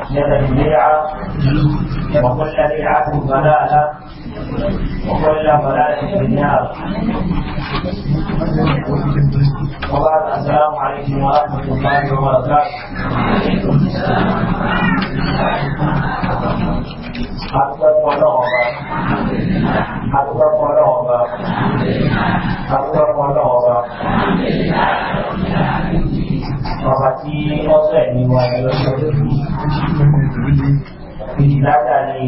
محدثة بدعة وكل بدعة ضلالة وكل ضلالة في النار وبعد السلام عليكم ورحمة الله وبركاته Akukan pondok apa? Akukan pondok apa? Akukan pondok apa? Ọba tí ọ̀sẹ̀ ni wà lọ́sọ̀rọ̀ yìí. látàrí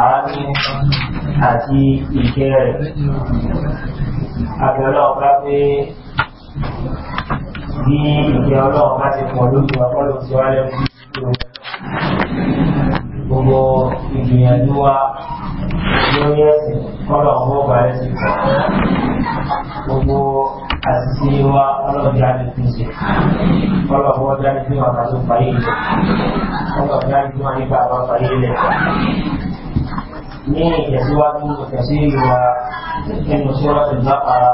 àánú àti ìkẹ́ rẹ̀. Àbẹ̀lọ́ bá pé bí ìkẹ́ ọlọ́run bá ti pọ̀ lójú ọpọlọ tí wá lẹ́kùn gbogbo ìgbìyànjú wa lórí ẹ̀sìn kọ́lọ̀ ọgbọ́gbà ẹ̀sìn gbogbo àti wa ọlọ́dún àti ìpínṣe ọlọ́dún ọjọ́ àti ìwà àti ìpàyé ilẹ̀ ọlọ́dún àti ìwà nípa àwọn àpàyé ilẹ̀ ní ìtẹ̀síwájú ìtẹ̀sí ìwà nínú sọ́rọ̀ ìlápára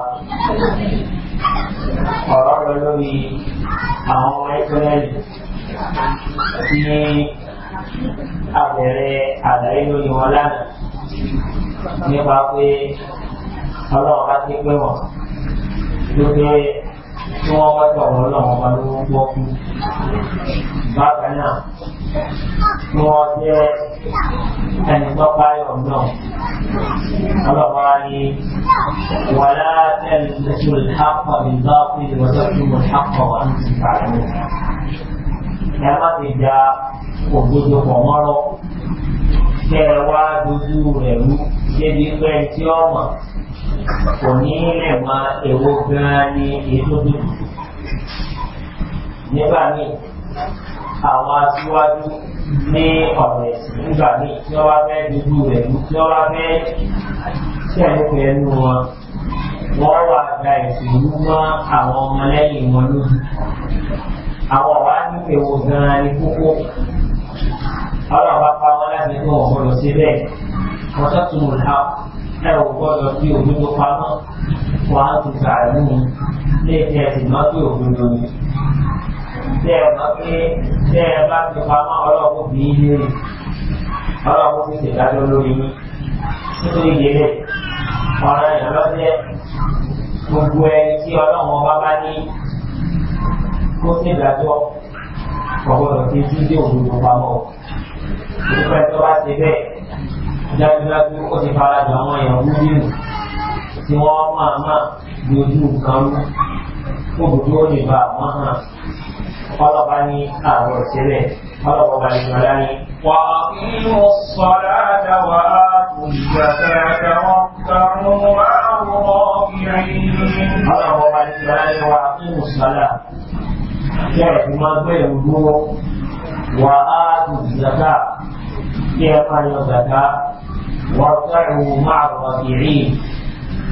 ọ̀rọ̀ rẹ̀ lórí àwọn ọmọ ìpínlẹ̀ tí àbẹ̀rẹ̀ àdáyé lórí wọn lánàá nípa pé ọlọ́run bá pé wọn lórí tí wọ́n wá tó àwọn ọlọ́run ọba ló ń gbọ́ kú. Bákan náà, tí wọ́n jẹ́ ẹni tó páyọ̀ náà. Ọlọ́pàá ni wà láàbẹ̀ lẹ́sùn ìlhàpọ̀ ìgbàpọ̀ ìwọ̀sọ̀tún ìlhàpọ̀ wà ní ìpàdé. Ẹ má ti da ògbójọ pọ̀ mọ́rọ́. Kẹ́ wá dojú rẹ̀ rú débi pé tí ọmọ kò ní lè mọ ewu gan ní ètò bí nígbà míì àwọn aṣíwájú ní ọ̀rọ̀ ẹ̀sìn nígbà míì tí wọ́n wá fẹ́ dúdú rẹ̀ tí wọ́n fẹ́ wọ́n wá gba ẹ̀sìn àwọn ọmọlẹ́yìn wọn lójú àwọn ní gan ní kókó pa wọn láti ẹ ò gbọ́dọ̀ fi òdodo pamọ́ wà á ti sàánú lè tẹ̀ sí mọ́ pé òdodo ni. Tẹ́ ẹ mọ̀ pé tẹ́ ẹ bá ti pamọ́ ọlọ́run kì í lé ọlọ́run sì ṣèdájọ́ lórí mi. Nítorí ìdílé ọ̀ràn ìrọ̀lọ́jẹ́ gbogbo ẹni tí ọlọ́run ọba bá ní kó ṣèdájọ́ ọgbọ́dọ̀ ti dúdé òdodo pamọ́. Ìpẹ́ tó bá ti bẹ́ẹ̀ dájúdájú ó ti fara jọ àwọn èèyàn wú nínú tí wọ́n máa máa di ojú nǹkan mú òbúdó lè ba àwọn hàn ọlọ́ba ní àárọ̀ sílẹ̀ ọlọ́ba ní ìjọba ní. wà á kí mo sọ dáadáa wà á kùn ìgbàgbà wọn kàrún wà á wọ ọkùnrin. ọlọ́ba ní ìjọba ní wà á kí mo sọ dáadáa kí ẹ fi máa gbé ìlú dúró wà á dùn zaka kí ẹ máa yan zaka wà á tẹ̀wò máa rọ̀ kiri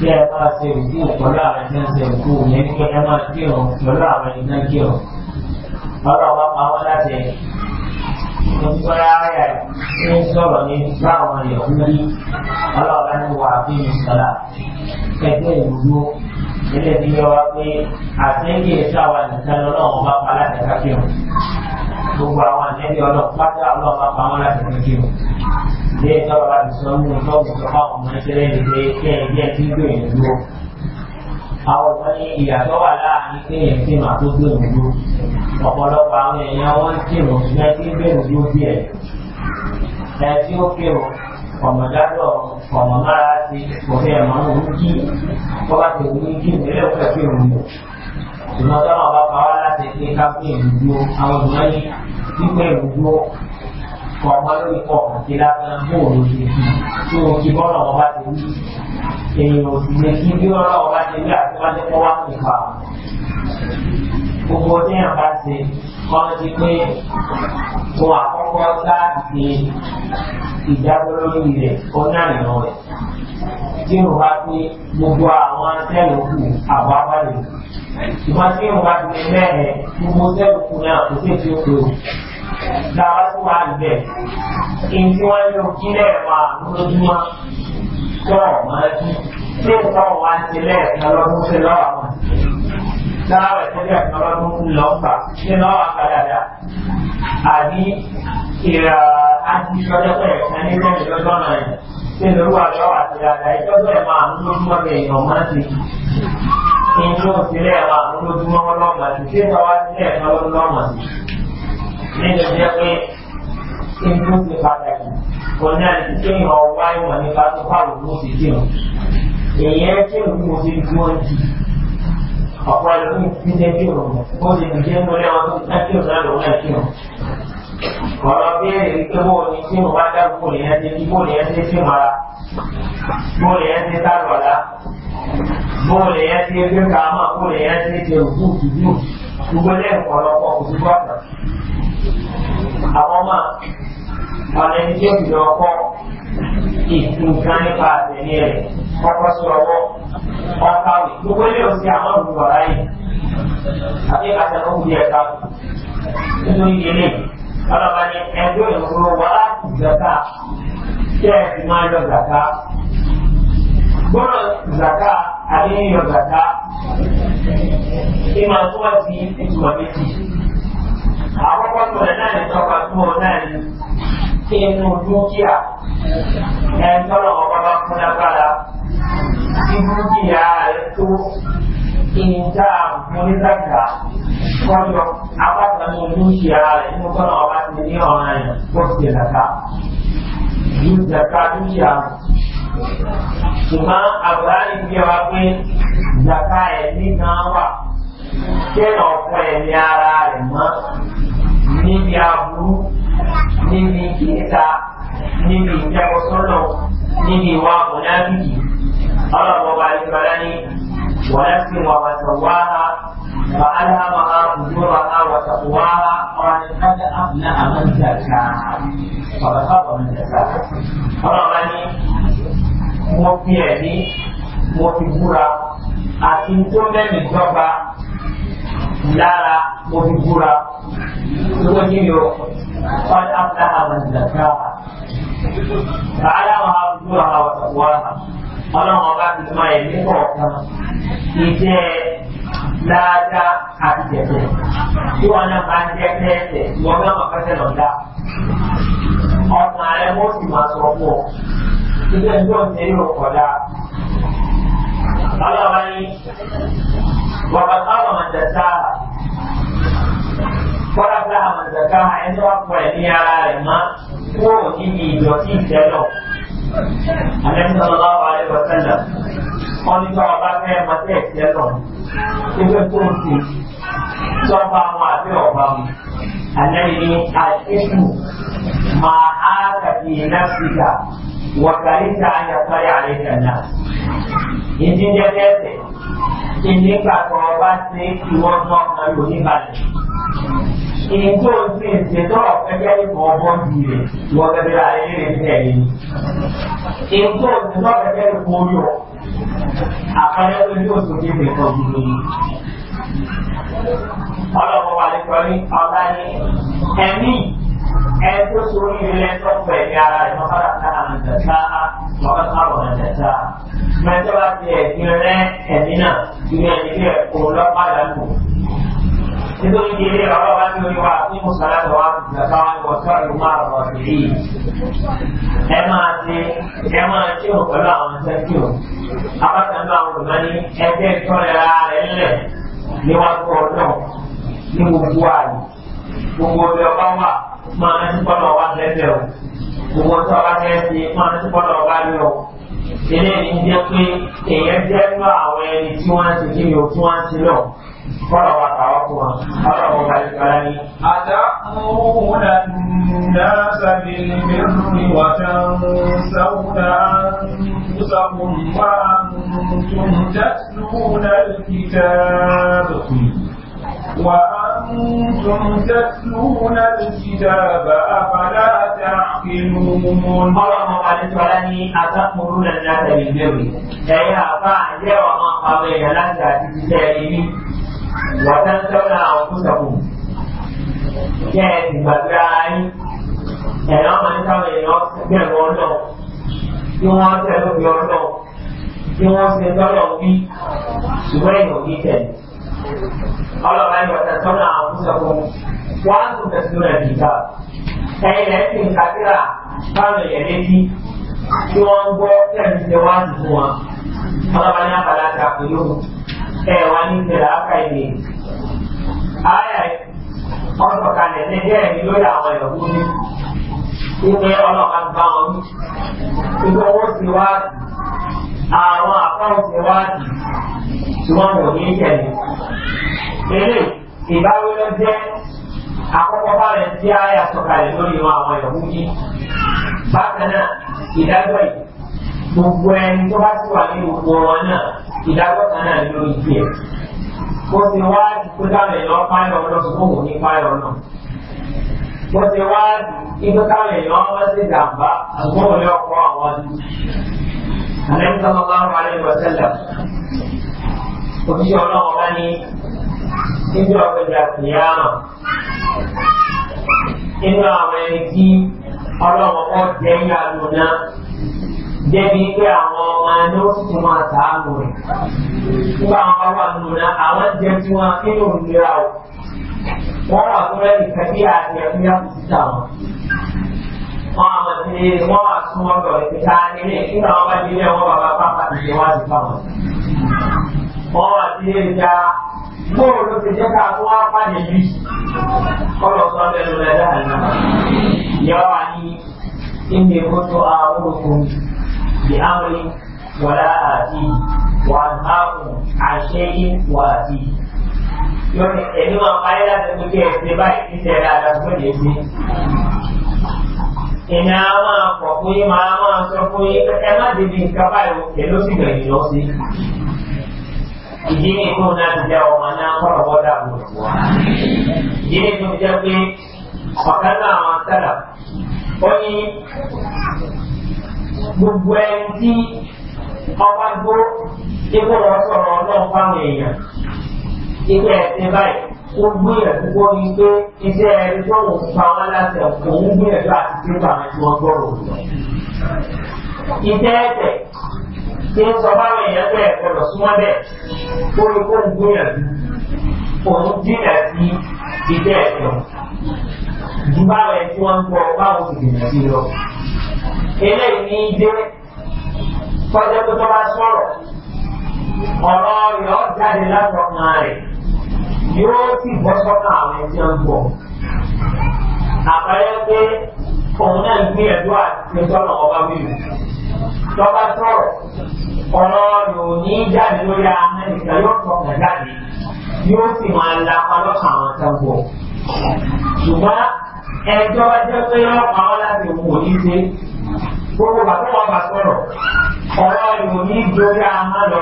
kí ẹ máa ṣe ìkú pẹ̀lú àwọn ẹ̀jẹ̀ ń ṣe ìkú yẹn kí ẹ máa kírun pẹ̀lú àwọn ẹ̀jẹ̀ ń kírun. ọlọ́wọ́ pa wọ́n láti ẹ̀ nígbàrá rẹ̀ ń sọ̀rọ̀ ní báwọn èèyàn ń rí ọlọ́ọ̀lá ní wàá bí mi sọ̀rọ̀ ẹgbẹ́ ìlú dúró ilé bí yọ wá pé àtẹ́kì ẹ̀ṣẹ́ àwọn nìkan lọ́wọ́ bá pa láti kákí o gbogbo àwọn àtẹ́kì ọlọ́wọ́ pátá ọlọ́wọ́ bá pa wọn láti kákí o ilé ẹ̀ṣọ́ bàbá ti sọ mú tó kù tó fáwọn ọmọ ìṣẹ́lẹ̀ lè pé kí ẹ̀ jẹ́ kí gbé yẹn dúró àwọn ọmọ ní ìyàtọ̀ wà láàrin pé yẹn ti máa tó gbé yẹn dúró ọ̀pọ̀lọpọ̀ àwọn èèyàn wọ́n kírun ṣùgbọ́n kí gbé yẹn dúró bí ẹ̀ ẹ̀ ó kírun ọ̀nà ládọ̀ ọ̀nà lára ti òfin ẹ̀mọ́ ní wíkí tó bá ti wíkí ìpínlẹ̀ òfin ẹ̀fẹ́ òun lò. ṣùgbọ́n táwọn bá pa wá láti pé ká pé àwọn ìgbọ́n ní pípẹ́ ìrúgbó kọ̀ọ̀kan lórí kọ̀ọ̀kan ti lágbára bóòlù ṣe fi tó o ti bọ́ọ̀nà wọn bá ti wí. èèyàn ò lè kí bí ọlọ́wọ́ bá ti wí àti wájú kọ́ wá nípa gbogbo ní àbá ṣe wọ́n ti pé tó àkọ́kọ́ láti ìjábọ̀ lórí rẹ̀ ó náà nìyàn rẹ̀ tí mo bá pé gbogbo àwọn sẹ́ẹ̀lì kù àbọ̀ abálẹ̀ ìwọ́n tí mo bá ti lè mẹ́rẹ̀ gbogbo sẹ́ẹ̀lì kù náà kò sí èsì òkè o dáwà tó wà níbẹ̀ kí n tí wọ́n lò kí lẹ́ẹ̀ máa lójúmọ́ tó ọ̀ máa jí tí nǹkan wà ń ṣe lẹ́ẹ̀kan lọ́dún sí lọ́wọ́ àwọn náà rẹ̀ tó jẹ́ ìjọba tó ń lọ ń bà nínú àwọn àkàdàdà àbí ìrà àti ìṣọ́jọ́ pẹ̀lú ẹni tẹ́lẹ̀ lọ́jọ́ náà yẹn tí lórí wà lọ́wọ́ àti dàda ìjọba ẹ̀ máa ń lójúmọ́ bẹ̀ èèyàn mọ́ sí i ní tó ń sílẹ̀ máa ń lójúmọ́ lọ́mọ sí tí ìjọba sílẹ̀ lọ́wọ́ lọ́mọ sí i nínú jẹ́ pé kí n tó ṣe pàtàkì òun náà ti tó ìwọ̀n wáyé wọn nípa tó pàrọ̀ ló ti أقوالهم يذكرهم قل الجن لهم أكثر ونكرهم ọ̀rọ̀ pé ìkéwò ní tí mo bá dábò lè yẹn ti kí bó lè yẹn ti fi mọ́ra bó lè yẹn ti sálọ̀lá bó lè yẹn ti fi kàámà bó lè yẹn ti ti rùkú tùdú gbogbo lẹ́yìn ọ̀pọ̀lọpọ̀ òṣùpọ̀ àwọn ọmọ ọ̀nà tí ó yọ ọkọ ìtúnkan nípa àtẹ̀lé rẹ̀ ọkọ sí ọwọ́ ọkàwé gbogbo ilé òsì àwọn olùkọ́ ráyè àti àtẹ̀lé òkú yẹ ká nínú ìdílé ọlọ́ba ni ẹgbẹ́ ìwòrò wà láti gbẹ̀ká kí ẹ sì máa yọ gbàgbá gbọ́dọ̀ gbàgbá àbí yíyọ gbàgbá ìmọ̀ tó wà sí ìtumọ̀ méjì àkọ́kọ́ tó rẹ̀ náà ní tọ́ka tó náà ní sínú dúkìá ẹn tọ́lọ̀ ọba bá fún lágbára tí dúkìá rẹ̀ tó ìjà onígbàgbà kọjọ apákanú dúkìá rẹ̀ nínú tọ́lọ̀ ọba ti ní ọ̀ràn ẹ̀ tó ti dàka dúkìá dúkìá ṣùgbọ́n àgbà ìgbé wa pé dàka ẹ̀ nínú wa kí ọ̀pọ̀ ẹ̀ ní ara rẹ̀ mọ́ níbi aburú níbi kìíta níbi ìjẹ́kọ̀sọ́nà níbi ìwà mọ̀nàbìkì ọlọ́mọba ìjọba ní ونفس وسواها فألهمها فجورها وتقواها قالت قد أبلأ من زكاها وبخاب من زكاها ọlọ́mọbaní mo fi ẹ̀mí mo fi búra àti tó lára mo fi búra lówó níbi o wọn afta àwọn ìdàkà bàálà àwọn ìwà ọlọ́run ọba ti máa yẹ ní kọ̀ọ̀kan ìjẹ́ dáadáa àti tẹ̀tẹ̀ tí wọn náà bá jẹ́ tẹ́tẹ̀ wọn náà máa fẹ́tẹ̀ lọ́dà ọ̀sán rẹ̀ wọ́n sì máa sọ fún ọ ẹjọ́ ìṣẹ́yìn ọ̀kọ̀dá. Báwo wá وقد أرى من دساها قد لها من دساها عند ربنا يا لما هو إني يوتي سلو النبي صلى الله عليه وسلم wọ́n ní bá ọba fẹ́ ọmọdé ẹ̀kẹ́ lọ ewé tó ń fi sọ́ba wọn àbí ọba wọn àlẹ́yìn ní àìsíkù máa á tàbí nàfíkà wọ̀kàrí ta ayàtọ̀rẹ́ àlejò náà ìdí jẹ́jẹ́ ẹ̀sẹ̀ ìdí gbàgbọ́ ọba ṣe é kí wọ́n tọ́ ọmọ yòó níbàlẹ̀ ìjọ ti ìṣètọ́ ẹgbẹ́ ikọ̀ ọgbọ́n di rẹ̀ wọ́n bẹ̀rẹ̀ ayé rẹ̀ tẹ̀lé. ìjọ ìṣètọ́ ẹgbẹ́ ikọ̀ orí ọ̀ àpẹẹrẹ lórí oṣù tí ìwé kan dúró yìí. ọlọ́wọ́ wa lè sọ ní ọlá ní ẹ̀mí ẹ̀ tó sórí ilé sọ́fẹ̀ ní ara rẹ̀ wọ́n fara ká àmì tẹ̀sá wọ́n fẹ́ ká àbọ̀nà tẹ̀sá. mẹ́tọ́ bá ti ẹ̀gbin rẹ̀ ẹ̀mí náà ìgbìyànjú rẹ̀ kò lọ́pàá يقول لي رواه عنه يعظم الصلاة وعظم الزكاة وسر مع الرافعين أما أما أتيهم فلا أنسكيهم أقد أن بعض المني أتيت كل على إله لوقت الله لمبوالي gbogbo bí ọba wà máa ń túbọ̀ lọ wá lẹ́sẹ̀ o gbogbo tí ọba jẹ́ sí máa ń túbọ̀ lọ wá lé o ilé ìdí jẹ́ pé èèyàn jẹ́ nínú àwọn ẹni tí wọ́n ti kí ni o tí wọ́n ti lọ farawa kawa kuma Allah ko kai kalani atamuruna الناس بالبر وتنسون أنفسكم وأنتم تتلون الكتاب وأنتم تتلون الكتاب أفلا تعقلون مرة مقالة ولني أتأمرون الناس بالبر أيها فأعجب ما قضينا لك تتسالي wọ́n tẹ́lá ọkùsọ̀kù jẹ́ ẹ̀sìn gbàgbé ara yín ẹ̀rọ ọmọ nítawọn èèyàn bẹ̀rù ọlọ́ kí wọ́n tẹ̀lé bí ọlọ́ kí wọ́n ṣe lọ́lọ́ wí ṣùgbọ́n èèyàn kì í tẹ̀lé ọlọ́pàá yìí wọ́n tẹ́lá ọkùsọ̀kù wọ́n á tún tẹ̀sí rẹ̀ nìta ẹ̀yìn rẹ̀ sì ń kàkíra báwọn èèyàn létí kí wọ́n gbọ́ tẹ̀lé ṣe wá sí fún wọn ọlọ́pàá ní ẹ wá ní ìṣẹ̀lẹ̀ áfà ìdè. Ayà ọ̀sọ̀ kalẹ̀ ní ẹgbẹ́ ẹ̀mí lórí àwọn ìyàwó ní ìpè ọlọ́ọ̀ká ń bá wọn ní. Ìgbà owó ti wá àwọn àpáwọn ti wá tí wọ́n mọ̀ ní ìṣẹ̀lẹ̀. Eré ìbáwí ló jẹ́ àkọ́kọ́ báyẹn tí ayà sọ̀kalẹ̀ lórí àwọn ìyàwó ní. Bákan náà, ìdájọ́ yìí gbogbo ẹni tó bá sì wà ní gbogbo wọn náà ìdágbọ́ta náà ni ó yí ẹ̀ bó ṣe wá ìpín káwọn èèyàn páyọ̀ lọ ṣùgbọ́n òun ní páyọ̀ náà bó ṣe wá ìpín káwọn èèyàn wọ́n ṣe jàǹbá ṣùgbọ́n òun ní ọkọ̀ àwọn ọdún àlẹ́yìn tó máa ń parí lọ sẹ́lẹ̀ òṣìṣẹ́ ọlọ́run bá ní níbi ọ̀pẹ̀ ìjà kìíyàmà nínú àwọn ẹni tí ọlọ́run kọ́ jẹ́ yàrá náà débi pé àwọn ọmọ ẹni ó sì ti máa sàánù rẹ̀. Nígbà àwọn bá wà nínú àwọn jẹ tí kí o. Wọ́n wà àti wọn. Wọ́n ndị ti wọ́n wà tún wọn lọ rẹ̀ kíkà nílé nígbà wọn bá wọn bàbá pápá wá sí Wọ́n wà sí ìjà ló ti jẹ́ ká bí. Kọ́lọ̀ بأمر ولا آتيه وأنهاكم عن شيء وآتيه yóò ẹni máa parí láti pé kí ẹ ṣe báyìí ní tẹ̀lé àdàgbọ́n lè ṣe. ìyẹn a máa pọ̀ fún yín máa máa sọ fún yín ẹ má débi nǹkan báyìí ẹ ló sì gbẹ̀yìn lọ sí. ìdí ní ìlú náà ti jẹ́ ọmọ náà kọ́rọ̀ bọ́dà bò wá. ìdí ní ìlú jẹ́ pé ọ̀kan náà àwọn sẹ́là ó ní gbogbo ẹni tí ọba gbó ikú wọn sọ̀rọ̀ náà fáwọn èèyàn ikú ẹ̀sìn báyìí ó gbìyànjú kó ní pé iṣẹ́ ẹni tó ń pa wọn láti ọ̀pọ̀ òun gbìyànjú àti tí bàmí tí wọ́n gbọ́rọ̀ iṣẹ́ ẹ̀sẹ̀ tí ń sọ báwọn èèyàn bẹ́ẹ̀ gbọ́dọ̀ súnmọ́ bẹ́ẹ̀ ó ní kó ń gbìyànjú òun jìnà sí iṣẹ́ ẹ̀sẹ̀ jù báwọn ẹni tí wọ́n ń gbọ́ báwọn sì gbìyànjú lọ eléyìí ní dé kọjá tó tó bá sọ̀rọ̀ ọ̀rọ̀ yọ̀ jáde látọ̀kan rẹ̀ yóò sì bọ́ sọ́kàn àwọn ẹni tí wọ́n gbọ́. àpẹẹrẹ pé òun náà ń gbìyànjú àti tọ́nà ọba wíwù tọ́ba sọ̀rọ̀ ọ̀rọ̀ yóò ní jáde lórí ahọ́n nìkan yóò tọkàn jáde yóò sì máa lapa lọ́sàn àwọn tó ń gbọ́. ṣùgbọ́n ẹjọ́ jẹ́ pé ọ̀pá wọn láti wò ní ṣe gbogbo bàtí wọn bá sọ̀rọ̀ ọ̀rọ̀ ìwò ní dorí àmà lọ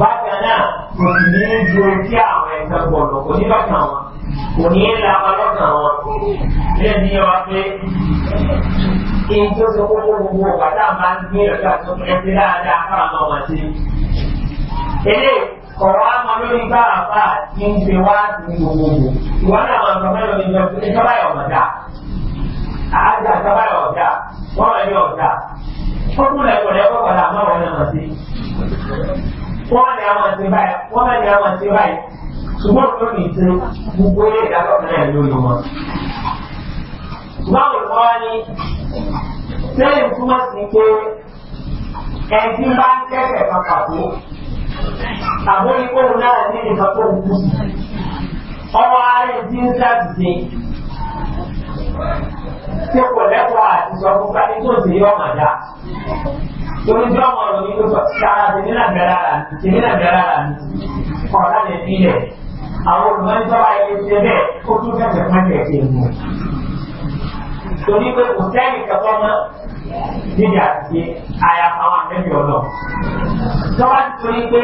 bákan náà kò sì ní tí àwọn ẹgbẹ́ gbọ̀dọ̀ kò ní lọ́kàn wọn kò ní la kọ̀wá máa lórí bá àbá tí ń ṣe wá ní gbogbogbò ìwọ náà máa sọ fẹ́ lórí ìjọba ìjọba yọ̀ ọ̀dà àjà ìjọba yọ̀ ọ̀dà wọ́n rẹ̀ yọ̀ ọ̀dà fọ́tún lẹ́kọ̀ọ́ lẹ́kọ̀ọ́ padà mọ́ wọn náà sí. wọ́n ní àwọn ti báyìí wọ́n ní àwọn ti báyìí ṣùgbọ́n tó ní ti gbogbo ilé ìdájọ́ náà lórí wọn. báwo ni wọ́n ní sẹ́yìn túmọ̀ sí pé ẹ̀sìn bá ń kẹ́kẹ̀ẹ́ kan pàtó àwọn ikóhun náà ní nǹkan tó ọmọ ààrẹ tí ń sáàdìde tí kò lẹ́kọ̀ọ́ àti sọ fún ká tó sì yọ ọmọ dá torí tí ọmọ rẹ̀ ní lóṣọ sára tèmi náà bẹ̀rẹ̀ ara mi tèmi náà bẹ̀rẹ̀ ara mi ọ̀rá lè fi lẹ̀ àwọn olùmọ̀jọba ilé ṣe bẹ́ẹ̀ ó tún fẹ́ẹ̀ níbi àtìsí àyà àwọn àtẹ́bí ọ̀nà. Tọ́wá ti sọ yí pé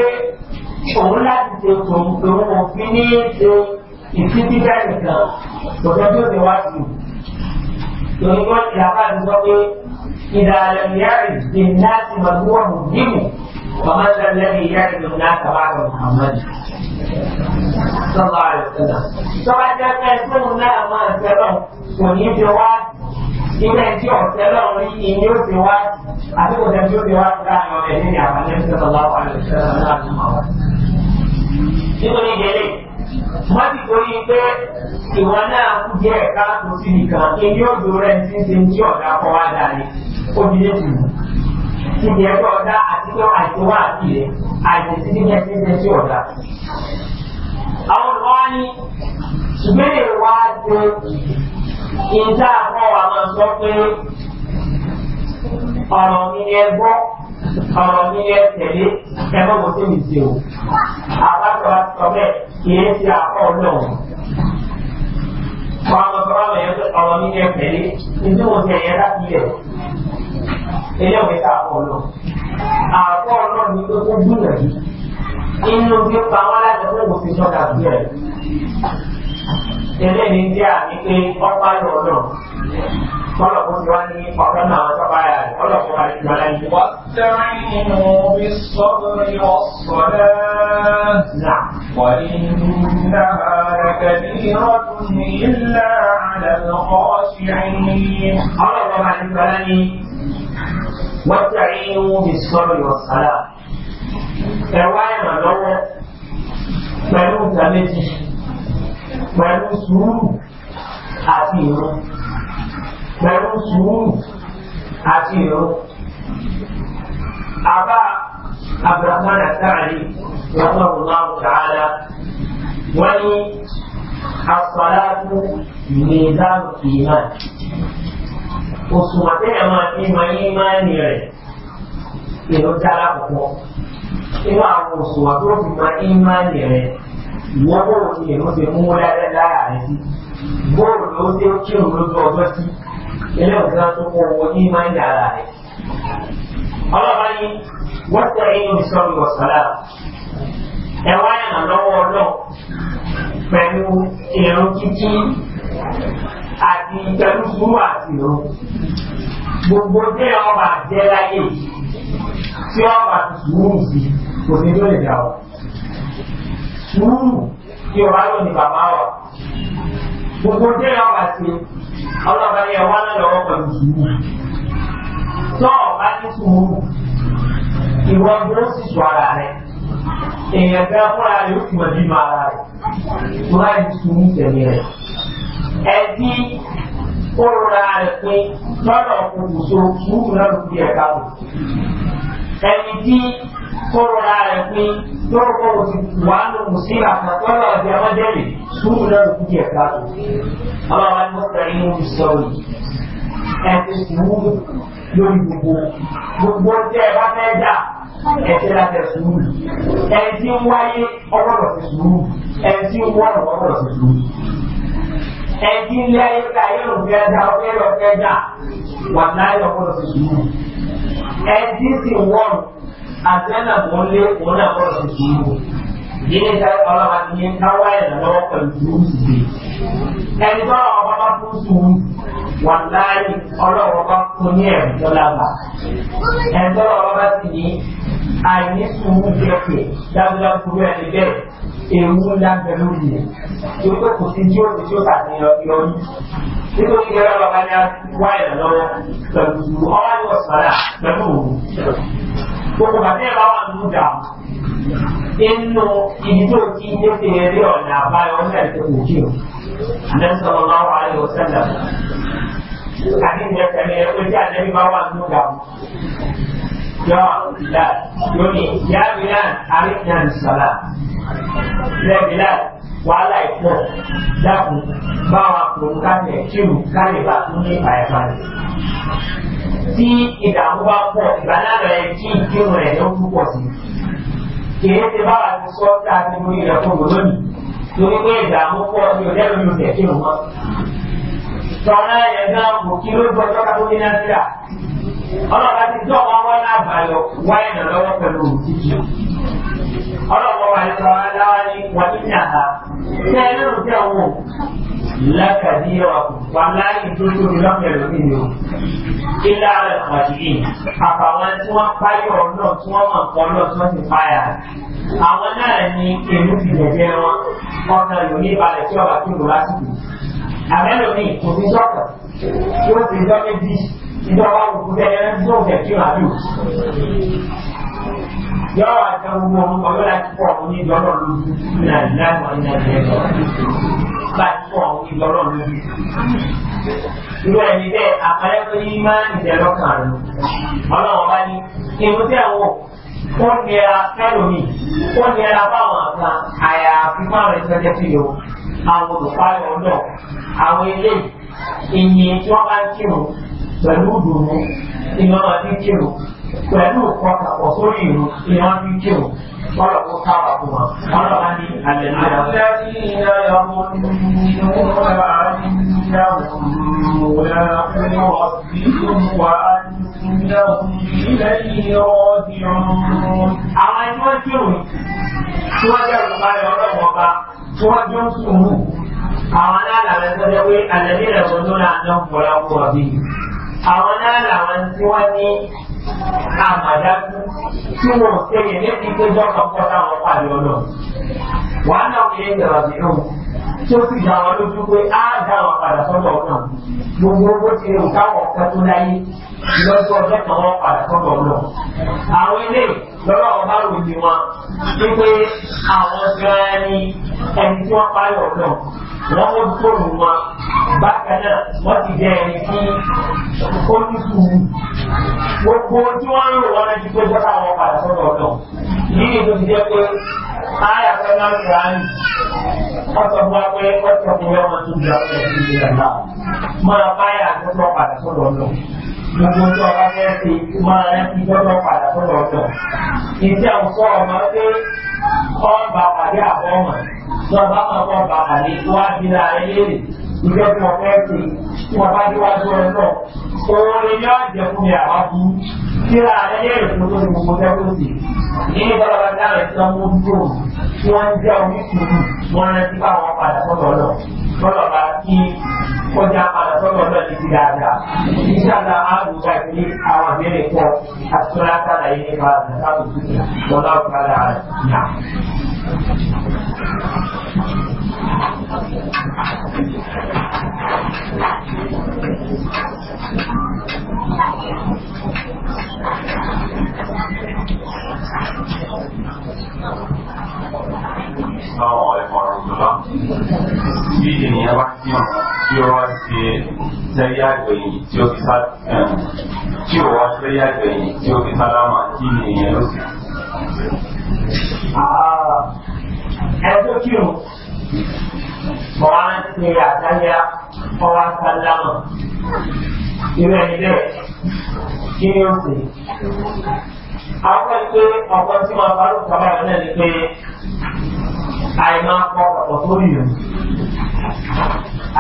òun láti ṣe tòun òun òfin ní ṣe ìsíbí jáde kan ọ̀dọ́ bí ó ti wá sí. Lórí wọn ti àbá ti sọ pé ìdàlẹ̀ ìyáàrí ti láti màgbúwọ̀ mú nímú. Bàbá ń sọ lẹ́nu ìyáàrí ló ń láti wá Muhammad. Sọ́wọ́ àrùn sọ́nà. pé òun náà máa ń sẹ́rọ̀ kò ní fi wá ilé tí ọ̀sẹ̀ lọ́rùn ní ìní ó ti wá àti kò tẹ̀sí ó ti wá sí láàrin ọ̀bẹ̀ ní ní àwọn ẹni tó lọ́wọ́ àwọn ẹ̀ṣẹ̀ lọ́wọ́ láti mọ̀ wá. nítorí ìdílé wọ́n ti torí pé ìwọ náà kú díẹ̀ káàtó sí nìkan ilé òjò rẹ̀ ti ń ṣe tí ọ̀dà kọ́ wá dání ó di létí ìdí ẹgbẹ́ ọ̀dà àti pé àìsí wá àti rẹ̀ àìsí sí nígbà tí ń ṣe tí ọ̀dà. àwọn olùkọ́ wa ní ìbéèrè ìjà àpọ̀ wa máa sọ pé ọ̀rọ̀ mi ni ẹ gbọ́ ọ̀rọ̀ mi ni ẹ tẹ̀lé ẹ má bọ́ sí mi sí o àbájọ wa sọ bẹ́ẹ̀ kì í ṣe àpọ̀ náà wọn àwọn sọ wọn yẹn ọ̀rọ̀ mi ni ẹ tẹ̀lé ìdí wọn ti ẹ̀yẹ láti yẹ ilé ìwé ta àpọ̀ náà àpọ̀ náà ni pé kó gbìyànjú inú fi pa wọn láti ọdún ìwòsàn ìjọba àbúrò rẹ. eléyìí ń jẹ́ àmì pé ọ̀pá yọ̀ náà kọ́lọ̀ kó ti wá ní ọ̀rọ̀ náà sọ́pá yà rẹ̀ kọ́lọ̀ kó parí ìjọba láyé. wà á tẹ́rẹ̀ nínú bí sọ́dọ̀rì ọ̀sọ̀rẹ́ nà wà nínú àrẹ̀kẹ̀lì ìrọ̀dùn ilẹ̀ àdàlọ́kọ́ sí ẹ̀yìn. ọlọ́run máa ń gbọ́dọ̀ ní wọ́n tẹ̀rẹ̀ nínú bí sọ́dọ̀rì ọ̀sọ̀rẹ́ ẹ̀wá ìrànlọ́wọ́ pẹ̀lú ìgbà méjì. pẹ̀lú sùúrù àti ìrún pẹ̀lú sùúrù àti ìrún àbá abdulrahman asari rahmanulahu ta'ala wọ́n ní asọ́láàtú mìíràn ìmá òṣùwọ̀n tẹ́lẹ̀ máa fi máa yí máa ní rẹ̀ ìlú dára púpọ̀ nínú àwọn òṣùwọ̀n tó fi máa yí máa ní rẹ̀ ìyàwó òkè ló ṣe mú lẹ́rẹ́ lára rẹ̀ sí bóòlù ló ṣe kírun lójú ọjọ́ sí ẹlẹ́ọ̀dá tó kọ owó ní máa ń yàrá rẹ̀. ọlọ́ba ní wọ́n tẹ ẹyin sọ́ọ̀lù ọ̀sọ́lá ẹ wá ìrànlọ́wọ́ ọlọ́ọ̀ pẹ̀lú ìrún kíkí àti pẹ̀lú sùúrù àti ìrún gbogbo tí ọba jẹ́ láyé tí ọba sùúrù sí kò ní lóye dà ọ́ sùúrù tí ọba yóò ní bàbá rẹ̀ gbogbo tí ẹ wá sí ọlọ́ba yẹ wá náà lọ́wọ́ pẹ̀lú sùúrù tó ọba ní sùúrù ìwọ ló sì sọ ara rẹ̀ èèyàn fẹ́ fúnra rẹ̀ ó sì mọ̀ bímọ ara rẹ̀ tó láì sùúrù tẹ̀lé rẹ̀ ẹtí kóra rẹ̀ pé lọ́dọ̀ kò kò so sùúrù náà ló fi ẹ̀ka wò ẹni tí tọrọ ra rẹ̀ pín tọrọ kọ́ o ti wà ní mùsílà àtàkọ́lọ̀ àti amájẹ́lẹ̀ sùúrù náà ló kúkẹ́ ẹ̀ka tó. àwọn àwọn àgbọ̀tà inú mi e sọ yìí ẹ̀kú sùúrù lórí gbogbo gbogbo tẹ́ ẹ bá fẹ́ dà ẹ̀kẹ́ la fẹ́ sùúrù ẹ̀ tí ń wáyé ọgbọ́dọ̀ fi sùúrù ẹ̀ tí ń wọ́n ọgbọ́dọ̀ fi sùúrù ẹ̀ tí ń lé ayé ká ayé lò fẹ́ dà ọ̀fẹ́ lọ fẹ́ dà wà láyé ọgbọ́dọ̀ fi sùúrù ẹ̀ tí ń sì wọ́n àjẹ́nà kò lé òun náà kọ́ sí sùúrù yìí ní ọlọ́run àti ní káwá ẹ̀rọ lọ́wọ́ pẹ̀lú sùúrù sì dé ẹni tó ọ̀rọ̀ ọba bá fún sùúrù wà láàyè ọlọ́run ọba fún ní ẹ̀rù tó lábà ẹni tó ọ̀rọ̀ ọba sì ní àìní sùúrù jẹ́pẹ̀ dábúdábú kúrú ẹni bẹ́ẹ̀ ewu ńlá bẹ̀rù lórí tí ó kò sí tí ó ti tí sàtìyàn yọrí nítorí ẹ̀rọ ọba ní wáyà lọ́wọ́ pẹ̀lú sùúrù ọwọ́ gbogbo bàtí bá wà ní ìjà inú ibi tó ti ní ti ń rí ọ̀nà àbáyọ ọ̀nà jù àdẹ́sọ̀rọ̀ máa wà ní ọ̀sẹ̀lẹ̀ àti ìjẹsẹ̀lẹ̀ ẹ̀kọ́ tí àdẹ́bí bá wà ní ìjà yọ ìlà lónìí yá bìlà àríkìlà nìṣọ̀lá lẹ́bìlà wàhálà ìpọ̀ dákun bá wa pòun kálẹ̀ kírù kálẹ̀ bá tún ní ìfàyàbalẹ̀. tí ìdààmú bá pọ̀ ìbálàdọ̀ ẹ kí kírun rẹ̀ ló púpọ̀ sí i. kìí ṣe báwa ti sọ tá a ti mú ilẹ̀ fún òun lónìí torí pé ìdààmú pọ̀ ní òdẹ́rù yóò tẹ̀ kírun mọ́. sọ̀rọ̀ yẹn náà kò kí ló gbọ́ tọ́ka tó ní nàìjíríà. ọlọ́ba ti dọ́ wọn wọ́n náà bàyọ̀ wáyé ọlọ́pàá wà nípa aláwọ̀ ní wọ́n ní àná ṣé ẹ lérò pé àwọn lákàdí wà láàyè tó tóbi lọ́pẹ̀ lórí ni o ilé ara ìpàdé àfàwọn tí wọ́n páyọ̀ náà tí wọ́n mọ̀ nǹkan náà tí wọ́n ti páyà àwọn náà ní èmi ti jẹ̀jẹ̀ wọn ọkàn lòní ìbàlẹ̀ tí ọba tó lò lásìkò àbẹ́lò ní ìpòsíṣọ́kọ̀ tí ó ti jọ́ méjì ìjọba òkú tẹ́lẹ̀ ń tó fẹ́ kí wà lù. yọ àjọ gbogbo ọmọ yóò láti pọ̀ ọ̀hún ní ìjọba lójú náà láwọn iná ìjọba láti pọ̀ ọ̀hún ní ìjọba lójú. irú ẹni bẹ́ẹ̀ àpẹẹrẹ tó ní máa ń jẹ lọ́kàn rẹ̀ ọlọ́run bá ní ewu tí àwọn ó nira fẹ́lòmíì ó nira fáwọn àgbà àyàfi fáwọn ẹ̀sẹ̀ tẹ́tí yòó àwọn olùfààyè ọlọ́ àwọn ilé ìyẹn tí wọ́n bá kírun pẹ̀lú ìdùnnú ìnáwó àti kírun pẹ̀lú ọ̀pọ̀ta pọ̀ ìlú ni wọ́n fi kí ọ̀rọ̀ kó sáwà fún wa ọ̀rọ̀ wa ní alẹ́ àwọn ẹni wọ́n kí o tí wọ́n jẹ́ òkúta yọ ọ̀rọ̀ wọn bá tí wọ́n jọ ń sùnwù. àwọn aláàlá rẹ̀ sọ pé alẹ́ ní wọn ló náà ń àmàdákú tí wọn ò sẹyìn ní ìgbẹjọ kan kọ táwọn pàdé ọlọrun wàhálà òye ń yàrá sí náà tí ó sì dá wọn lójú pé á dá wọn padà sọ́dọ̀ náà gbogbo owó ti rìn káwọ̀ ọ̀pẹ́ tó láyé lọ́jọ́ ọjọ́ kan wọ́n padà sọ́dọ̀ náà. àwọn ilé lọ́wọ́ ọba ròyìn wọn wípé àwọn gan-an ni ẹni tí wọ́n pààyọ̀ náà wọ́n mú fóònù wọn bákan náà wọ́n ti jẹ́ ẹni tí ó ní sùúrù gbogbo tí wọ́n ń lò wọ́n ti tó jọ́ káwọn padà sọ́dọ̀ náà yìí ni tó ti jẹ́ pé ayàfẹ́ náà pé ọ̀tọ̀kùn ọmọ tó gba ọ̀tọ̀kùn ìlera náà máa báyà tó tọ́ padà sọ̀rọ̀ lọ. Gbogbo tó ọba fẹ́ ṣe máa rántí tó tọ́ padà sọ̀rọ̀ lọ. Ìṣe àwùjọ ọmọ pé ọba pàdé àbọ̀ ọmọ lọ́ba máa bọ̀ bàbàlẹ̀ wá bí ra ẹ léèrè ìjọ tí wọ́n fẹ́ ṣe tí wọ́n bá déwájú ọ̀rọ̀ náà. Òun ni yóò jẹ fún mi àwa bú. Kíra ayẹyẹ ìfún tó ní gbogbo tẹ́kọ̀ọ́sì. Ní bọ́lá bá dára ìtàn mú dùn tí wọ́n ń jẹ́ oníṣòwò wọ́n rántí bá wọn padà sọ́dọ̀ lọ sọ́dọ̀ bá kí kọjá padà sọ́dọ̀ lọ títí dáadáa ìṣàlá àdúgbò àti àwọn abẹ́rẹ́ pọ̀ àtúnṣe àtàlàyé nípa àdàkàtò tuntun lọ́lá ọ̀kadà nà. Thank you. Assalamu alaikum warahmatullah. Bí ènìyàn bá kí ọ̀nà tí ó wá ṣe lẹ́yà ìgbẹ̀yìn tí ó fi sá tí ó wá ṣe lẹ́yà ìgbẹ̀yìn tí ó fi sálámà kí ènìyàn ló sì. Ẹjọ́ kí o mọ̀ wá ń ṣe àdáyá ọwá sálámà. Irú ẹni bẹ́ẹ̀ kí ni ó sì? Àwọn ẹgbẹ́ ọkọ̀ tí wọ́n bá lù kábàámọ̀ náà ni pé àìmọ̀ pọ̀pọ̀ tó nìyẹn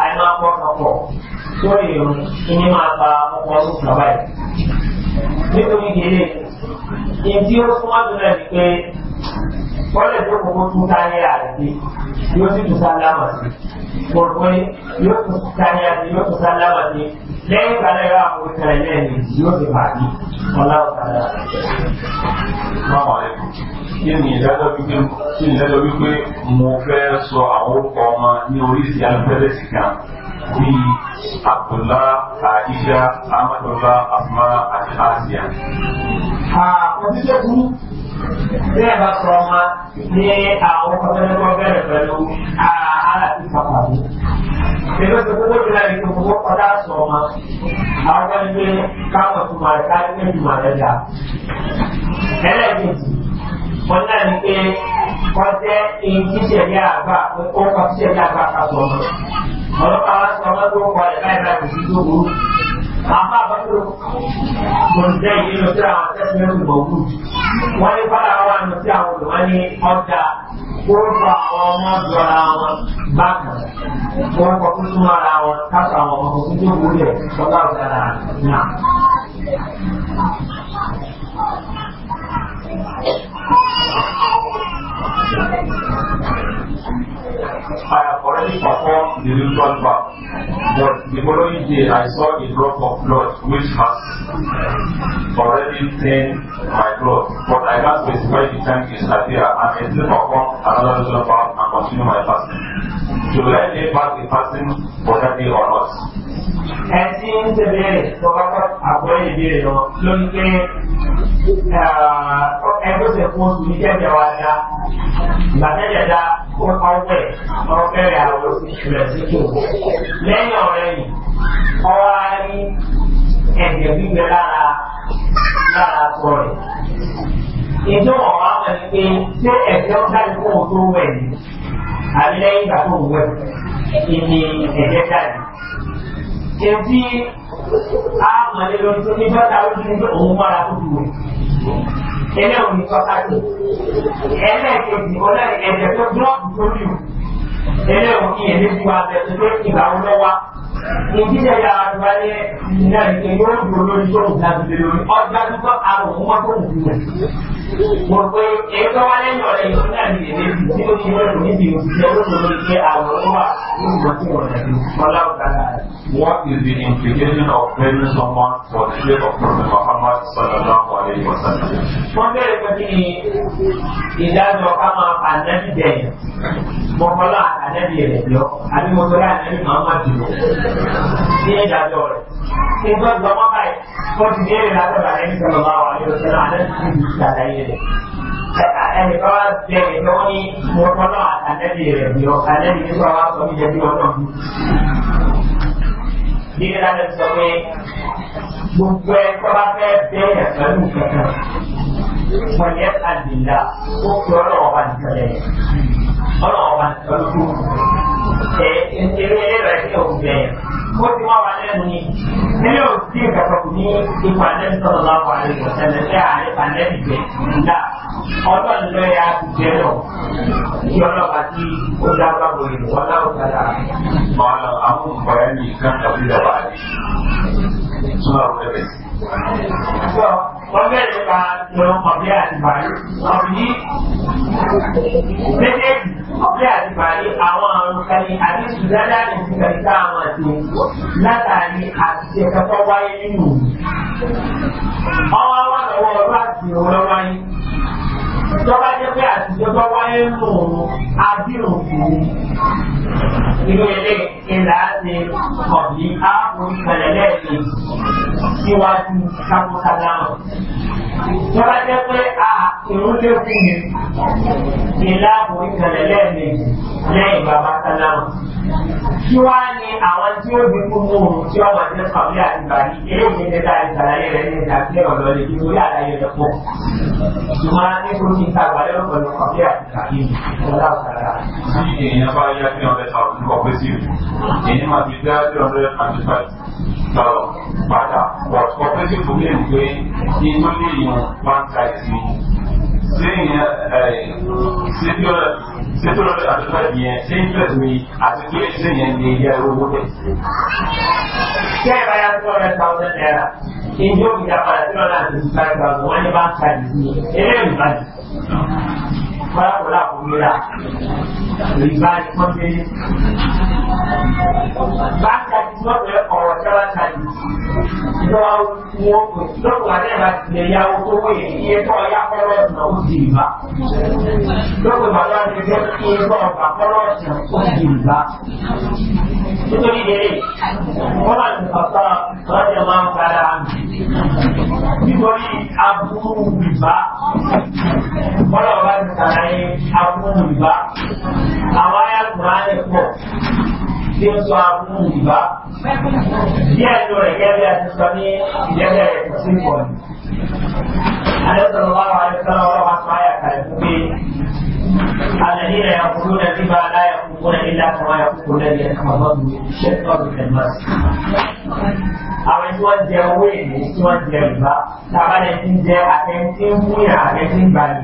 àìmọ̀ pọ̀pọ̀ tó nìyẹn ìní máa gba ọkọ̀ ọdún kan báyìí. nítorí ìdílé ìdí ó súnmọ́ tó náà ni pé wọ́n lè tó kókó tún táyé àrègbè yóò sì tún sálámà sí. mo rò pé yóò tún táyé àrègbè yóò tún sálámà sí lẹ́yìn ìgbà náà yóò àpò ìtẹ̀lẹ̀ lẹ́ẹ̀mejì yóò sì pàdé ọlá ọ̀kadà. Máa wà lẹ́kọ̀ọ́. Kí ni ìdájọ́ wípé kí ni ìdájọ́ wípé mo fẹ́ sọ àwọn orúkọ ọmọ ní oríṣi alúpẹ́lẹ́sì kan bíi Abdullah, Aisha, Amadullah, Asma àti Asia. Àkọsíṣẹ́ burú bí ẹ bá sọ ọmọ ní àwọn kọ́tẹ́lẹ́kọ́ bẹ̀rẹ̀ pẹ̀lú ara ah, ara ti pàpà mú. Èmi tó kókó ti láyé tó kókó kọjá sọ ọmọ. Àwọn ọmọ ní káwọn tó máa ká ní ìjùmọ̀ rẹ̀ dà. Ẹlẹ́ẹ̀kejì, wọ́n náà ní pé wọ́n jẹ́ èyí tíṣẹ̀ ní àgbà ó kọ́ tíṣẹ̀ ní àgbà ká sọ ọmọ. Ọlọ́pàá wá sọ ọmọ tó kọ ẹ̀ láì amma ba ku mun dai yi no ta tasmin ku ku wani fara wa no ta wani odda ko ba wa ma dora wa ba ka ko ba ku tuma ra wa ta ta wa ko ku ji ku ne ko ga na I have already performed the ritual bath, but the following day I saw a drop of blood which has already stained my clothes, but I can't specify the time is appeared and I still perform another ritual bath and continue my fasting. Should I lay back the fasting for that day or not? ẹtí ń ṣe béèrè tó bá kọ́ àgbọ̀ ìbéèrè lọ ló ń pé ẹgbẹ́ ṣe fún oṣù ní kẹ́kẹ́ wa dá ìgbàdẹ́jẹ̀ dá ó ọ̀pẹ̀ ọ̀pẹ̀rẹ̀ àwọn oṣù rẹ̀ sí kí o lẹ́yìn ọ̀rẹ́ yìí ọwọ́ á rí ẹ̀jẹ̀ gbígbẹ lára lára tọ̀ rẹ̀ ìjọ ọ̀rọ̀ àwọn ẹni pé ṣé ẹ̀jẹ̀ ń dájú fún oṣù wẹ̀ ni àbí lẹ́yìn ìgbà tó wẹ̀ ni ẹ̀jẹ̀ dájú ẹbí àmàlẹ́ lọ tó ní bọ́tà ó dúró pé òun mọ́ra tó dúró ẹlẹ́ òní pàtàkì ẹlẹ́ẹ̀kejì ọlẹ́ ẹ̀jẹ̀ tó búlọ́ọ̀kì tó lù ẹlẹ́ òní ẹ̀mí fún abẹ tó tó ìgbà wọn lọ́wọ́ ìdílé yàrá àdúrà yẹ náà ìgbẹ́ yóò dúró lórí tó ń gbàdúrà lórí ọjà dúpọ̀ àwọn ọmọ tó ń dúró mo pe ẹgbẹ́ wa lẹ́yìn ọ̀rẹ́ yìí ní àdìyẹ méjì tí ó ti wọ́n ní ibi òṣìṣẹ́ olóòtú ní pé àwọn ọ̀rọ̀ ní ìgbà tí wọ́n rẹ̀ ní ọlá ọ̀gára. What is the implication of praying someone for the sake of Prophet Muhammad sallallahu alayhi wa sallam? Wọ́n bẹ̀rẹ̀ pé kí ni ìdájọ́ ká máa fa ànábì dẹ̀yìn. Mo kọ́lá ànábì rẹ̀ lọ, àbí mo tọ́lá ànábì Muhammad lọ. Ní ìdájọ́ rẹ̀, kí n gbọ́dọ̀ mọ́ báyìí, wọ́n ti bẹ̀rẹ̀ látọ̀ ànábì sallallahu alayhi wa sallam, ànábì yẹn ẹnìkan wá bẹ ẹnìkan wọn ní mo tọ́lọ́ àtàlẹ́bí rẹ̀ bí ọ àlẹ́bí ní sọ wá sọ mí jẹ́ bí ọlọ́run. bí ẹ lálẹ́ sọ pé gbogbo ẹ tó bá fẹ́ bẹ́ẹ̀ yẹn pẹ̀lú kankan wọ́n yẹ àdìlá ó fi ọlọ́wọ́ bá nìkan lẹ̀ ọlọ́wọ́ bá nìkan lójú èrè ẹlẹ́rọ ẹ̀ sílẹ̀ òkú bẹ̀yẹn ó ti wá wa lẹ́nu ni ilé òsì ìgbàsọ̀kù ní ipò àlẹ́bí sọ̀rọ̀ láwọ̀ àlejò ṣẹlẹ̀ sí àlẹ́ àlẹ́bí bẹ̀ ńlá ọjọ́ ìlú ẹ̀yà ti jẹ́ lọ kí ọlọ́pàá tí ó lágbàgbọ́ ìlú ọlọ́pàá dára. àwọn ọ̀rẹ́ mi kan tàbí lọ́wọ́ àlejò ìtumọ̀ ọ̀rọ̀ rẹ̀. Sọ wọ́n bẹ̀rẹ̀ nípa ìrọ̀rùn ọ̀bẹ àti bàálù. Ọ̀rọ̀ yìí méjèèjì ọ̀bẹ àti bàálù àwọn àrùn kàní àti ìdádá ìsìnkàní tá àwọn àti látàrí àti ẹ̀kẹ́kọ̀ọ́ wáyé nínú. Ọwọ́ wà lọ́wọ́ ọlọ́ àti ìrọ̀lọ́wọ́ yìí tọ́ba jẹ́ pé àtijọ́ bá wáyé nù adírùn sí i inú ilé ìlà ṣe kọ̀bí áàpùn pẹ̀lẹ́lẹ́ ṣe síwájú kápúkádámù. tọ́ba jẹ́ pé a ìrún lé fún mi ìlà àpùn pẹ̀lẹ́lẹ́ mi lẹ́yìn bàbá kádámù. kí wá ní àwọn tí ó di fún mú un tí ọmọ jẹ́ kọ̀bí àti bàbí eléyìí ní dáadáa ìsàlàyé rẹ̀ ní ìdásílẹ̀ ọ̀dọ́ lè fi lórí àlàyé rẹ̀ pọ̀. ṣùgbọ́n nítorí بود این سرمایه رو باید کافی هست تقییم خدا سرده این باید lọ padà but cooperative problem pé kí tó lè yan one side ni sẹ́yìn sẹ́tọ́lọ́dọ̀ àdúgbò yẹn sẹ́yìn fẹ́ mi àti pé sẹ́yìn ní ilé ẹ̀rọ owó bẹ́ẹ̀. kí ẹ bá yá two hundred thousand naira ìjọba ìjàmbá two hundred and fifty five thousand wọ́n ní bá ń ka ìdí ní ẹlẹ́rìí báyìí kọ́lákọ́lá kò nira rìbá ni wọ́n gbé ní. báńkà tí wọ́n fẹ́ ọ̀rọ̀ sábà tàbí lọ́wọ́ wọn kò lọ́wọ́ àti ẹ̀rọ àti ilẹ̀ yàwó tó wọ́n yẹ iye tó ọ̀yá kọ́lọ́ ọ̀sán ó di ìbá. lọ́wọ́ ìbàlọ́ àti ẹgbẹ́ tó ń bọ̀ ọ̀gbà kọ́lọ́ ọ̀sán ó di ìbá. nítorí ìdílé wọ́n máa ń bàbá lọ́jọ́ máa ń padà àmì. nítorí aburú ìbá kọ́lọ́ ọ̀bá ti sàlàyé yin abubuwan riba a baya kurani ko tí ó sọ abubuwan riba díẹ̀ ló rẹ̀ gẹ́gẹ́ bí a ti sọ ní ìjẹ́bí ẹ̀rẹ̀ tó sí pọ̀ ní. alẹ́ sọ̀rọ̀ wà wà ní sọ̀rọ̀ wà sọ àyàkà ẹ̀ fún pé الذين يقولون الربا لا يقومون الا كما يقوم الذي يتمرض الشيطان من المس àwọn tí wọ́n jẹ owó èlé tí wọ́n jẹ ìgbà tábàlẹ̀ tí ń jẹ àtẹ̀ntì ń fún yà àtẹ̀ntì ń gbàlè.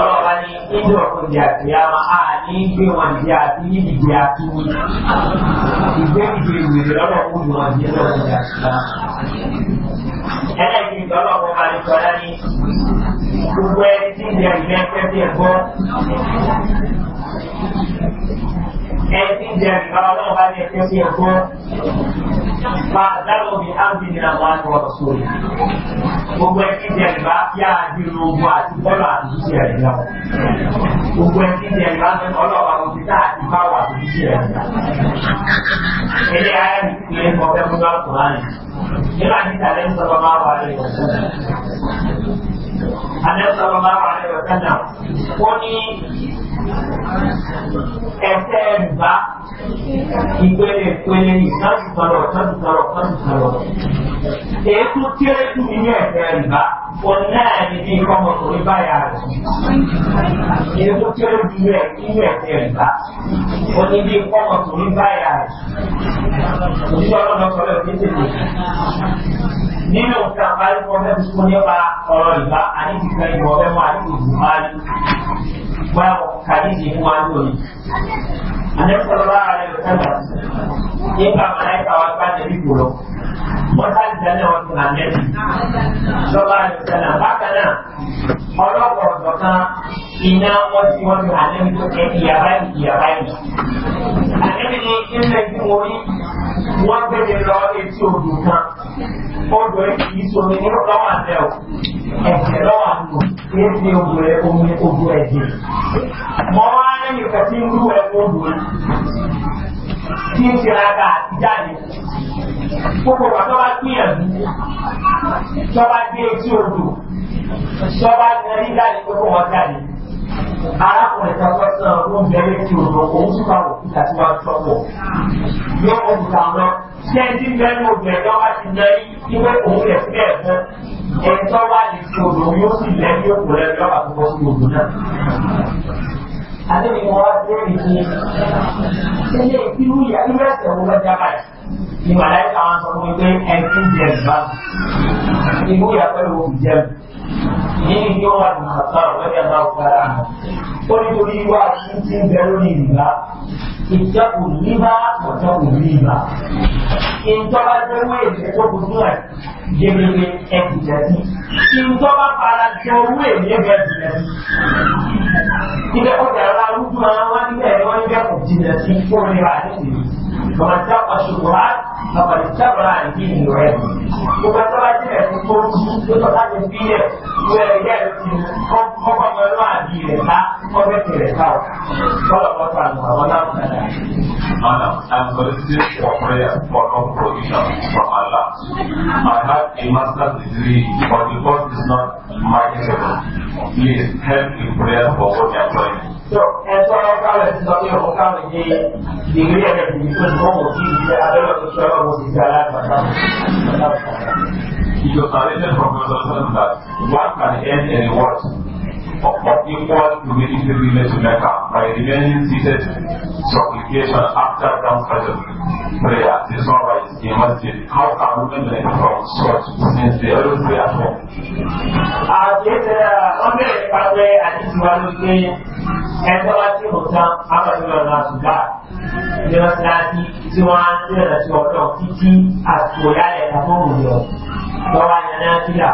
ọlọ́ọ̀bá ní ìdí ọ̀pọ̀ ìdí àti àmà á ní gbé wọn ìdí àti níbi ìdí àti wí. ìgbé ìdí ìwèrè lọ́dọ̀ kú ni wọ́n jẹ́ lọ́dọ̀ ìdí àti àmà. ẹlẹ́gbẹ̀ẹ́ ìgbà ọlọ́ọ̀bá ní gbogbo ẹ tí ilẹ̀ ìgbẹ́ fẹ́ fi ẹ̀gbọ́. Ẹ tí ilẹ̀ ìgbà ọlọ́run bá ní ẹ̀fẹ́ fi ẹ̀gbọ́. Fa àdáró mi ábìnrin àwọn àti ọ̀rọ̀ Gbogbo ẹ tí ilẹ̀ ìgbà yá àdìrò ogun àti bọ́lá àdúgbò ẹ̀ lọ. Gbogbo ẹ tí ilẹ̀ ìgbà ní ọlọ́wà òbí tá àti báwà àdúgbò ẹ̀ lọ. Ilé ayé mi ti lé ọ̀fẹ́ mú lọ́kùnrin. Nígbà tí ìtàlẹ́ ń sọ àdẹ́sọ̀rọ̀ máa wà lẹ́wọ̀ sẹ́nà ó ní ẹ̀fẹ́ ẹ̀dùbá ìpele ìpele ìsásùkọlọ̀ tọ́sùkọlọ̀ tọ́sùkọlọ̀. Èyí tó kéré jù mí ní ẹ̀fẹ́ ẹ̀dùbá wọn náà ní bí ọmọkùnrin báyà rẹ̀. Èyí tó kéré jù mí ní ẹ̀fẹ́ ẹ̀dùbá wọn ní bí ọmọkùnrin báyà rẹ̀. Òṣìṣẹ́ ọlọ́dọ̀ sọ̀rọ̀ ẹ̀ tètè. Nínú òkè àbáyé kan fẹ́ tuntun nípa ọ̀rọ̀ ìgbà àníkìkẹ́ ìmọ̀ ọ̀rẹ́ mọ́ àníkìkẹ́ ìmọ̀ àdíjì fún wa lónìí. Annabi sallallahu alaihi wasallam ya ba malaika wa ba da bibiro mọ́tàlì dáná wọn ti hàn lẹ́yìn lọ́ba àdìsẹ́nà bákan náà ọlọ́pọ̀ ọ̀dọ̀kan iná wọn ti wọn ti hàn lẹ́yìn tó kẹ́ ìyàbá ìyàbá yìí. àlẹ́yìn ni ilé tí wọ́n rí wọ́n gbélé lọ etí odò kan odò yìí sọmi ní lọ́wọ́ àlẹ́ o ẹ̀jẹ̀ lọ́wọ́ àlọ́ kí ẹ ti odò ẹ̀ omi odò ẹ̀jẹ̀ mọ́ wá lẹ́yìn kàtí ń rú ẹ̀ odò yìí tí ń ṣe àti jáde gbogbo wa tó bá gbìyànjú tó bá dé etí odò tó bá narí jáde gbogbo wọn jáde arákùnrin kan tó sàn ló ń tí odò òun sì máa wò kíkà tí wọ́n tọ́ pọ̀ yóò kó kúta wọn ṣé ẹni tí ń bẹ́ẹ̀ ti narí ìwé òun rẹ̀ fún ẹ̀fọ́ ẹ̀tọ́ wá lè fi odò yóò sì lẹ́yìn òkú rẹ̀ lọ́wọ́ àkókò sí odò náà ale ni wọn ṣe ní ti ilé ìfiru yìí ẹni bẹ́ẹ̀ sẹ̀ wọ́n jábà yìí ni màdá yìí káwọn sọ fún mi pé ẹtí jẹ bá ìlú yà pẹ̀lú òkú jẹ yìí ni wọn wà nínú àtọ́ àwọn ẹgbẹ́ náà fún ó ní torí wá sí ti ń bẹ lórí ìgbà ìjọkù níbà ọ̀jọkù níbà ìjọba jẹ́wọ́ èdè tó kù fún ẹ̀ gẹ́gẹ́ ẹ̀kùjẹ́ sí ìjọba fara jẹ owó èdè ẹgbẹ́ jìnà sí ilé ọjà ara rújú ara wọn níbẹ̀ ni wọ́n ń gẹ́kọ̀ jìnà sí fún mi rà nídìí bàbá tí a pàṣẹ wá bàbá tí a bàrà àìdí ìlú rẹ gbogbo ẹjọba jẹ ẹkùn tó kú tó tọ́ láti fi ilẹ̀ wọ ẹ̀yẹ ẹ̀kùn kọ́kọ́ pẹ̀lú àbí rẹ̀ ká kọ́kẹ́ rẹ̀ ká ọ̀ kọ́lọ̀ kọ́ta àwọn náà Madam, I'm soliciting for prayer for no provision from Allah. I have a master's degree, but the course is not marketable. Please help in prayer for what you are doing. So, and so I got it, so you know, come and get the real definition of what he said. I don't know if you're what he said, but I'm not sure. It was narrated from Professor Salman that one can end any reward but equal to military units in Mecca by remaining seated supplication after down prayer till sunrise in Masjid. How can women benefit from such since they always pray at home? ọbẹ̀ ìpàdé àdìsíwá ló gbé ẹgbẹ́ wá sí ọ̀tán ábàdúrà náà ṣùgbà ìjọba sí láti tí wọ́n á ń tẹ̀lé ọ̀dọ́ títí àtòyálẹ̀ tàbí òmùyọ̀ lọ́wọ́ àyànná kílà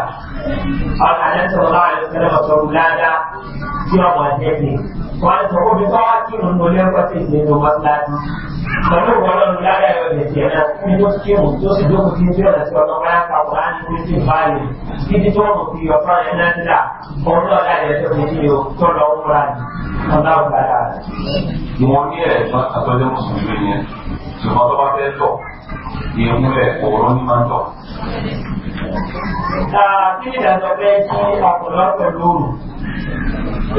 àwọn àyànṣe wọn láwọn ẹ̀sìn náà sọ wùládá tí ọmọ ẹ̀jẹ̀ ni wọ́n sọ wọ́n fi tọ́wọ́ kí òun ló lẹ́kọ́ sí ìdílé ló wọ́n láti pẹ̀lú ìwọ́lọ́ wùládá ẹ̀rọ ẹ̀jẹ̀ náà ní tó kí òun tó sì dókun tí ń bẹ̀rẹ̀ sí ọ̀nà wáyà pàpọ̀ á ní kí sí báyìí títí ìrìn múlẹ̀ òòrùn ní máa ń tọ̀. Kí ni ìdájọ́ pé kí àkùnrin pẹ̀lú òòrùn?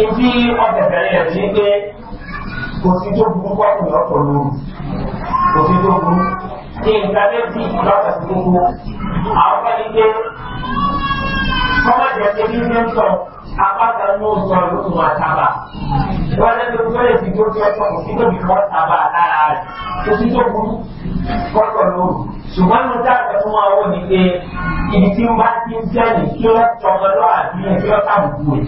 Ibi ọ̀sẹ̀ bẹ̀rẹ̀ rẹ̀ ní pé kò sí tó burú kọ́kùnrin pẹ̀lú òòrùn. Kò sí tó burú. Ní ìgbàlẹ́ tí ìlọ́sẹ̀ sí gbogbo, àwọn fẹ́ ni pé kọ́mọ̀jẹ́ pé kí ń tọ̀ apáta ní oṣù ọdún tó máa sábà wọn lẹnu tó lè fi tó tẹ ọkọ tí tóbi kọ sábà lára rẹ tó ti tó burú kọkọ lóru ṣùgbọ́n ní ọjà àgbẹ̀ fún wọn wọ́n ní pé ibi tí wọ́n bá ti ń sẹ́yìn kí wọ́n tọmọ lọ́wọ́ àbí yẹn kí wọ́n sàbùkù rẹ̀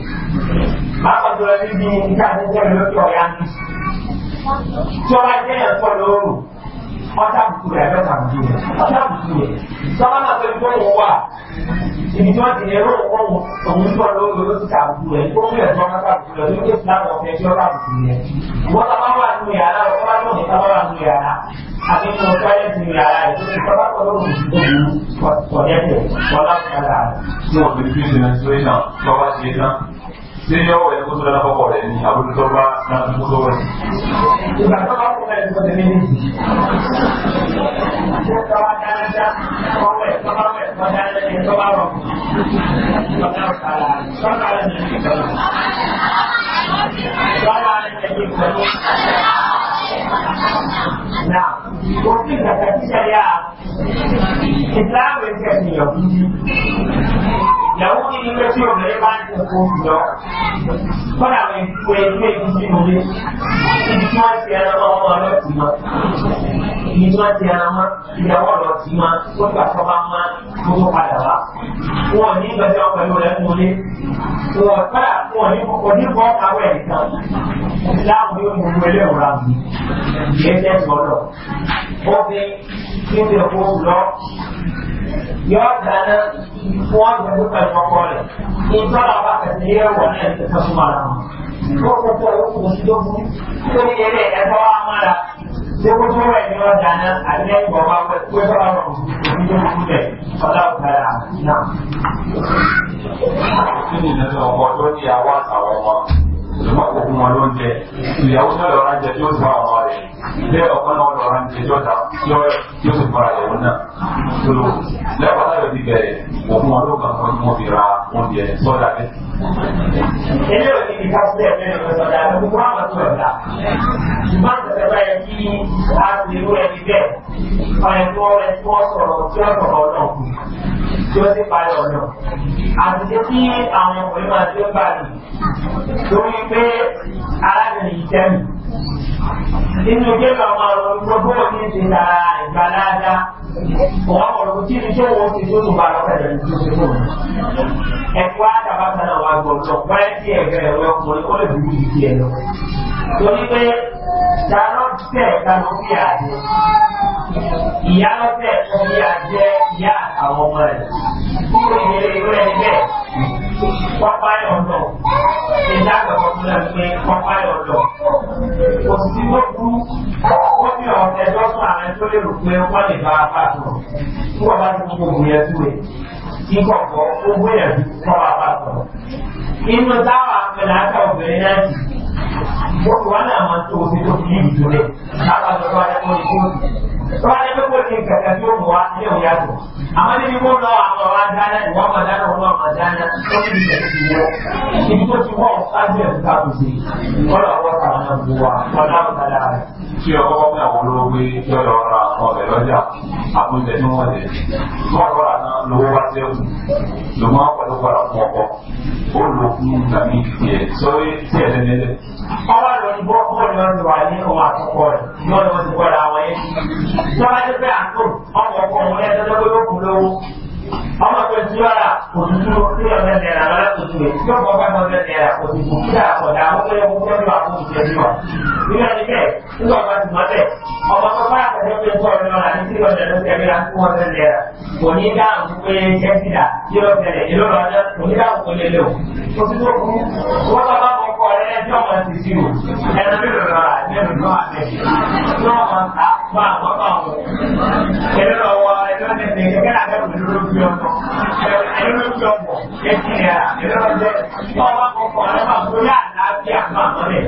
bákan tó lọ níbi ìjà àti sẹ́yìn lókè ọ̀yá tí wọ́n bá jẹ́ ẹ̀kọ́ lóru ọjà kùtù rẹ̀ ẹgbẹ́ tàbí rẹ̀ ọjà kùtù rẹ̀ sábà náà fẹ́ gbọ́ wọn wà ibi tí wọ́n ti yẹ lóun kọ́ òun tó lóun ló ti tàbí rẹ̀ tó ń rẹ̀ tó ń tàbí tó ń tẹ̀sí láwọn ọ̀fẹ́ tí ó tàbí rẹ̀ wọ́n sábà wà nínú yàrá rẹ̀ sábà lóun sábà wà nínú yàrá àti nínú yàrá rẹ̀ tó ti sábà kọ́ lóun tó ń tọ́lẹ́tì wọ́n láti sí ní ọwọ́ ẹ̀kọ́ tó dáná kọ́kọ́ rẹ̀ ní àbójútọ́gbá náà tó tó rẹ̀. ìgbà tó bá kọ́kọ́ ẹ̀kọ́ tẹ̀lé ní ìsìn. ó bá wá dáadáa ọwọ́ ẹ̀kọ́ bá wẹ̀ ẹ̀kọ́ dáadáa ẹ̀kọ́ bá rọ̀. ọ̀dà ọ̀kàlà sọ́kàlà ní ìjọba. sọ́kàlà ní ìjọba náà òfin kàkà tí sẹ́yà ìsìláàmù ẹ̀sẹ̀ nìyọ̀ ìyàwó ní ilé tí obìnrin bá ń tẹ̀ fún ìjọ kọ́nà àwọn ìdíkù ẹgbẹ́ ìdí sí mo lé ibi tí wọ́n ti ẹran mọ́ ọmọ ọlọ́ tì mọ́ ibi tí wọ́n ti ẹran mọ́ ìyàwó ọlọ́ tì mọ́ ó gbà tó bá mọ́ tó tó padà wá wọn ò ní gbẹ̀sẹ̀ ọkọ̀ ìlú rẹ̀ fún lé wọn kọ́nà wọn ò ní kọ́ ọ̀kàwé ẹ̀kan láàmú yóò mú ilé ìwòrán mi ìyẹ́jẹ́ gbọ́dọ̀ obì níbi òkú lọ yọ dáná wọ́n gbẹ̀dú pẹ̀lú ọkọ rẹ̀ ìtọ́lá bá tẹ̀sí yẹ wọ̀ náà ti tẹ̀sí máa rà wọ́n kó tó o kò sí lókun tó ní eré ẹ̀fọ́ amára tó kó tó rẹ̀ yọ dáná àti ẹ̀yìn bọ̀ bá wẹ̀ kó tó bá wọ̀ ní tó kú bẹ̀ ọ̀dà náà. kí ni ìdájọ́ ọmọ tó ní àwọn àtàwọn ọmọ? ìjọba kò fún wọn lóúnjẹ ìyàwó náà lọ́ra jẹ tí ó ti bá ọmọ rẹ̀ bẹ́ẹ̀ ọkọ náà lọ́ra jẹ tí ó ta tí ó ti fún ara ìyàwó náà tó lẹ́kọ̀ọ́ láyọ̀ ti bẹ̀rẹ̀ òkun wọn ló kàn fún ọdún wọn fi ra oúnjẹ sọ́dà bẹ́ẹ̀. ilé òní ti ká sílẹ̀ lẹ́nu ọ̀sọ̀dà gbogbo àwọn tó ẹ̀dá ṣùgbọ́n àtẹ̀tẹ̀ báyẹ̀ kí a ti rú ẹni bẹ́ẹ̀ ọ̀rẹ́ tó ọ̀rẹ́ tó sọ̀rọ̀ tí ó sọ̀rọ̀ náà tí wọ́n ti parí ọ̀nà àtijọ́ tí àwọn ọkùnrin máa ti ń bá mi lórí pé arábìnrin yìí tẹ́mi nínú géèmù àwọn ọ̀rọ̀ gbogbo ní ti ta ìgbà dáadáa wọ́n kọ̀ lóko tí ní tó wọ́n ti tó tó bá lọ́kẹ̀ lẹ́nu tó ṣe fún mi. ẹ̀kọ́ àdàbàtà náà wà gbọ̀dọ̀ wáyé ẹ̀gbẹ́ ẹ̀rọ ọkùnrin ó lè ìdí ẹ̀ lọ. torí pé ìdálọ́tẹ̀ kanú bí àjẹ ìyálọ́tẹ̀ kanú bí àjẹ ìyá àwọn ọmọ rẹ̀ kúrò ní irú ẹni bẹ́ẹ̀ pápáyọ̀ ọ̀dọ̀ ìdá àgbẹ̀kọ̀ tó lẹ́nu pé pápáyọ̀ ọ̀dọ̀ kò sí tó kú ó ní ọ̀tẹ̀ lọ́sùn àwọn ẹni tó lè rò pé wọ́n lè bá apá tó nígbà bá ti gbogbo ògùn yẹn túwèé kíkọ̀kọ̀ ó gbìyànjú kọ́ apá tó inú táwọn àpẹẹrẹ àtàwọn obìnrin náà gbogbo wa náà máa ń tó oṣù tó fi yíyí dúró lábàá lọ tó wá lẹ́kọ́ ní kóòtù tó wá lẹ́kọ́ kó ní kẹ̀kẹ́ tó mú wa ilé òun yàtọ̀ àmọ́ níbi kó lọ àwọn ọ̀rọ̀ adáná ìwà ọmọ adáná ọmọ ọmọ adáná tó fi ìṣẹ̀ ti wọ́ ibi tó ti wọ́ ọ̀sájú ẹ̀ nípa kò sí ọlọ́ ọwọ́ táwọn náà bu wa ọlọ́ ọ̀tàdá rẹ̀. kí ọkọ bẹ àwọn olówó yọlọ ra ọbẹ lọjà àpòjẹ ní wọn lè lọ́wọ́ rà náà wá sẹ́kù bọ́ọ̀lù bọ́ọ̀lù yóò ti wà ní àkọ́kọ́ rẹ̀ yóò lọ́wọ́ ti gbọ́dọ̀ àwọn yẹn. Tọ́lá ti fẹ́ àtò ọmọ ọkọ̀ òun lẹ́sẹ̀ lọ́wọ́ yóò kú lówó ọmọ tó ju ara òtútù tí ọ̀dọ̀ nẹ̀rà lọ́la tó ju èyí yóò gbọ́gbẹ́ ọ̀dọ̀ nẹ̀rà òtútù kí á ọ̀dà àwọn tó yẹ kó tó ju àwọn òtútù ẹ̀mí wọn. nígbà tí bẹ́ẹ̀ nígbà bá ti mọ́tẹ̀ ọmọ tó bá àtẹ̀jọ́ pé tó ọ̀dọ̀ lọ́la ní tí ọ̀dọ̀ ló tẹ̀lé la tó ọ̀dọ̀ kò ní dáhùn pé ṣẹ́sìdà tí wọ́n máa ń ta bá àwọn bá tẹ̀lé kẹ́kẹ́ àgbẹ̀ òdòdó fi ọkọ ẹ̀rọ ìjọpọ̀ ẹ̀kìnrin ara ẹ̀rọ ọ̀dẹ́ ọba kọ̀ọ̀kọ̀ rẹ̀ máa tó yá àlàáfíà àgbà mọ́lẹ̀.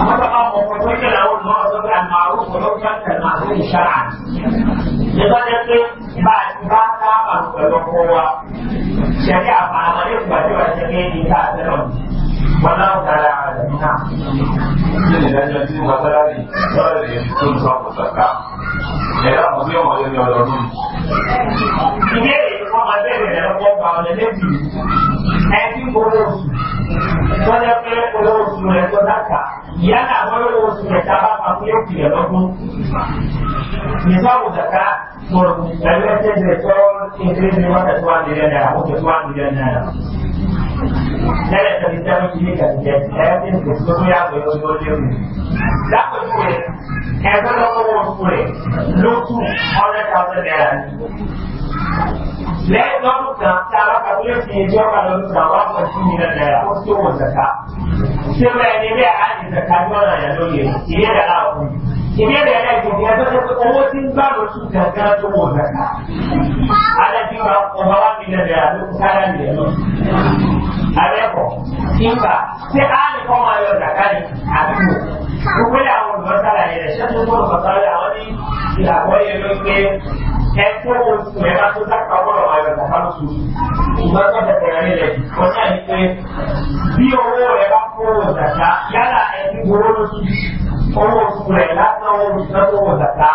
àwọn tó bá kọ̀ọ̀kọ̀ tó yẹ làwọn olùmọ̀ràn tó bá máa rú kọ̀ lọ́wọ́ bá tẹ̀ máa rú ìṣára. ìjọba jẹ́ pé bá a ti bá sábà pẹ̀lú ọkọ̀ wa ṣẹ̀rí àbàlẹ̀ ìgbàdúrà ṣẹ̀rí ìta àtẹ̀lọ́mù wannan kara da ina ne da ya ji masara ne wanda da ya ji sun sa ku saka ne da mu zai mai yau da mun ne ko ma da ne da ko ba da ne ji ai ki ko da su ko da ke ko da su ne ko da ka yana wani da su ne ta ba ka ku yau ki da ku ne sa ku da ka ko da ne da ko in ne wanda tuwa ne da ya ko tuwa ne da lẹ́yìn tẹ̀lé sẹ́wọ́n ti ní gàdìjẹ́ ẹ̀yẹ́ tí ń tó tó yàgò yóò yóò lé mu. lápẹ̀jù rẹ̀ ẹ̀gbẹ́ lọ́wọ́ wọn fún rẹ̀ lókù ọ̀rẹ́ tàwọn náírà ni. lẹ́yìn lọ́dún kan tí a bá kàdúrà fi ẹjọ́ ọ̀gá lọ́dún kan wá pọ̀ sí mi náírà ó tó wọ̀ zaka. ṣé wọ́n ẹni bẹ́ẹ̀ á ní zaka ní ọ̀nà àyàn lóye ìyẹn dàrá ọkùnrin ìbéèrè ẹlẹ́gbẹ̀ẹ́ ẹgbẹ́ pé owó tí ń gbà ló tún gàgà tó wọ̀ gàgà. Adájú wa ọba wa mi lẹ̀ bẹ̀rẹ̀ àbí sára mi lẹ̀ lọ. Abẹ́kọ̀ nípa ṣé á ní kọ́ máa yọ gàgà ni àbúrò. Gbogbo àwọn olùdókòwò sàlàyé rẹ̀ ṣé tó gbọ́dọ̀ sọ̀tọ́ ẹ̀kọ́ oṣù mẹ́ta tó dákà ọgbọ́dọ̀ máa yọ ìjàpá lóṣooṣù ìgbà tó bẹ̀rẹ̀ rẹ̀ rẹ̀ kọ́ náà ni pé bí owó rẹ̀ bá kó owó ìjàpá yálà ẹni gbowó lóṣù owó oṣù rẹ̀ lásán owó ìjàpá tó wọ̀ ìjàpá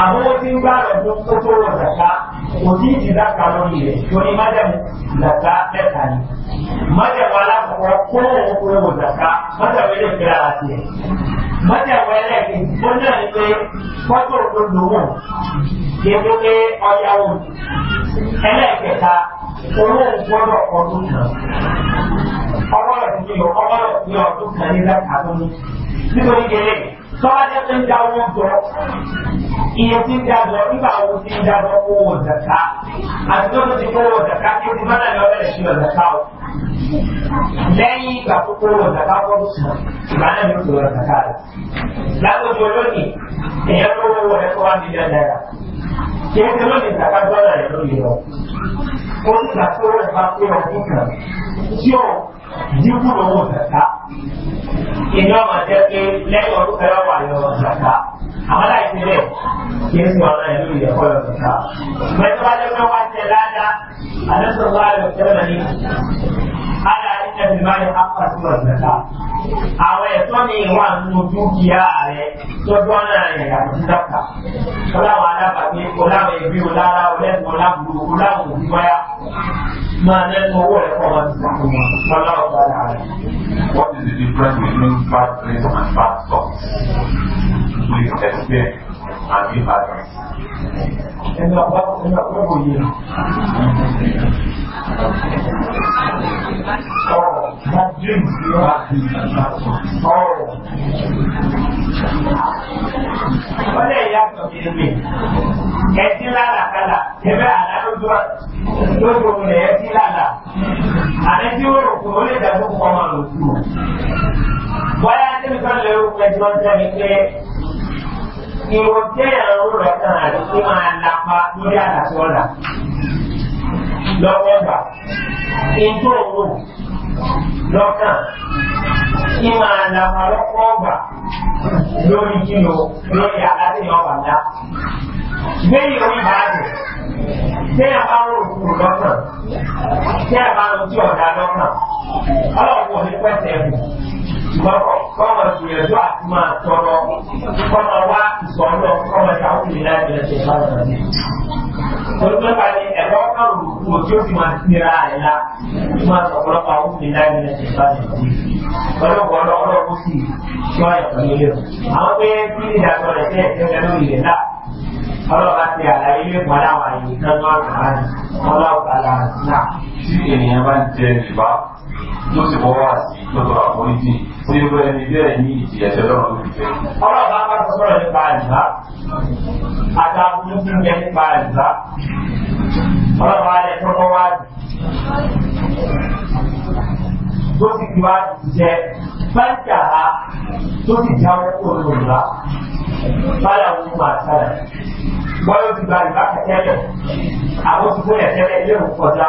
àmọ́ ó ti ń gbà rẹ̀ fún kó lórí rẹ̀ tó ní májẹ̀mú ìjàpá mẹ́ta ni mọ́tẹ̀wọ́ alákọ̀ọ́ kó òun kó ewu zaka mọ́tẹ̀wọ́ ilé ìgbéra àti ẹ̀ mọ́tẹ̀wọ́ ẹlẹ́gbẹ̀ẹ́ ó náà ní pé fọ́tò tó lòwò kéde pé ọjà wò ẹlẹ́gbẹ̀ta owó gbọ́dọ̀ ọdún kan ọlọ́rọ̀ ti yọ ọlọ́rọ̀ ni. yọ ọdún kan ní lẹ́ka lónìí nítorí gẹ́gẹ́ tọ́wádé tó ń da owó jọ iye tí ń da jọ nígbà owó tí ń da jọ owó ọ̀dàká àti tó ti kó owó ọ̀dàká tí ó ti mọ́nà ní ọ̀rẹ́ ìṣúná ọ̀dàká o lẹ́yìn ìgbà tó kó owó ọ̀dàká kọ́ tó sùn ìgbà náà ló kúrò ọ̀dàká rẹ̀ lágbójú olóyìn èèyàn lówó kìí ṣe lónìí ìgbàgbá dọ́là rẹ̀ lóye lọ. ó ní ìgbà tó rẹ̀ bá pé ọdún kan tí ó dínkù lówó ìgbàgbá. ìyá ọmọ jẹ́ pé lẹ́yìn ọdún kan wà yọ ìgbàgbá. àwọn láì ṣe bẹ́ẹ̀ kìí ṣe ọ̀nà ìlú ìyẹ̀kọ́ yọ ìgbàgbá. mẹ́tọ́ bá jẹ́ pé wá jẹ dáadáa àdéhùn wa yọ ẹ̀sìn máa ní apàtì ọ̀sẹ̀ta. Àwọn ẹ̀tọ́ ni ìwà nínú dúkìá rẹ̀ tọ́jú ọ̀nà ẹ̀yà dídàkà. Ọláwọ̀ adábàgbé, ọláwọ̀ ẹbí, ọlára, ọlẹ́sìn, ọlábùrú, ọláwọ̀ òbí Máa nẹ́nu owó rẹ̀ kọ́ wọn sí fún wọn. Ọláwọ̀ gbára rẹ̀. What is the difference between bad dreams and bad thoughts? Please explain àbí ìbàdàn ẹni ọ̀pá ẹni ọ̀pá ìbòye ọ̀rọ̀ madrid ti wá ọ̀rọ̀ ọ̀lẹ́ ìyá sọ̀kìrìkì ẹtí lálàkálà ẹbẹ́ àlálójú lójú rẹ̀ ẹtí lálà àrẹ́tí ó rò pé ó lè dàgbò pọ̀ mọ́ lòkù bọ́yá tẹ́lifíṣàn lè rò pé ìwọ jẹ́ àwọn rẹ̀ kan àti kí máa lapa lórí àlàsọ́là lọ́wọ́ gbà ètò òun lọ́kàn kí máa lapa lọ́wọ́ gbà lórí kílò lórí àlàsíyàn wàdá gbé ìròyìn báyìí tẹ́ ẹ bá rò kúrò lọ́kàn tẹ́ tí kọ́mọ gbìyànjú àti máa tọrọ kọ́mọ wá ìsọ̀rọ̀ kọ́mọ ṣàwọn ìlànà ìlànà ìlànà ìlànà. olùdókòwò ni ẹ̀rọ kan rò kú ojú ó ti máa nira rẹ̀ la máa sọ̀rọ̀ àwọn ìlànà ìlànà ìlànà ìlànà. ọlọ́wọ́ ọlọ́wọ́ kó sì ṣọ́ ẹ̀kọ́ nílé o. àwọn pé kí ni ìdájọ́ rẹ̀ ṣe ẹ̀kẹ́ lórí rẹ̀ náà ọlọ́ba ti àlàyé nípa láwọn àyè kan náà kàá ní ọlọ́ọ̀gbà làásìlà. tí ènìyàn bá ń jẹ ìbá yóò sì wọ́wọ́ àti lọ́tọ̀ àforíjì tí ó bẹ́ẹ̀ ní bẹ́ẹ̀ ní ìjì ẹ̀ṣẹ̀ lọ́rọ̀ ló fi fẹ́. ọlọ́run bá bá sọ̀rọ̀ nípa àjùlá àtàkùn fún mi nípa àjùlá ọlọ́run bá yẹ kọ́kọ́ wá tó sì fi wá jẹ báńkà ha tó sì jáwé olùrà báyà wọn máa sálẹ̀ wọ́n yóò ti gba ìbákẹ́tẹ́lẹ̀ àwọn ti fún ẹ̀tẹ́lẹ̀ ilé òkú kọjá.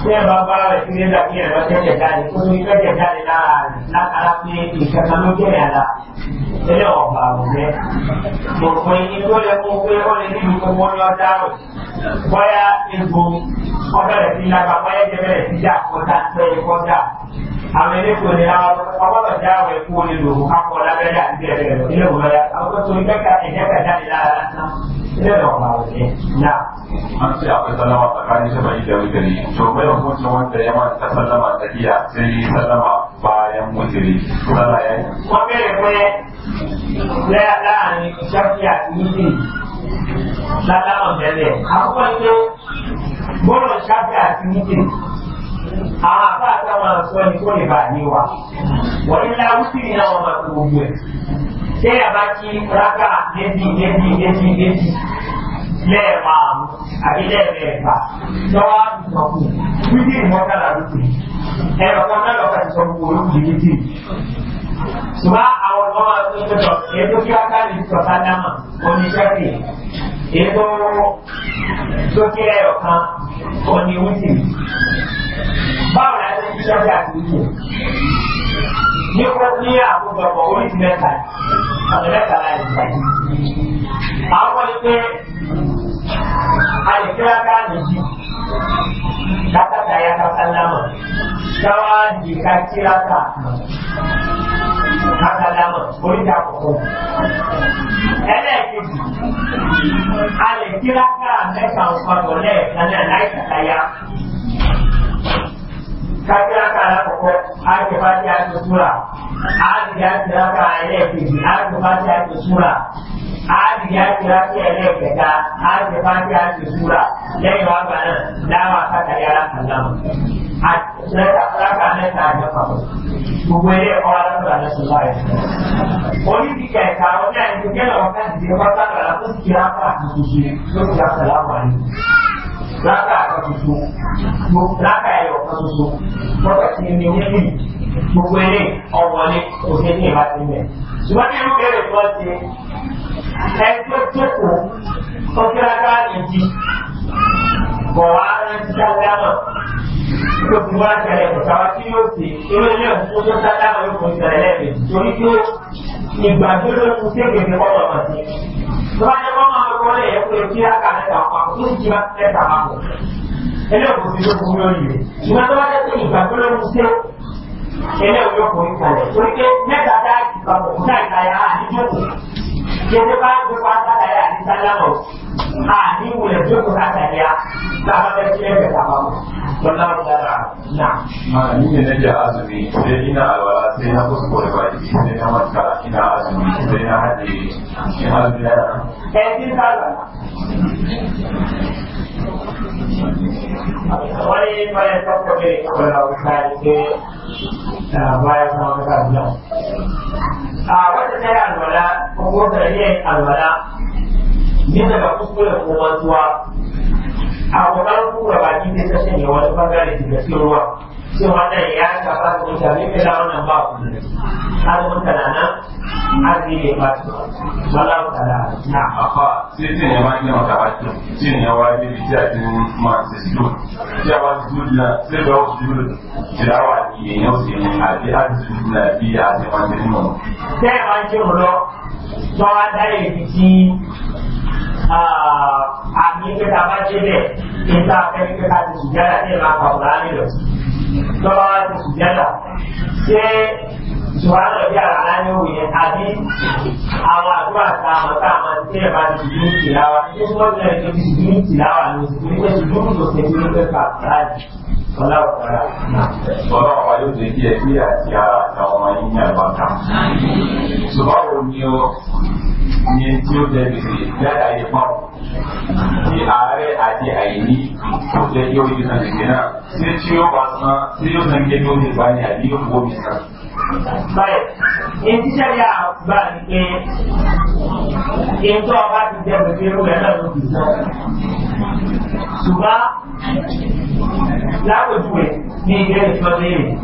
tí ẹ bá bá rẹ̀ sí nígbà tí ẹ̀rọ tẹ́tẹ̀ jáde tó ní tẹ́tẹ̀ jáde lára látara pé ìkẹta ló jẹ́ ẹ̀dá ilé ọ̀gbà òjẹ́. mo pe ikú lẹ fún pé ó lè níbi gbogbo ní ọjà rẹ̀ bóyá egbò ọbẹ̀rẹ̀ sí lágbà bóyá ẹ̀jẹ̀ bẹ̀rẹ̀ sí jà kọjá pé kọjá. àwọn eléko ni ọgbọ́dọ̀ já rẹ̀ kú olè lòun kápọ̀ lábẹ́rẹ́ àti bẹ̀rẹ̀ rẹ̀ ilé òun lọ́yà àwọn tó ina da malamai na an ce akwai sallama tsakanin shafa'i da wutari to bai hukuncin wanda ya ma ta sallama tsakiya sai yi sallama bayan wutari sallah ya yi wọ́n bẹ̀rẹ̀ pé láàrin shafi àti wutari sallama tẹ̀lé àkọ́kọ́ ní bọ́ọ̀lù shafi àti wutari àwọn àbá àtàwọn àṣọ ni kò lè bà ní wa wọ́n ní láwùsí ni àwọn ọmọ tó gbogbo ẹ̀ bẹ́ẹ̀ bá kí rákà méjì méjì méjì méjì lẹ́ẹ̀márùn àbí lẹ́ẹ̀mẹ́fà lọ́wọ́ àdùnkọ̀kù wíjì mọ́kànlá lókè ẹ̀rọ kan náà lọ́kà ti sọ gbogbo olókè méjì. ṣùgbọ́n àwọn ọmọ máa tó tó tọ̀ ètò kí wọ́n káàdì sọ̀tà dámà oníṣẹ́kì ètò lókè ẹ̀rọ kan oní wíjì. báwo la ti ṣiṣẹ́ bí àti wíjì? ní kó ní àkójọpọ̀ oríṣi mẹ́ta ọ̀nà mẹ́ta láì sí. àwọn ni pé àyíkíra ká nìyí látàkà ya ká sálámà káwá di ká kíra ká ká sálámà oríṣi àkọ́kọ́. ẹlẹ́ẹ̀kejì àyíkíra ká mẹ́ta ọ̀pọ̀ lẹ́ẹ̀kan náà láì kàkà ya kakira kala koko ake fati ake sura adi ya kira ka elekeji ake fati ake sura adi ya kira ka eleketa ake fati ake sura lẹyìn wa gba náà dáwà kaka yàrá kàlámù lẹka lẹka lẹka àjọ kàwé gbogbo ilé ẹkọ alákùnrin àti sọlá rẹ oníbi kẹta ọdún àìsàn kẹlẹ ọkàn ti di ẹkọ alákùnrin àti sọlá rẹ kó ti kira kó àti tuntun lókè àti sọlá wà ní lága àkọsùsù lága ẹ̀yọ̀ àkọsùsù lọ́gbà tí ní wíwí gbogbo ilé ọ̀wọ́lé òṣèlú ní ìbá ti mẹ́. ṣùgbọ́n ní irú bẹ̀rẹ̀ fún ọtí ẹgbẹ́ jókòó tó kí lága ìdí bọ̀ wá rántí sálámà tó fi wá ṣẹlẹ̀ kò sáwá tí yóò ṣe eré ilé ọ̀tún tó sálámà yóò fún ìṣẹ̀lẹ̀ lẹ́ẹ̀mejì torí pé ìgbàgbé ló kù sí èkejì kọ́ tọ́wájú wọn máa rọ ọ́ lẹ́yìn ẹ̀kọ́ kí á kà lẹ́ta ọ̀pá tó sì jíba lẹ́ta máa kọ̀. ẹlẹ́yìn kò sí ló fún lórí rẹ̀ ṣùgbọ́n tọ́wájú pé ìgbà tó ló ń ṣe ẹlẹ́yìn yóò kọ̀ ní kalẹ̀ torí pé mẹ́ta dáàbì papọ̀ yẹtí bá gbogbo àtàlà yà ní sálámù à ní wulẹ̀ tó kò sàtàlẹ̀ yà sábà bẹ tilẹ̀ bẹ sábà mọ̀ lọ́láwù dára nà. Màá ní yẹn lẹ́jà azumi ṣe iná àlọ́lá ṣe iná kó sùpọ̀ lẹ́wà yìí ṣe iná wọn ká iná azumi ṣe iná hàdì ṣe iná azumi náà. Ẹ ti sábà. Wọ́n yé ìfọ̀lẹ́ sọ́kọ̀ bẹ́ẹ̀ kọ́lá òkúta ìgbé báyọ̀ fún ọ̀gá àgbà. Àwọn ti sẹ́yà àlọ́lá owó tẹ̀lé yin alwala ne daga kuskure ko mantuwa a kokarin kura baki ne ta shanye wani bangare daga cikin ruwa sai wannan ya shafa da mutane kai da wannan ba ku azumin kana nan azumi bai ɓaci wala wala na afa sai tin ya ma gina maka baki tin ya wa ne bita tin ma sai su ya wa su na sai ba su dole jirawa ne ne yau sai ne a bi azumi na bi ya sai ma ne mu sai ma ce mu lo to wa dare biki àmì kẹta bá jẹ bẹ́ẹ̀ níta fẹ́ẹ́ kẹta ti sùn jáde àti ìlànà ọ̀la nílò lọ́wọ́ ti sùn jáde sùwárà bí àlá ní òwe yẹn àbí àwọn àdúrà tá a mọ̀ tá a mọ̀ tí ẹ bá ti dúró tìláwà ní tí wọ́n ti rẹ̀ ti dúró tìláwà ló ti dúró pẹ̀lú dúró tó ṣe dúró pẹ̀lú àbúráàdì ọlọ́ọ̀kọ́ra. ọlọ́wọ́ wa yóò ṣe kí ẹbí àti ara àtàwọn ọmọ yín ní àbáta. sùwárò ni ó ní tí ó jẹ́ gbèsè yára yìí pọ̀ ní ààrẹ àti àìní kò jẹ́ kí ó yí san gbèsè náà ṣé tí ó bá san tí ó san gbé ní ó ti àbí ó fowó mi san báyìí ní tíṣẹ́ yà gbà ní pé ètò ọba ti jẹ́ pẹ̀lú irú ẹ̀ náà ló fi sọ. ṣùgbọ́n lápòjúwe ní ilé ìtọ́jú èrè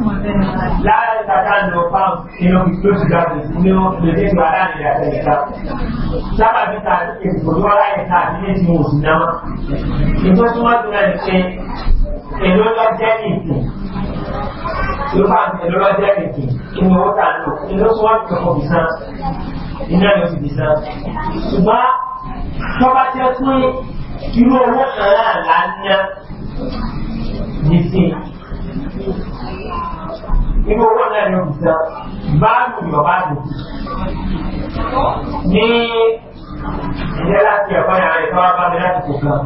láàárín tata ń lo pound nínú fifty two thousand nínú lójútùú aláàrin àti ẹ̀ka. sábà bí ta èsì kò tó wá láyé ká àbí ní ìsinmi òsì náà. ìtọ́jú wọn ti rẹ̀ ṣe èló lọ́jẹ́ nìkì yorùbá èló lọ́jẹ́ nìkì inú owó tà lò èló tí wọ́n ti kọ́kọ́ bì sàn iná ló ti bì sàn ṣùgbọ́n tọ́ba jẹ́ pé irú owó kan náà là ń ná nísìn irú owó náà ló bì sàn báàlù yorùbá lò ní ìyẹn láti ẹ̀kọ́ yẹn àrẹ tó wá bá mi láti kò kan.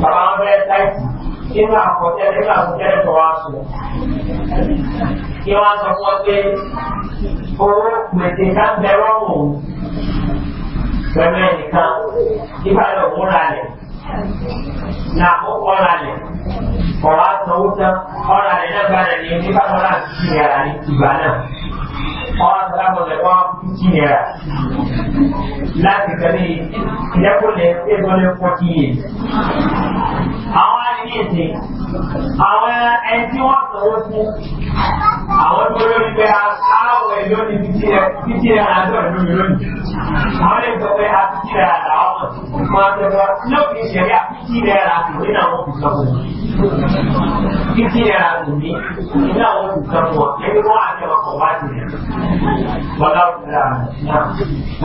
Bàbá wọn bẹ́ẹ̀ táìtì nínú àkọsílẹ̀ nígbà àkọsílẹ̀ tó wá sùn. Kí wọ́n sọ fún ọ pé owó gbèsè ká ń bẹ rọ́rùn pẹ̀lú ẹnìkan nígbà yóò múra rẹ̀ na ko ọra lẹ ọra sanwó tán ọra lẹ náà gbára lẹ ní bá tọ́lá ti yàrá ní ìgbà náà ọra tọ́lá mọ̀ lẹ wọ́n ti yàrá láti kẹ́lẹ́ ìdẹ́kùnlẹ̀ ẹgbẹ́lẹ́ fọ́tí yẹ. àwọn arìnrìn àwọn ẹni tí wọ́n sanwó fún àwọn tó lórí pé aláwọ̀ ẹ̀ lónìí títí ẹ̀ àádọ́ ẹ̀ lónìí lónìí. àwọn lè sọ pé a ti kí ẹ̀ àdáwọ̀ mọ̀ ṣẹ̀rí àfíkí rẹ̀ ra kò ní àwọn òkùnkà fún mi. Fíkí rẹ̀ ra kò ní ní àwọn òkùnkà fún ọ. Ẹni wọ́n á jẹ ọkọ̀ wá sí rẹ̀. Bọ́lá òkúta náà.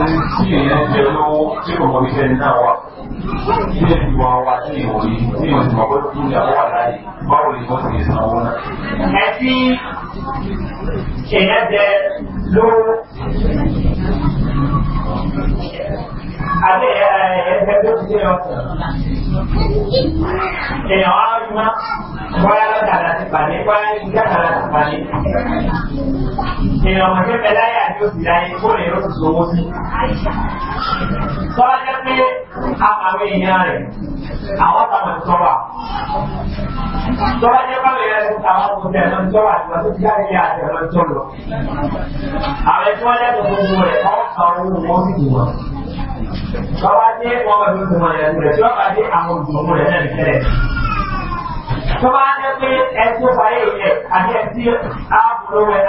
Ohun tí èèyàn jẹ lówó tí kò mọ iṣẹ́ náà wa tí ìwòye tí ìwòye ni wọ́n ti lè sanwó náà àbí ẹgbẹ́ tó ti dé ọkọ̀. èèyàn á rí mọ́ bóyá lọ́jà láti pàdé bóyá ìjà kan láti pàdé. èèyàn ọmọ kẹfẹ láyé àti òsì láyé kó lè rọ́ọ̀tù sọ́wọ́ sí. sọ́wọ́ jẹ́ pé àpàwé èèyàn rẹ̀ àwọn tàbí sọ́wà. sọ́wọ́ jẹ́ báwo yẹn lọ́sọ̀ àwọn kò tẹ̀ lọ́jọ́ àti lọ́sọ̀ tí jáde yà àti ọlọ́jọ́ lọ. àwọn ẹ̀sìn wọn lẹ́tọ̀ọ́ gbogbo rẹ̀ kọ́ àwọn ohun wọn sì dùn wọn. Bàbá dé wọn tí wọ́n bá dé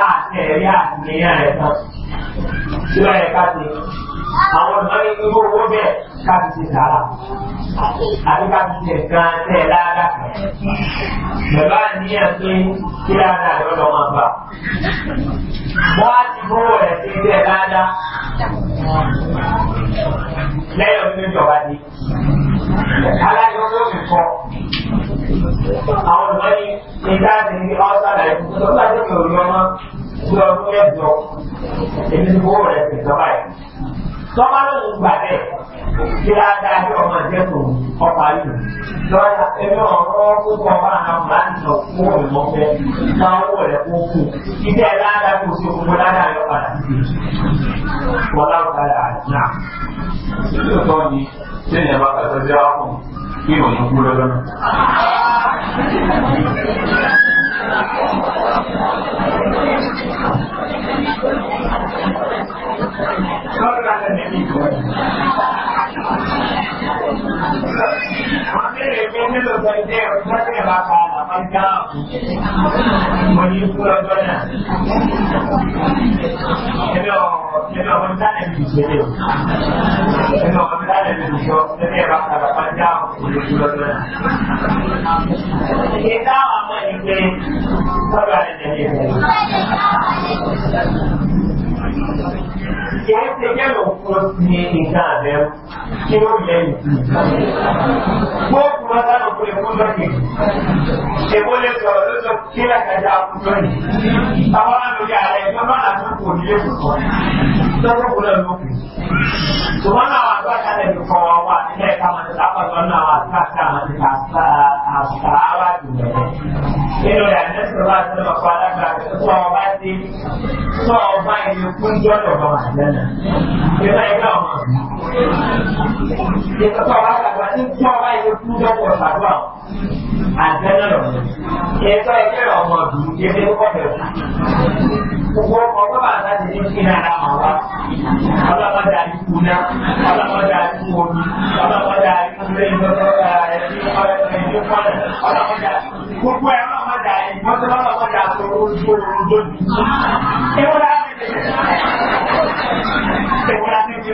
àti ẹ̀rí àti ìyá rẹ̀ tán. Síbẹ̀ yẹ ká ti àwọn ọ̀dọ́ ní irú owó bẹ́ẹ̀ káàdì ti sàrà àti káàdì ti ẹ̀kan tẹ̀ dáadáa. Bàbá àníyàn pé kí dáadáa lọ́dọ̀ wọn bá. Wọ́n á ti fún rẹ̀ sí tẹ̀ dáadáa. Lẹ́yìn ọdún ìjọba ni. Alájọ́ tó fi kọ́. Àwọn ọ̀dọ́ ní ìdá àti ní ọ́sàdà ìfúnpọ̀ tó bá dé mi ò rí ọmọ. Gbé ọdún mẹ́jọ. Èmi ti fún rẹ̀ sí ìjọba yìí sọ́kà ló ń gbà dẹ̀ kí á dá bí ọmọ ẹ̀jẹ̀ tó ọkọ̀ ayé mi. lọ́yà ẹ̀mí ọ̀rọ̀ tó kọ́ bá àwọn ọmọ láti sọ fún òun mọ́ fẹ́ máa ń wọ̀ rẹ̀ kó kù. ìdí ẹ̀ ládàá kò sí òkú ládàá yọ padà sí i. wọ́n láwùjọ yà á nà. lóòótọ́ ni sẹ́yìn ẹ̀bá kàtọ́ bí wàá kùn kí ìròyìn kú lọ́dọ́ náà. स्वर्ग नहीं हमारे मैंने तो बैठे होता है बाबा Punjab Manipur hello hello होता है पीछे हेलो होता है पीछे होते बाबा पंजाब मणिपुर नेता हमारे स्वर्ग नहीं kì í ṣe kẹ́lọ̀ fún sí nǹkan àbẹ̀ kí ó yẹ gbogbo wọn sáà kó lè fún lọ́kẹ̀ èwo lè sọ̀rọ̀ ló sọ kí làkàjà àkùtọ̀ yìí àwọn é rẹ̀ ló má nà fún kò nílé kò sọ lọ́wọ́ kò lọ lókè ṣùgbọ́n náà wà tó àkàlẹ̀ ní kọ́ wa wà nílẹ̀ káwọn ti sáfà lọ náà wà tó àkàwọn ti kà vai wà jùlọ nínú rẹ̀ àdẹ́sọ̀rọ̀ wà tó lọ́kọ̀ alágbàgbẹ̀ tó sọ ọ bá ti sọ ọ bá ẹni kúndọ́dọ̀ bọ̀ wà lẹ́nu ìrìnà Gbogbo ẹ̀rọ ọmọdé àdìkú, mọ́tò ọlọ́mọdé àtọ̀rọ̀ ojú oorun lónìí. Ewúrẹ́ Dekorasi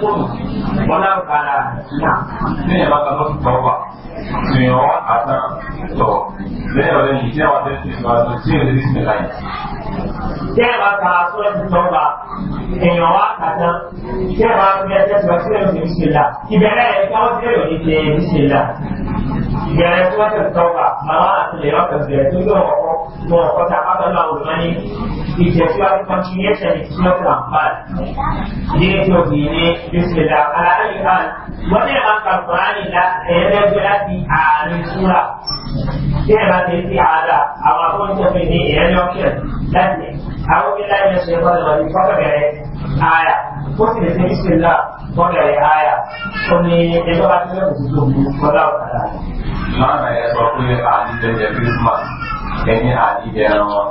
kókòrò wọn náà náà lẹ́yìn bá kan lọ́sí tọ́ wà ìyẹn wọn àtà tọ̀ lẹ́yìn ọ̀rẹ́ yìí tí àwọn tẹ́sí ìgbà tó tí ò lè rí láyé. Tẹ́ẹ̀ bá ka sọ́ọ̀ ti tọ́ wa èèyàn wá kàtà tẹ́ẹ̀ bá fi ẹsẹ̀ sọ́ọ̀ sílẹ̀ ò lè rí sílẹ̀ lá ìbẹ̀rẹ̀ ẹ̀ káwọ́ sílẹ̀ ò lè rí sílẹ̀ yẹrẹ tí wọ́n tẹ̀sí tọ́ka màmá àti lèyọ́ tẹ̀sí rẹ̀ tó yọ̀ ọ̀kọ́ wọn ọ̀kọ́ tá a bá tọ́lá olùmọ́ ní ìjẹ̀síwájú continuation ní sọ́ọ̀tì àǹfààní ní ètò yìí ní bisimilá aláàlì kan wọ́n ní àwọn kan kùránì la ẹ̀yẹ́dẹ́gbẹ́ láti àárín súra tí ẹ̀ bá ti ti àádá àwọn akóńtẹ̀fẹ̀ ní ìrẹ́lọ́kẹ̀ láti àwọn bọ́dà ẹ̀ háyà ó ní ẹjọ́ bá ti lẹ́nu tuntun ní bọ́dà ọ̀kadà. lọ́nà ẹ sọ pé àdìjẹ jẹ christmas ẹni àdìjẹ ẹran wọn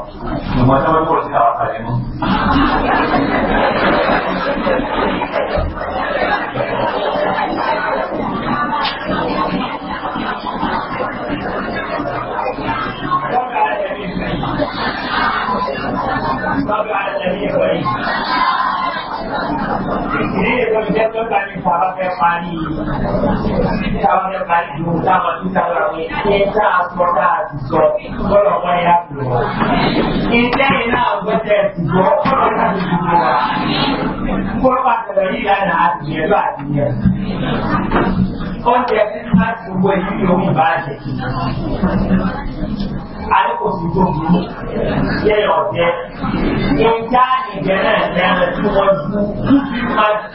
ṣùgbọ́n tí wọ́n kọ̀ sí àwọn àkàlẹ̀ mú. Thank you ìdí èkó ìjẹ́ tó gbà ní sábà fẹ́ parí sábà fẹ́ parí ju sábà tún sábà wí ẹ tá a sọ tá a ti sọ bọ́lọ̀ wọ́n yá lọ. ìjẹ́ iná ọgbẹ́tẹ̀ ti sọ bọ́lọ̀ náà ti sọ wá. bọ́lọ̀ bá tẹ̀lé yìí lánàá àti yẹn lọ àti yẹn. oúnjẹ tí wọ́n ti wọ èyí yòówù bá jẹ kí. Ale ko si tó burú, yẹ yọ̀ jẹ. Ìjà ìjẹ náà lẹ́nu tí wọ́n ju kúkú máa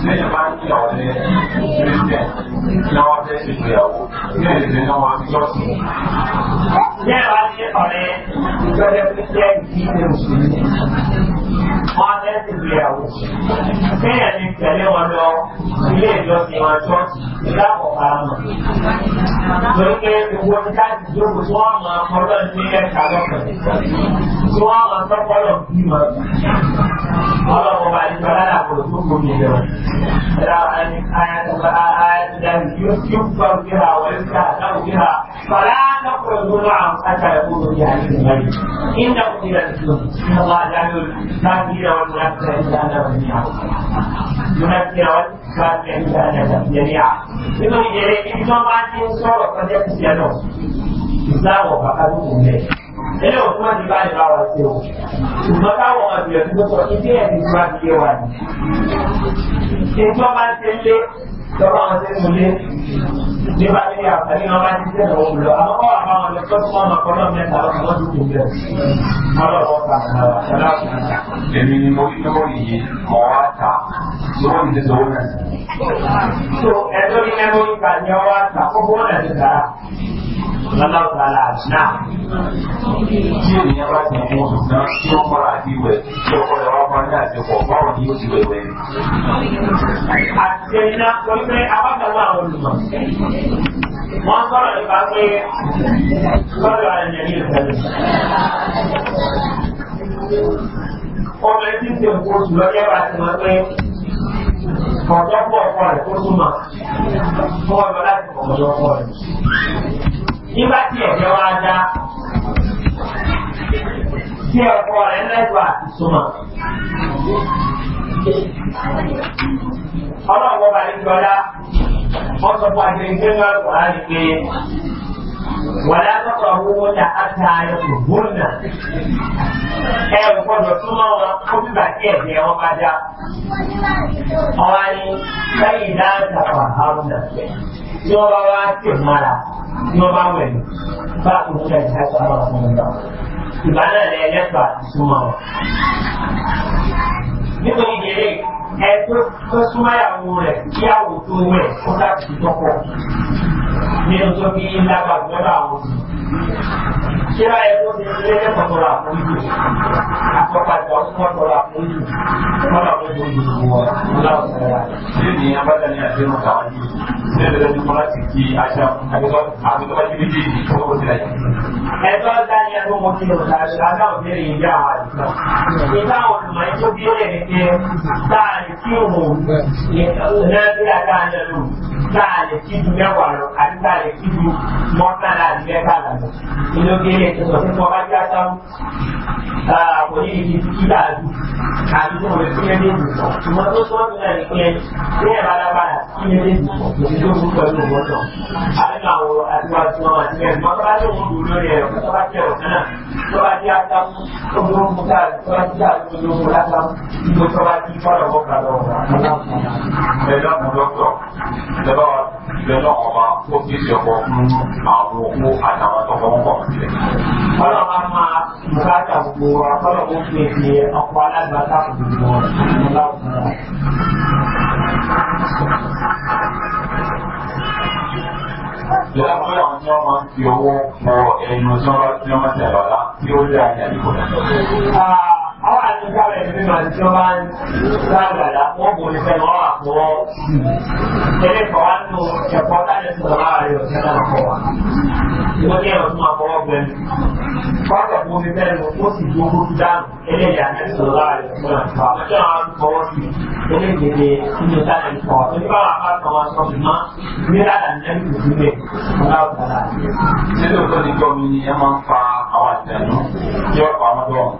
tí èèyàn bá ní àwọn ẹni kírísítẹ̀ kí wọ́n fẹ́ ṣe ìgbéyàwó kí ẹ̀yìn lè náà wọ́n jọ sí. Bẹ́ẹ̀ wá ní ọ̀rẹ́ ìjọba ẹgbẹ́ jẹ́ ìdí ìdí wọn fẹ́ sì gbéyàwó kéèyàn ti tẹ̀lé wọn lọ ilé ìjọsìn wọn jọ ìdáàbòbá mọ̀ torí pé gbogbo ti káàdì jókòó tí wọ́n máa kọ́lọ́ ní ẹ̀ka lọ́kàn tí wọ́n máa tọ́ kọ́lọ́ bí mọ̀ ọlọ́wọ́ bá nípa lálàbọ̀ tó kò ní lọ ẹ̀rọ ayatollah ayatollah yóò fi ń gbọ́ bí ha wọ́n ń ta àtàwọn bí ha fàlà nàkúrò lónà àmì àtàwọn ìbúrò yà ní ìgbà yìí ìnáwó ìlànà ìlú ìnáwó àdáyọ̀ láti ينكر والكافرين جميعا ينكر والكافرين جميعا لمن يريد ان يكون صوره قد يكون ìsìláàmù pàtàkì kò lẹ̀. Ẹlẹ́ òkú wọn ti bá ìlú àwọn ṣe o. Ṣùgbọ́n táwọn àgbẹ̀ tó sọ ilé ẹ̀mí tó bá ti lé wa ni. Ìjọba ṣe lé lọ́wọ́ àwọn tí mo lé nípa ní àǹfààní náà máa ti tẹ̀lé òun lọ. Àwọn ọ̀rọ̀ àwọn ọ̀rẹ́ tó tún ọmọ kan náà mẹ́ta lọ́wọ́ wọ́n dúró bẹ̀rẹ̀. Ọlọ́wọ́ kàkàrà Èmi ni mo rí lọ́wọ́ yìí mọ̀ wá ta lọ́wọ́ mi tẹ̀sán wọn náà. So ẹjọ́ ní ẹgbẹ́ ìgbà ni ọ wá ta kókó wọn náà ti tara. Lọ́lá ọ̀gá là náà. Tí ènìyàn bá ti mú òṣù náà tí ó kọ́ra àti ìwẹ̀ tí ó kọ́ra wá bá ní àṣepọ̀ báwo ni yóò ti wẹ̀wẹ̀. Àti ẹni náà wípé awákàlà àwọn olùmọ̀ wọ́n sọ̀rọ̀ nípa pé sọ̀rọ̀ àyẹ̀yẹ̀ ní ìfẹ́lẹ̀. ọmọ ẹtí ti ń kojú lọ́jọ́ bá ti máa pé ọ̀dọ́ pọ̀ ọkọ rẹ̀ tó súnmọ̀ fún ọjọ́ láti pọ̀ ọjọ́ pọ̀ rẹ̀. nígbà tí ẹ̀jẹ̀ wá dá tí ọkọ rẹ̀ lẹ́gbàá àti súnmọ̀ ọlọ́wọ́ bá ní gbọ́dá wọ́n sọ fún àgbẹ̀gbẹ̀ ńlá ọ̀rá ni pé wọ́n dá tọ́tọ̀ owó ta áta ẹ̀kọ́ gbóná ẹ̀ gbọ́dọ̀ súnmọ́ wọn kó bíbà tí ẹ̀jẹ̀ wọn bá dá ọ̀rá ni lẹ́yìn dáńtà wà áwùnà tí wọ́n bá wá sí ìmọ̀ra tí wọ́n bá wẹ̀ bá òkúta ìtàkùn àwọn ọmọ ìgbà náà lẹ́yìn lẹ́tọ̀ àti súnmọ́ 果你异议。ẹ tó súnmáyàwó rẹ̀ kíyàwó tó wẹ̀ kó láti tọ́pọ̀ nínú tó bí lágbàdo lọ́dọ̀ àwọn òbí. kíra ẹ tó ti lé lẹ́kọ̀ọ́ tọrọ àforíjì àtọ́padà ọ̀sùnmọ́ tọrọ àforíjì mọ́nà tó tó yìí wọ láwọn sẹ́yà. ilé ní abájá ní àti káwọn yìí ní ẹgbẹ́ tó kọ́lá ti kí aṣọ àgbẹ̀tọ́ba ti bí bíi tó kó sílẹ̀. ẹ̀tọ́ dání ẹ̀rọ mo ti lọ sáré aláwọ̀ bẹ́ẹ̀ yìí bí àwọn àdìsọ́ kírun náírà tá a lè lò tá a lè kíju mẹ́wàá lọ àti tá a lè kíju mọ́tàlá àti mẹ́tàlá lọ. inú kéré tó sọ fún ọba já sáwọ́ kò ní ibi tí kíkà àdú àbí tó wọlé kílé ní ìbùsọ̀ ṣùgbọ́n tó sọ fún ẹni pé ní ẹ̀ bára bára kílé ní ìbùsọ̀ kò sí tó fún pẹ̀lú ìbọ̀sọ̀. àbíkà àwọn àtiwájú wọn àti bẹ́ẹ̀ mọ́ tó lẹ́dá fún dọ́kítọ̀ lẹ́bá lẹ́nà ọba ó fi ṣe ọkọ̀ fún àwọn òkú àtàwọn tọkọ ń bọ̀. ọlọ́run á máa bùkátà gbogbo wa kọ́lọ̀ ó fi fi ọkọ̀ alágbàtà gbogbo ọ̀la fún wa. Ìyá àwọn ọ̀rẹ́ tí wọ́n máa ń fi owó pọ̀ ẹnu tí wọ́n bá ti wọ́n ti àbàlá tí ó dé àyè àdìgbò náà àwọn àtijọ́ rẹ̀ fi máa tí wọ́n bá ń lágbàdá wọ́n bò ní fẹ́ràn wà fún ọ. Ilé ìfọ̀ wa nù ẹ̀kọ́ láti sọ̀rọ̀ lára rẹ̀ ọ̀sẹ̀ náà kọ̀ wá. Ìwọ ní ẹ̀rọ tó máa fọwọ́ gbẹ̀mí. Kọ́kọ̀ fún mi fẹ́ràn ó sì dúró kó dáhùn eléyìí àti sọ̀rọ̀ lára rẹ̀ ọ̀sẹ̀ náà kọ̀ wá. Àmọ́jọ́ àwọn akọ̀wọ́ sí eléyìí ní inú táyà ń kọ̀ wá. Ó ní báwọn akọ̀wọ́ wọn sọ ṣùgbọ́n ní lára ẹni kò ni ẹ máa ń fa àwọn àtẹnu yóò pa ọmọdé wọn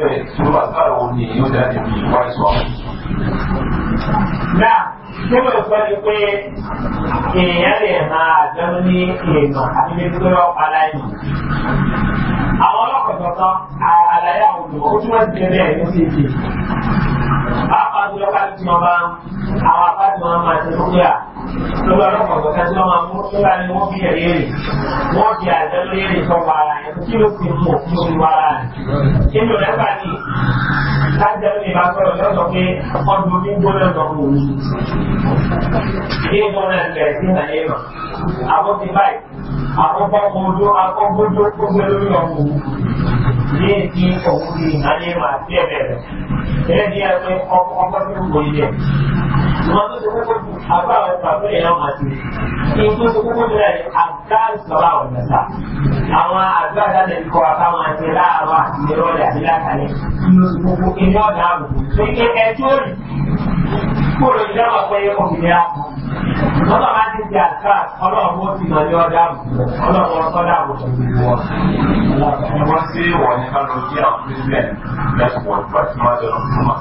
bẹ́ẹ̀ sùúrù àtàrà òun ni yóò jáde bí ìwà ìsọ̀. náà nígbà tó bá di pé èèyàn lè máa dánú ní èèyàn àti níbi yọ padà àwọn ọlọ́pàá àlàyé àwọn olùkọ́ ó túmọ̀ sí ẹgbẹ́ ẹ̀ ló ti àpàdúrà káàdì tí wọn bá àwọn àpàdé wọn máa ti lókè à lórí ọlọ́pàá ọ̀gá tí wọ́n máa mú nígbà ni wọ́n fi ẹ̀rí èrè wọ́n di àjẹ́ lórí èrè tó pa ara rẹ̀ kí ló fi mú òfin omi wá ara rẹ̀ kí ló lẹ́gbàá ní lájẹ́ lórí ìbá sọ̀rọ̀ lọ́sọ̀ pé ọdún omi ń gbóná lọ ojú akọ́kọ́ ojú ó gbé lórí ọkọ̀ ये तीन कहूँ की नाले मारते हैं मेरे दिया तो ऑफर भी बोल दिया तुम्हारे सुबह को छापा है पापा यहाँ मारती है इनको सुबह को मिला है आकाश सभा होना था हमारा gbàgbà tẹ̀lé kọ́ àtàwọn àti láàárọ̀ àti ìrọ̀lẹ́ àti lákàlẹ̀ gbogbo kìnìún ọ̀dà àbùkù pé kí ẹ tó rí kúrò ìjọba pé òmìnira kan lọ́dọ̀ bá ti di àṣà ọlọ́run ó ti nàlẹ́ ọ̀dà àbùkù ọlọ́run ọ̀sọ́dà àbùkù wọ̀. wọ́n sí wọ̀n ní kánò kí àwọn president next month bá ti máa jẹun fún wa.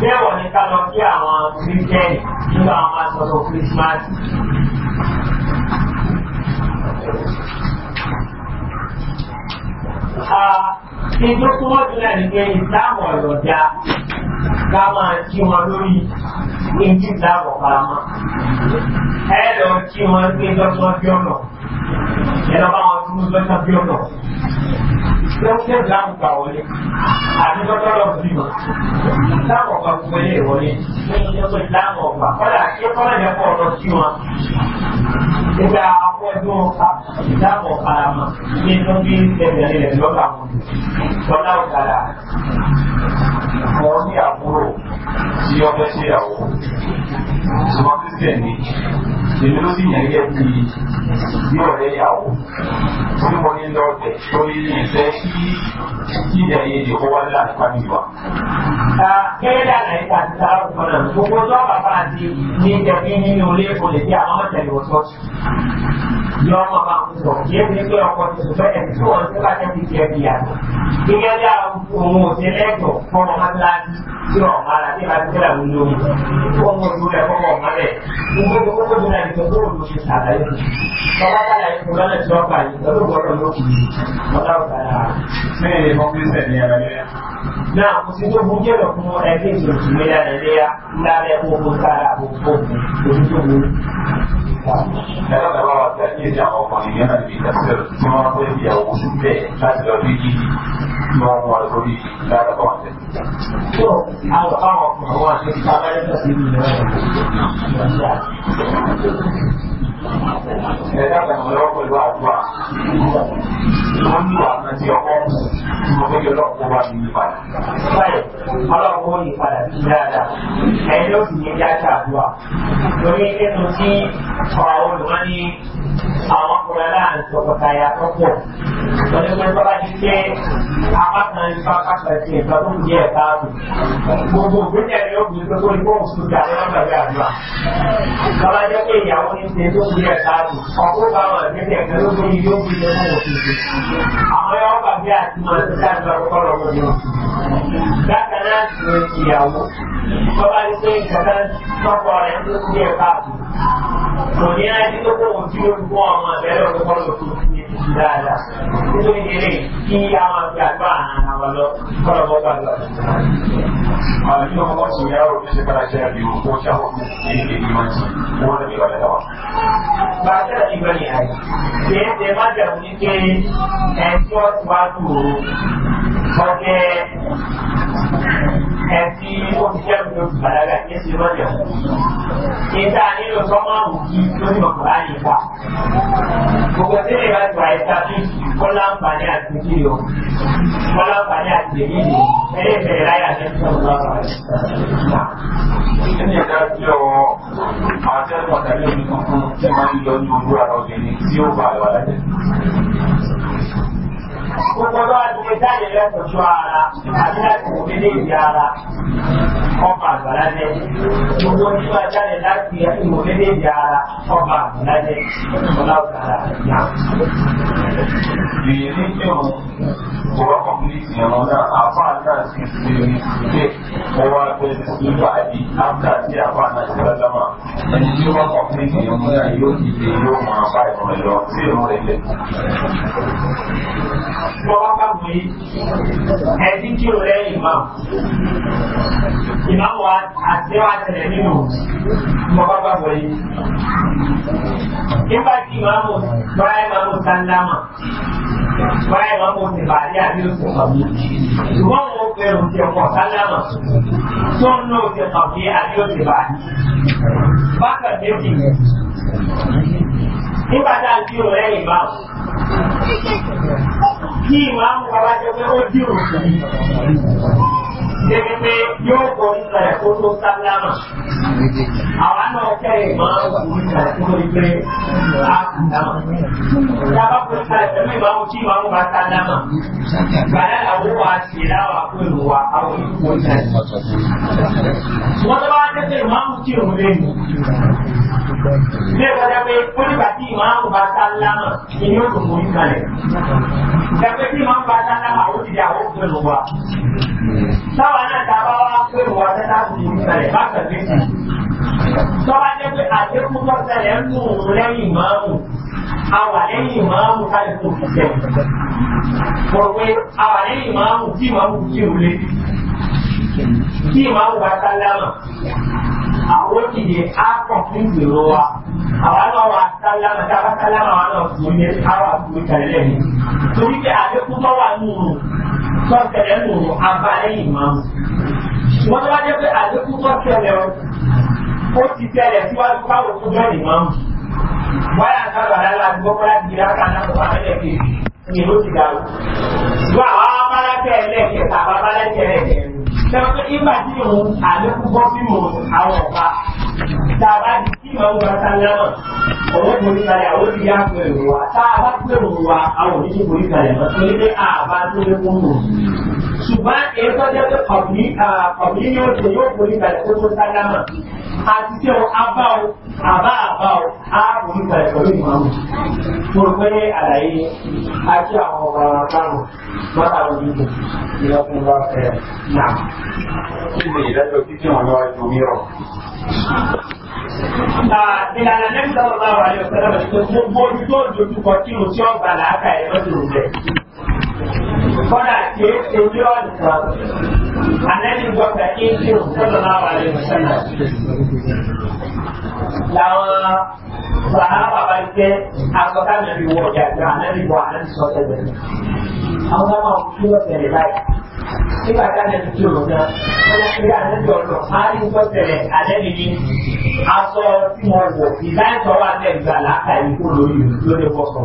bẹ́ẹ̀ wọ̀n ní kánò kí àwọn christian nígbà wọn máa christmas. ìjọ tó wọ́n jùlọ ní pé ìsìláàmù ọ̀rọ̀ dá ká máa kí wọn lórí ìjì ìsìláàmù ọ̀páramọ́ ẹ lọ kí wọn pé lọ́sọ́ bí ọ̀nà ẹ lọ bá wọn dúró lọ́sọ́ bí ọ̀nà dókítà láàmù gbà wọlé àti dókítà lọ sí ma láàmù ọgbà wọlé wọlé lẹ́yìn dókítà láàmù ọgbà kọ́lá kíkọ́lá yẹn kọ́ ọ̀dọ́ sí wọn. Ìgbà àpọ̀jù láàmù ọ̀kadàmà ní lóbi ẹgbẹ̀rún rẹ̀ lọ́gbà wọn. Bọ́lá ọ̀kadà ọ̀rọ̀ ní àbúrò tí ọbẹ̀ ṣe ìyàwó. Ṣùgbọ́n Kristian ni èmi ló sì yàn gẹ́gẹ́ bí ọ̀rẹ́ ìyàwó. Ó ní mo ní lọ́ọ̀tẹ̀ tó ní ìfẹ́ ci iyaye ne kowa na alfani ba ta kai da na yi ta ta kwanan to ko zuwa ba ba ce ne da ne ne ne ole ko da ke a mamata ne wasu wasu yọ ọmọ máa ń sọ yé mi pé ọkọ ti sọ bẹ́ẹ̀ tí wọ́n ti bá jẹ́ ti jẹ́ bí yàtọ̀ gẹ́gẹ́ bí àwọn òṣèlú lẹ́tọ̀ fọmọ máa ń láti tí wọ́n máa bẹ́ẹ̀ ni kọ́kúrísẹ̀ ní ẹ̀rẹ́lẹ́yà náà kò sí tó burú jẹ́lọ fún ẹgbẹ́ ìṣòkì ní ẹ̀rẹ́lẹ́yà lábẹ́ owó sára àkókò ojú tó burú. Ẹ̀rọ ìjọba wa ti ẹ̀kí ìjà àwọn ọkùnrin yẹn láti fi tẹ̀sílẹ̀ tí wọ́n fẹ́ fi àwọn oṣù bẹ̀ láti lọ sí yìí tí wọ́n mú wa lórí lára tó wọn tẹ̀. Tó àwọn ọkùnrin wọn àti ẹ̀dá àtàwọn ṣe tó ń sílẹ̀ láàbù ọkọ̀ bá wọn nílẹ̀ pẹ̀lú pé yóò fi lé fún òfin ìgbè. àwọn ẹ̀rọ gbàgbé àti máa ti dájú àkọ́kọ́ lọ́wọ́ ni wọn. bákan náà ti lè ti ìyàwó bọ́lá ní pé ìjọba tọkọ rẹ̀ ń lókun díẹ̀ káàbù. kò ní láti tó kó òun tí ó gbọ́ ọmọ ẹ̀rọ kọ́kọ́ lọ́kùn dáadáa nítorí eré kí a máa fi àgbà àná wa lọ bọ́ bá lọ. Màlúù yóò mọ̀ sí òfin ṣe kára ṣe àbí òkú ṣáwọ́ ní ìgbìmọ̀ tí wọ́n lè wà lẹ́wà ba sharadi ba ne a yi ke yadda ma da wani ke ẹjọ́ wato ọjẹ́ ẹtí oníṣẹ́ mi ló ti bàlágà ní ẹsẹ̀ lọ́jọ́ ìta nílò sọ́mọ́ òkú lórí ọkọ̀ láyé wa gbogbo tí ìrìn àjò àìsàn bí kọ́lá ń bà ní àgbègbè o kọ́lá ń bà ní àgbègbè yìí ẹ̀ẹ́dẹ̀ẹ̀rẹ̀ láyà ní ọ̀sán ọ̀sán lójú ojú àwọn obìnrin tí ó bá wà lẹ́yìn. Gbogbo lọ́wọ́ ti lè jáde lẹ́kọ̀ọ́ ju ara àti láti wò ní ìdí ara ọba àgbàlajẹ gbogbo tí wàá jáde láti ìmọ̀ méjèèjì ara ọba àgbàlajẹ ọlágbára náà. Èyí ní ìwọ̀n wọ́n kọ̀m̀pìlìtì ẹ̀rọ náà afáà náà sì ṣe ní ṣe wọ́n wá bẹ̀rẹ̀ sí báyìí áfíà tí afáà náà ti lágbàmà. Ẹni tí wọ́n kọ̀m̀pìlìtì ẹ̀rọ náà yóò dìde yóò máa bá ìrọ̀ lọ sí ìrọ̀ ilẹ̀. Bọ́lá ẹni tí ó rẹ́yìn máa ìmáwá àtẹ́wà tẹ̀lé nínú mọ́bábà wọlé. Nígbà tí ìmáàmù báyà ìmáàmù sáńdámà, báyà ìmáàmù ti bàálí àbí oṣù kọ̀bí. Ṣùgbọ́n mo bẹ̀rù ti ọkọ̀ sáńdámà tó ń lò ti kọ̀bí àbí oṣù bàálí. Bákan méjì yẹn. Nígbà tá a dúró lẹ́yìn ìmáàmù. Kí ìmáàmù bàbá jẹ́ pé ó dúró. Ṣé pé yóò kọ nípa ẹ̀ kó tó sálámà. Àwa náà kẹ́rẹ̀ máa ń wù ní ìtàn tó lórí pé a kù dámà. Ìyá bá kó nípa ẹ̀ pẹ̀lú ìmáwó tí ìmáwó bá sálámà. Bàdá làwọn wà á ṣe láwà fún ìlú wa àwọn olùkọ́ ìjà ìjọ. Wọ́n tó bá wá tẹ́tẹ́ ìmáwó tí òun lè mú. Ilé ìwọ́jà pé ó nígbà tí ìmáwó bá sálámà ni yóò tó mú ìkàlẹ̀. Ìjà pé tí ìmáwó bá sálámà ó ti di àwọn òkú ìlú wa. Táwa náà ta bá wá pé wọ́n tẹ́ láti ìlú sẹ̀lẹ̀ bákan méjì. Tọ́wá jẹ́ pé àdéhùn tó sẹ̀lẹ̀ ń mú un lẹ́yìn máàmù. A wà lẹ́yìn máàmù káyọ̀ tó fi jẹ. Mo rò pé a wà lẹ́yìn kí òun lé. Kí màmú bá sálámà àwọn òkìdí á kàn fún ìgbèrò wa àwọn àlọ́ wa sálámà táwa sálámà wa náà fún ilé àwọn àbúrò tẹ̀lé ni torí pé àlékún tó wà nù rù tó tẹ̀lé nù rù abá lẹ́yìn máa mú wọ́n tó wá jẹ́ pé àlékún tó tẹ̀lé o ó ti tẹ̀lé síwájú káwọn tó bẹ́ẹ̀ máa mú wáyà sábà lálá gbọ́kọ́lá gbìyà kan náà wà lẹ́yìn kejì ni ó ti dàrú. ìwà àwọn abálákẹ́ ẹlẹ́kẹ̀ẹ́ta àbábálákẹ́ ẹlẹ́kẹ̀ẹ́ sẹ́wọ́n nígbà tí òun àlékún bọ́ sí mò àwọn ọ̀pá tá di kí màá gba sálámà ọ̀wọ́ borí kalẹ̀ àwọn ti yá pé òun wa tá a bá pé òun wa àwọn òní borí kalẹ̀ mọ́ torí pé àbá tó lé fún òun. ṣùgbọ́n èyí jẹ́ pé kọ̀bí kọ̀bí ni ó ṣe yóò borí kalẹ̀ tó tó sálámà àti tí o abá o àbá àbá o á borí kalẹ̀ pẹ̀lú ìmọ̀ràn. mo rò pé àlàyé àti àwọn ọ̀pọ̀ àwọn àbáwọn bá àwọn ìdìbò ìlọ́kùnrin wa fẹ́ náà kí ni ìdájọ́ kíkí wọn níwájú mìíràn. ìlànà lẹ́yìn tó wọ́n bá wà ní ọ̀sẹ̀ lọ́wọ́ tó gbogbo ojú tó dojúkọ kí n tí ó gbà láàkà ẹ̀ lọ́dún rẹ̀. kọ́dà tí ó ṣe ní ọ̀dùnkàn ànẹ́bí gbọ́dọ̀ kí n tí ó sọ́dọ̀ náà wà ní ọ̀sẹ̀ náà. làwọn sàhábà bá jẹ́ àkọ́kọ́ ànẹ́bí wọ̀ ọ̀jà ànẹ́bí wọ̀ ànẹ́bí sọ́tẹ̀ bẹ̀rẹ̀ àwọn ọmọ òkú lọ́sẹ̀ rẹ̀ báyìí nígbà tá a lẹ́nu kírun náà wọ́n yá pé àlejò ọ̀nà parí ń tọ́tẹ̀lẹ̀ àlẹ́ni ní aṣọ tí mo wọ̀ sí láìsọ wà lẹ́gbà látàrí kó lórí lórí bọ́sọ̀.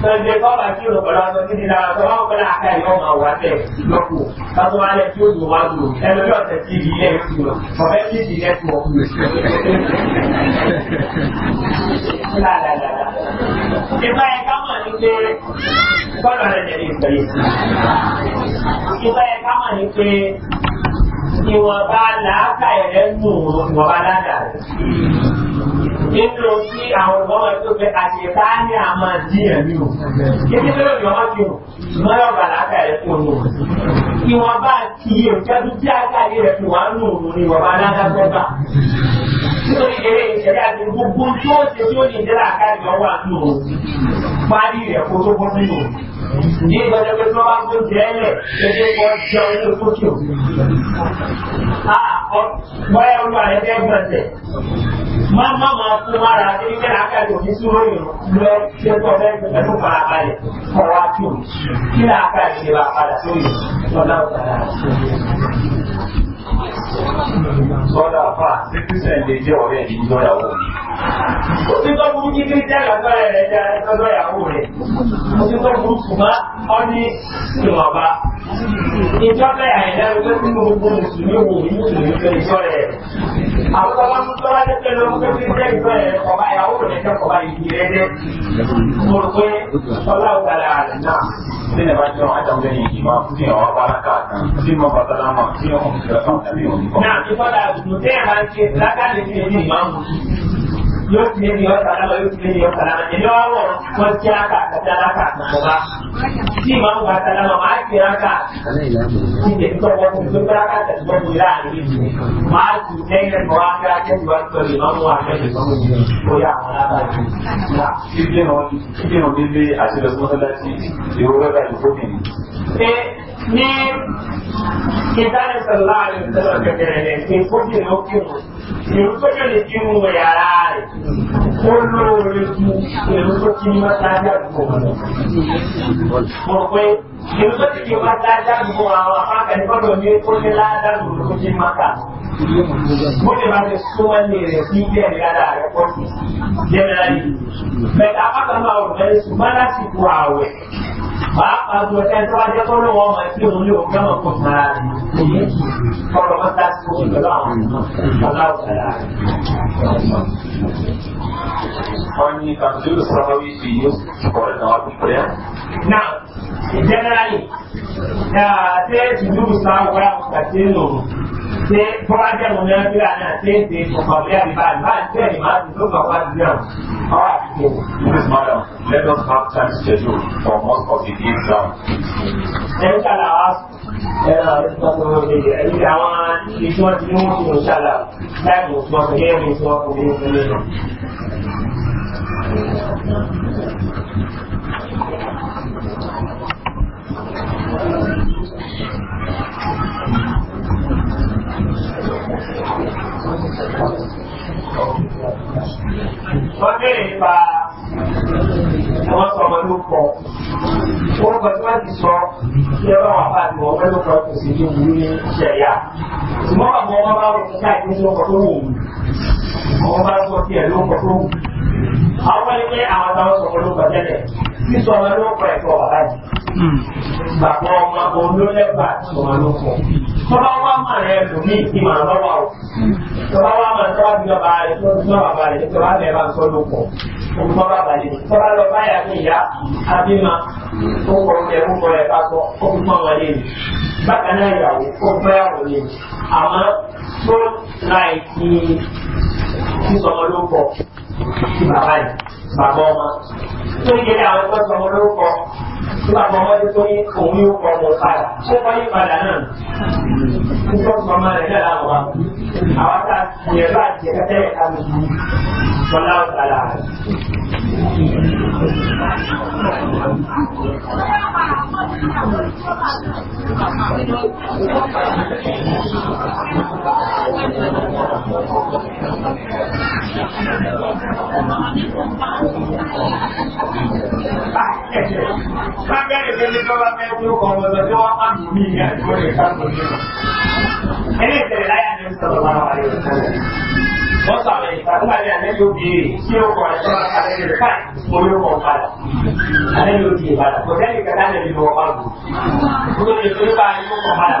Sọ̀rọ̀ bọ́ọ̀bà tí o lọ́kọ̀ọ́ lọ́sọ títí dára tó bá wọ́pẹ́ láàká yìí ọmọ àwọn àtẹ lọ́kù lọ́sọ wà lẹ́ tí ó dùn wá dùn ẹnu bí ọ̀sẹ̀ tí ìdí ilé ti lọ ọ̀fẹ́ tí ìdí ilé ti wọ̀ kú lè. Ìgbà yẹn ká pé gbọ́dọ̀ rẹ̀ tẹ̀lé ìfẹ́ yìí. Ìgbà ẹ̀ká mọ̀ ní pé ìwọ̀nba làákà ẹ̀rẹ́ nù ìwọ̀nba ládàá rẹ̀. Nínú tí àwọn ìwọ́n tó fẹ́ àṣetá ní àmà díẹ̀ ní o. Kíkí tó lòdì ọmọ ti o, wọ́n yọ̀ bà làákà ẹ̀rẹ́ fún o. Ìwọ̀nba ti yé o, jẹ́bi tí àkà yé rẹ̀ fi wọ́n nù ní ìwọ̀nba ládàá fẹ́ bà. Nítorí eré ìṣẹ̀lẹ̀ àti gbogbo tí ó ṣe tí ó lè jẹ́ làákà ní ìgbàjọ́ tí wọ́n bá gbé jẹ́ ẹ̀lẹ̀ ẹgbẹ́ wọn jẹ́ orí òkú kí o. Ah, bọ́yá olúwa rẹ̀ fẹ́ gbọ̀nsẹ̀ má má má fún mára níbi kí làákàtì òní súró yìí lọ ṣe tó fẹ́ pẹ̀lú farabalẹ̀ ọwọ́ àtúwò kí làákàtì lè bá padà sórí ọ̀nà ọ̀tàrà sọ́dà fà sí kírísítẹ̀n lè jẹ́ ọ̀rẹ́ ìdí lọ́yàwó rẹ̀. ó ti tọ́ burúkú pé jára lọ́yà rẹ̀ jára lọ́yàwó rẹ̀. ó ti tọ́ burúkú má ọ́ ní ìwọ̀nba. ìjọba àìdá ló ti gbogbo mùsùlùmí wò ní mùsùlùmí fẹ́ ìsọ̀rẹ̀ rẹ̀. àwọn ọmọ tuntun wá jẹ́ pẹ̀lú ọmọ pé jẹ́ ìsọ̀rẹ̀ rẹ̀ kọ̀ọ̀bá ìyàwó rẹ̀ jẹ́ kọ̀ọ̀bá ìdí rẹ̀ jẹ́. mo rò pé ọlá òdàlà rẹ̀ náà sí ìrìnàjò àjọ̀gbẹ̀yìn ìgbìmọ̀ fún náà tí wọ́n dà lùtẹ́ ẹ̀ máa ń ṣe lákà lè fi èyí ìmọ̀ yóò ti lé ní ọ̀sà lábà yóò ti lé ní ọ̀sà lábà ẹ̀dẹ́ wá wọ̀ wọ́n ti aka àti alaka àtàkọ́ba tí ìmọ̀ ń wà sálámà máa ti aka ti jẹ́ tó wọ́n ti tó bá aka tẹ̀sí wọ́n ti rà ní ìlú máa ti lẹ́yìn ẹ̀kọ́ wá ká kẹ́sì wá sọ ìmọ̀ ń wà kẹ́sì wọ́n ti kó pé ní ìdánilẹ́sẹ̀ láàrin ìtẹ́lẹ̀ gẹ́gẹ́ rẹ̀ ní kó dì ní ó èrò tó kẹlẹ̀ kí ń wọ yàrá rẹ̀ ó lóore ju èrò tó kí ń máa dájá àdúgbò wọn. mo pe èrò tó kí ń máa dájá àdúgbò àwọn afáàkà ní gbọdọ̀ ní kó ní ládàá lòdò tó kí ń máa kà. mo lè máa ṣe súnmọ́lé rẹ̀ sí ilé ẹ̀rí ládàá rẹ̀ pọ̀ sí jẹ́nẹ́rẹ́lì. bẹ́ẹ̀ afáàkà máa rò bẹ́ẹ̀ ṣùgbọ́n lásìkò ààwẹ̀ pàápàá ju ọjà tó bá jẹ́ kó ló wọ́n máa tí òun lè òun gbọ́n mọ̀ fún ara rẹ̀. ọ̀rọ̀ mọ́ta sí wọ́n ní tàbílù sáwáwí sí yóò kọ̀ ẹ̀dá ọdún pẹ̀lẹ́. náà jẹ́nẹ́rálì ṣé tìlúù sáwọ́ àkùkà sí lòrùn ṣé bọ́lá jẹ́nu nàìjíríà náà ṣé ṣe kọ̀kọ̀ bí àbíbá àbíbá àbíbá ni máa ti tó kọ̀kọ́ sí náà. All right, people, please, madam, let us have time schedule for most of the days now. Ẹ̀rọ ṣàlà wá ẹ̀rọ àwọn ìṣọ́ tí wọ́n ti ń ṣàlà. Islam is not giving himself to this religion. Wọ́n bèèrè nípa tí sọ ọmọ ló pọ̀ wọ́n gbọ́ tí ti sọ kí ẹ bá àti wọ́n mẹ́lò kan kò sí ní ìlú ní ìṣẹ̀yà ṣùgbọ́n àwọn ọmọ bá wọn kíkà ìpín ló kọ́ tó wù àwọn bá sọ kí ẹ ló kọ́ tó wù àwọn ẹni pé àwọn àtàwọn sọ̀rọ̀ ló kọ́ tẹ́lẹ̀ sísọ ọmọ ló kọ́ ẹ̀kọ́ wà báyìí bàbá ọmọ olólẹ́gbà tí wọn ló pọ̀. tọ́ba wá máa rẹ lòmíì tí màá lọ́wọ́ o tọ́ba wá máa tọ́ba bí bàbá rẹ tó ń tọ́ bàbá rẹ tọ́ba bẹ́ẹ̀ bá ń tọ́ ló pọ̀ òun tọ́ba balẹ̀ tọ́ba lọ báyà ní ìyá abímá tó kọ̀ ọ́ ẹ̀rú kọ̀ ẹ̀ bá sọ ó fi pọ́n wọlé mi bákan náà ìyàwó ó gbẹ́yàwó ni àmọ́ tó láì kí sísọmọ ló pọ̀ sí bàbá yìí bàbá ọmọ tó yẹ àwọn tó sọmọ ló pọ̀ 你把宝宝的作业朋友宝宝擦一先把一排人，你叫什么人来好好啊，他也带几个带他们，我哪有来啦？Kábẹ́rì ló ní lọ́wọ́ fẹ́ tó kọ́ lọ́dọ̀ tí wọ́n á mú mi ní àjọ rẹ̀ káàkiri ní wọn. Ẹni ìṣẹ̀lẹ̀ láyà ní sọ̀rọ̀ máa wà ní ọ̀sán. Wọ́n sọ àwọn ìgbàgbọ́ àti tí ó kọ̀ ẹ̀ṣọ́ àtàlejò káì orí ó kọ̀ padà. Àlejò ti ìbàdàn kò sẹ́ni kẹta lè lọ ọ̀pá bá a ní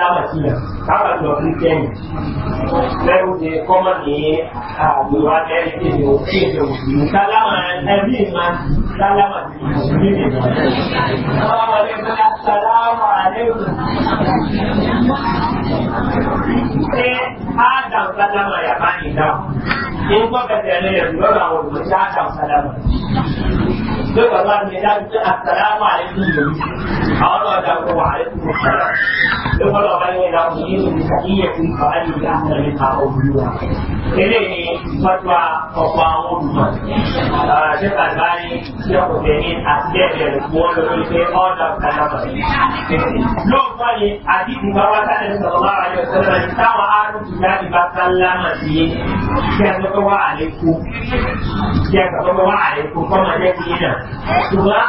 madina káwá lọ kírísítẹ́nì lẹ́rù ṣe kọ́mọ̀ ní àgbèwà lẹ́rù ṣe lọ sí ẹ̀jẹ̀ òṣèlú sálámà ẹbí ìmá sálámà ti mùsùlùmí nìyẹn. sálámà lẹ́gbẹ́ sálámà lẹ́gbẹ́. ṣé ádàm sálámà yàrá ìdáhùn? ń gbọ́ bẹ̀rẹ̀ lẹ́yìn lọ́dọ̀ àwọn olùmọ̀ṣẹ́ ádàm sálámà sai ba za mu ya ce assalamu alaikum a wannan da ku wa alaikum assalam sai ba za mu ya ce ni ne kadiya kun ka ali da asalin ka ko duwa ele ne fatwa ko kwa mu ma a ce ka bani ya ko ne ni a ce da ko da ko sai order kana ba lo ba ni adi ku ba wata da sallallahu alaihi wasallam ta wa aru tijani ba sallama ji ya ko wa alaikum ya ko wa alaikum kuma ya ki ina ṣùgbọ́n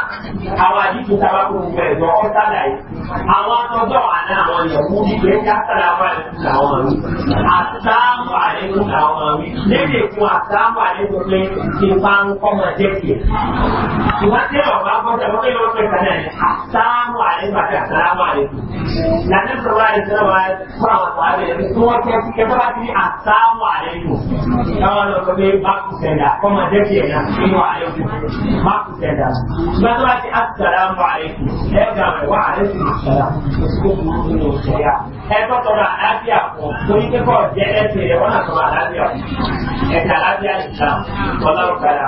àwọn àdìsí tá a bá kó gbogbo ẹ̀gbọ́n ọ́ sádà yìí àwọn atọ́jọ́ àná àwọn ìyẹ̀wò wípé kásánà wà lẹ́kùn làwọn wí àtàwọn àlẹ́kùn làwọn wí lédè fún àtàwọn àlẹ́kùn pé kí n bá ń kọ́ mọ̀ jẹ́ tiẹ̀. ṣùgbọ́n tí ọ̀bá bọ́sẹ̀ wọ́n yọ ọ́pẹ́ kan náà àtàwọn àlẹ́kùn àti àtàwọn àlẹ́kùn. lànà sọ̀rọ̀ àlẹ́kùn náà wà fún àwọn àlẹ́kùn tí wọ́n kẹ́ kíkẹ́ bá ti ẹ̀dá gbàtọ́ bá ti asàlámù àlékún ẹ̀gá rẹ̀ wá àlékún asàlámù ìsìnkú nínú ìṣẹ̀yà ẹ̀kọ́ tọrọ àlàáfíà fún torí kíkọ́ jẹ́ ẹsẹ̀ rẹ̀ wọ́n àtọrọ àlàáfíà fún ẹ̀dá àlàáfíà ìta ọlọ́run padà.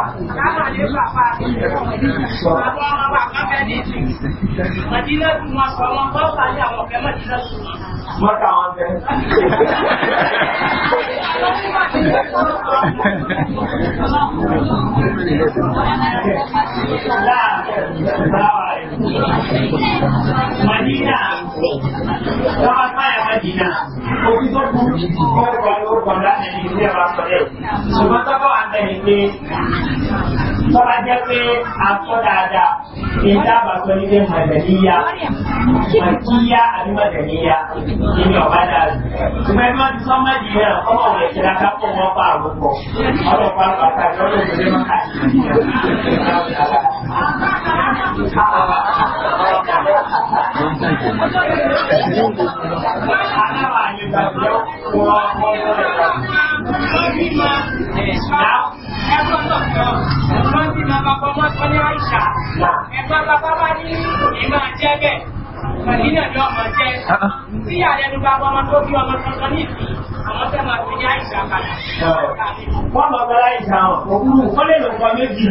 Mọ́ta wọn bẹ. Thank you. 감사합니 Madina, wọ́n máa Madina, òbí tó kú ọ̀pọ̀ ọ̀pọ̀ láti ẹni ìlú ẹ̀rọ àpẹẹrẹ. Ṣùgbọ́n tọ́kọ̀ àgbẹ̀ ni pé tọ́ba jẹ́ pé àtọ́ dáadáa ìdáàbà sọ ní pé màdàníyà, màdíyà àbí màdàníyà ìní ọ̀bá dáa. Ṣùgbọ́n ẹni wọ́n ti sọ Madina ọmọ rẹ̀ ṣe Emang tidak Màdínà ni ọmọ jẹ́. Tí àlẹ́nu bá wọ́n máa tó bí ọmọ tuntun ní ìsìn, àwọn tẹ́ máa fi ní àìsàn padà. Wọ́n máa bẹ̀rẹ̀ àìsàn òkúrú, wọ́n lè lò pọ̀ méjì.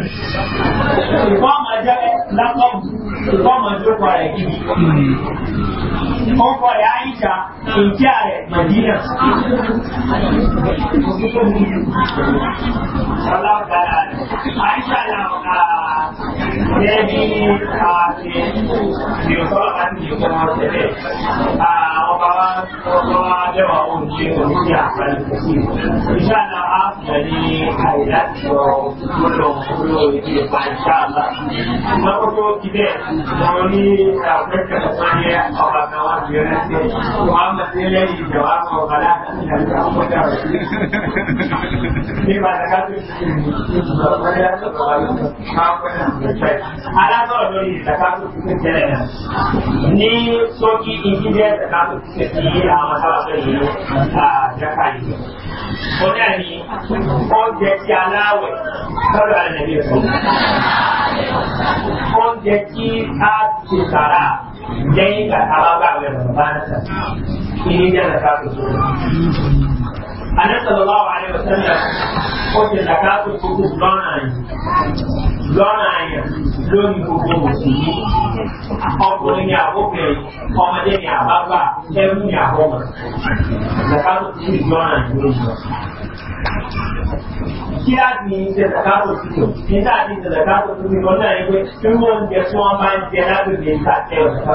Wọ́n máa jẹ́ lápọ̀pù, wọ́n máa tó kọ rẹ̀ kíbi. Wọ́n kọ rẹ̀ àìsà, ìjà rẹ̀ Màdínà. Ọlọ́pàá àìsà làwọn Devi àti ìyọ̀sọ́ àti ìyọ̀sọ́ máa tẹ̀lé. Ọba wa ọba wa lẹ́wà ó ní orí sí àpẹẹrẹ kò sí. Iṣẹ́ àná á bẹ̀rẹ̀ ní àìdájọ́ lọ́dọ̀ òkúrò ìdí ìpa iṣẹ́ àná. Lọ́kọ́ tó ti bẹ̀ wọ́n ní àpẹẹrẹ tó ní ọba kan wá sí ẹrẹ́ sí. Wọ́n á máa tẹ́lẹ̀ ìjọ wá mọ̀ ọba láti ìdájọ́ àwọn ọjà rẹ̀. Ní ìbàdàn ká tó ti ṣe ìjọba ọjà tó wà lọ́wọ́ máa pẹ́ alásọ̀rọ̀ lórí ìsàkátò fífẹ́ tẹ́lẹ̀ náà ní sókí ìdílé ìsàkátò fífẹ́ tí àwọn sábàbẹ̀ yìí àjàkà yìí. Mo náà ní oúnjẹ tí aláwẹ̀ lọ́dọ̀ àlẹ́ nàbí ẹ̀kọ́. Oúnjẹ tí a ti sàrà lẹ́yìn ìgbà táwa gbà wẹ̀ wọ̀ bá ń sàn ilé jẹ́ zakato tó. Anẹ́sọ̀rọ̀ bá wà ní ọ̀sẹ̀ náà ó ṣe zakato gbogbo lọ́nà yìí lọ́nà yẹn lórí gbogbo mùsùlùmí. Ọkùnrin ni àbókùnrin, ọmọdé oh, ni àbábà, ah, ẹrú ni àbọ̀mọ̀. Zakato ti ṣe lọ́nà yìí lórí wọn. Kí á di ṣe zakato títò? Nígbà tí ṣe zakato títò lọ́nà yìí pé kí wọ́n jẹ tí wọ́n máa ń jẹ lágbègbè ìta tẹ́ ọ̀sán.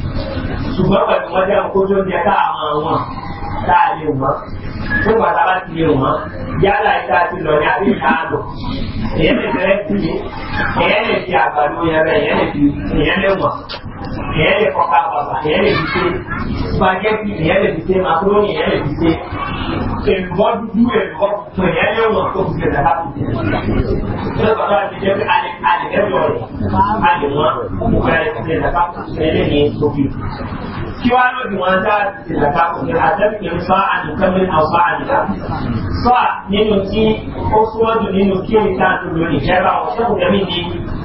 ṣùgbọ́n pẹ̀lú wọn jẹ́ nǹkó tó jẹ tá a máa wọn tá a lè wọn fún bàtà bá ti lè wọn yálà ìta ti lọ ní àbí ìta lọ èyẹ lè fẹ́ sí i èyẹ lè fi àgbàdo yẹn bẹ́ẹ̀ èyẹ lè fi èyẹ lè wọn èyẹ lè fọkà bàbà èyẹ lè fi ṣe spaghetti èyẹ lè fi ṣe macaroni èyẹ lè fi ṣe èlùbọ́ dúdú èlùbọ́ tuntun èyẹ lè wọn tó fi ṣe dàgbà tó ṣe. ṣé bàbá ti jẹ́ pé alẹ́ alẹ́ ẹ̀rọ rẹ̀ alẹ́ wọn mo fẹ́ ṣe dàgbà tó ṣe lé ní sófin kí wá lóde wọn dá ìdàgbà òkè àtẹ́bìyàn sọ àdìkẹ́lẹ́ àwọn àdìkà sọ nínú tí ó súnmọ́jú nínú kí o ìta àti olórí ìjẹba ọ̀ṣẹ́gun tẹ̀mí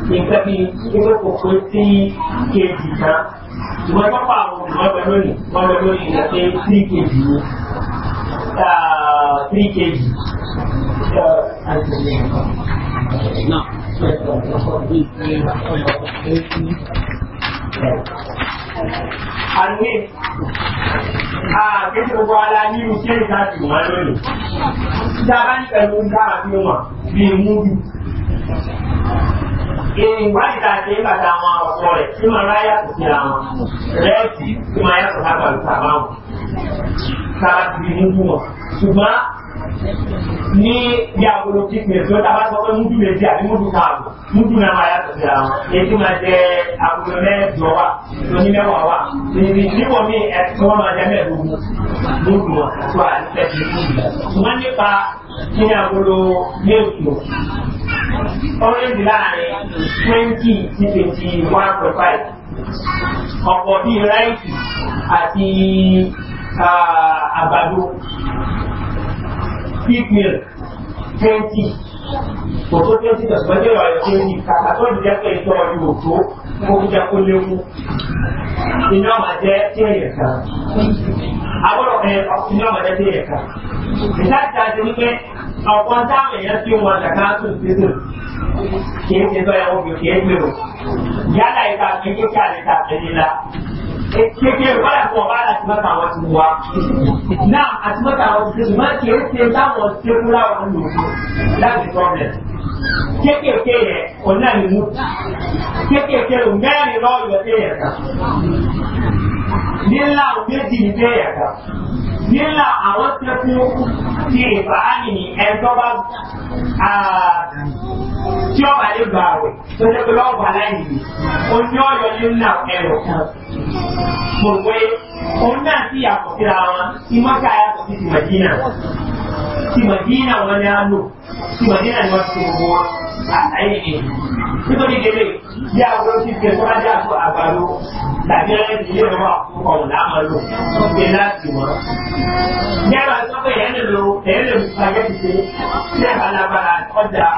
ni nǹkan bí ewé kòkó tí kejì kan ìwọ́n tó pa àwọn olùwọ́bẹ lónìí wọ́n lọ lórí ìrẹsẹ̀ tírí kejì ni tírí kejì náà àní àti gbogbo ara ní iṣẹ́ ìdájì wọn lónìí ìjọba ní pẹ̀lú dára fi wọn bí múlù ìwádìí ta ṣe ń bàtà àwọn ọ̀sọ̀ rẹ̀ tí màá ráyà kò sí àwọn rẹ́ẹ̀tì tí màá yàtọ̀ sábà lùtà báwọn sábà ti bí múlù wọn ṣùgbọ́n ní bí agolo kíkìlẹ̀ tí ó tàbá sọ pé múdù méjì àti múdù káàbù múdù náà máa yàtọ̀ síra wọn èyí máa jẹ agolo mẹ́jọ wà lóní mẹ́wàá wà níbi níwọ̀n ndị ẹ̀sìn wọn máa jẹ mẹ́ẹ̀ẹ́dógún múdù wọn tó à tẹ̀sí nípa agolo ọ̀rẹ́dì láàrin twenty twenty one point five ọ̀pọ̀ bíi àti ah, pm twenty kò tó twenty tẹ̀sán jẹ́ ọ̀rẹ́ twenty kàkà tó ìdíjẹ́ pé ìtọ́ ọdún tó kó jẹ́ kó léwu iná máa jẹ́ téèyàn kan agbọ́dọ̀ ẹ iná máa jẹ́ téèyàn kan ìdájà ti wípé ọ̀pọ̀ táwọn èèyàn tí wọn dàgbà tó tètè kì í ṣe tọ́ ẹ̀wọ̀n kì ṣe é gbèrò yálà ìta kì ṣe àlè ta ẹ̀yìn la keke wala kɔ b'a la tuma k'a waati wa na a tuma k'a waati tuma k'e se t'a mɔ seko la wa n'o to la bi problem keke ke yɛ o na ni mu keke ke o ŋɛɛ ni lɔɔri yɛ e yɛrɛ kan nílà méjì ní bẹ́ẹ̀ yàtọ̀ nílà àwọn tó fi ti ìfàánì ní ẹ̀tọ́ a tí ó bá lè gbà wẹ̀ tó ṣe pé wọ́n wà láyé yìí ó ní ọ̀yọ́ nílà ẹ̀rọ kan mo pé òun náà sì yàtọ̀ síra wọn ìmọ̀ká yàtọ̀ sí ti màdínà ti màdínà wọn ni a lò ti màdínà ni wọ́n ti gbogbo wọn àtàyè ni nítorí délé bí àwọn olóṣèlú tó bá jà fún àgbàdo tàbí ẹni ilé ìwà àkókò ọ̀hún láàmà lò tó gbé láti wọ́n. Yàrá sọ́kọ̀ yẹn lè lo èyí lè mú pàgẹ́ ti ṣe ní àbálabàlà ọjà.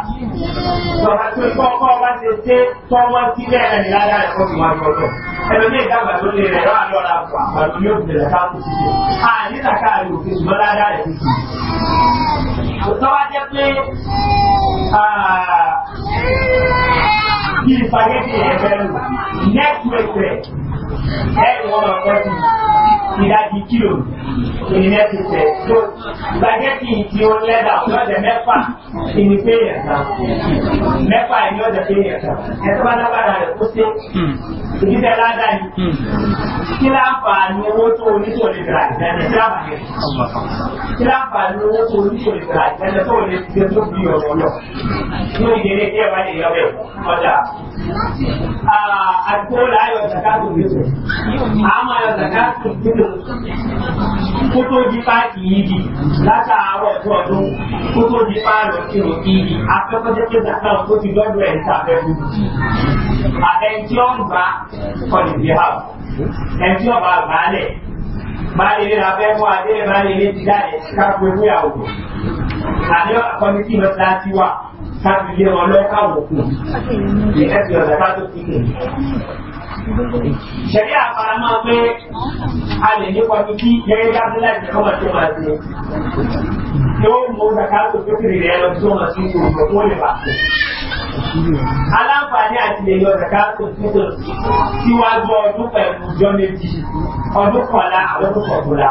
Sọ̀rọ̀ tó ń kọ́ ọkọ̀ wá ṣe ṣe tọ́ wọ́n sí bẹ́ẹ̀ rẹ̀ ní ládà rẹ̀ fọ́ọ̀mù wá gbọ́dọ̀. Ẹlòmíì dàgbà tó lè rẹ̀ lọ́wọ́ lọ́ra àgbàdo yóò bẹ̀rẹ̀ ká kú sí ṣe. À nígbà káàrí òfin ṣùgbọ́n ládà rẹ̀ ti ṣe. Òtọ́wá jẹ́ pé bí ìfàgẹ́tì ẹ̀fẹ́ rù nẹ́tíwẹ̀tì rẹ̀ ẹ̀rù wọn máa pẹ́ sí i ìdájí kílò ìnẹ́tìtẹ̀ tó gbàgẹ́tì tí ó lẹ́dà lọ́dẹ̀ mẹ́fà ìní pé yẹ̀ta mẹ́fà ìní ọ̀dẹ̀ pé yẹ̀ta ẹ̀tọ́ bá lágbára rẹ̀ kó sí ìdíjẹ́ ládà yìí kí láǹfà ní owó tó onítò lè gbà ìdájẹ́ tí láǹfà rẹ̀ kí láǹfà ní owó tó onítò lè gbà ìdájẹ́ tó lè fi tó bí ọ̀rọ̀ lọ ní ìdílé kí ẹ̀wá lè yọ bẹ̀ ọjà ah, àgbó láyọ̀ zakatu gbèsè àmọ́ ayọ̀ zakatu gbèsè kó tó di páàkì yìí látàárọ̀ ẹ̀kọ́ ọdún kó tó di páàlọ̀ kírun yìí akẹ́kọ̀ọ́jẹ́ pé dàtà ó ti lọ́dọ̀ ẹ̀ níta abẹ́ fún un àtẹ̀ntí ọ̀gbà kọ̀lì bí ha ẹ̀ntí ọ̀gbà gbàálẹ̀ gbàálẹ̀ lé abẹ́ fún adé gbàálẹ̀ lé ti dáre káfíń fún ìyàwó àbí kọ́mítì mọ́tíláṣí wà káfíń lé wọn lọ́ọ́ káwọ̀ kù ẹ̀ẹ́dì ọ̀dà ká tó fi kù sẹ̀rí àfara máa pé a lè nípa kíkí gẹ́gẹ́ bí abúlé àti ẹ̀kọ́ màtí máa ṣe yóò mú zaka tó fẹ́kìrì rẹ̀ lọ sí ọmọ sí ìṣòro tó lè bá tó. aláǹfààní àti lè yọ zaka tó síwájú ọdún pẹ̀lú jọ méjì ọdún kọ̀ọ̀la àwọn tó kọ̀ọ̀la.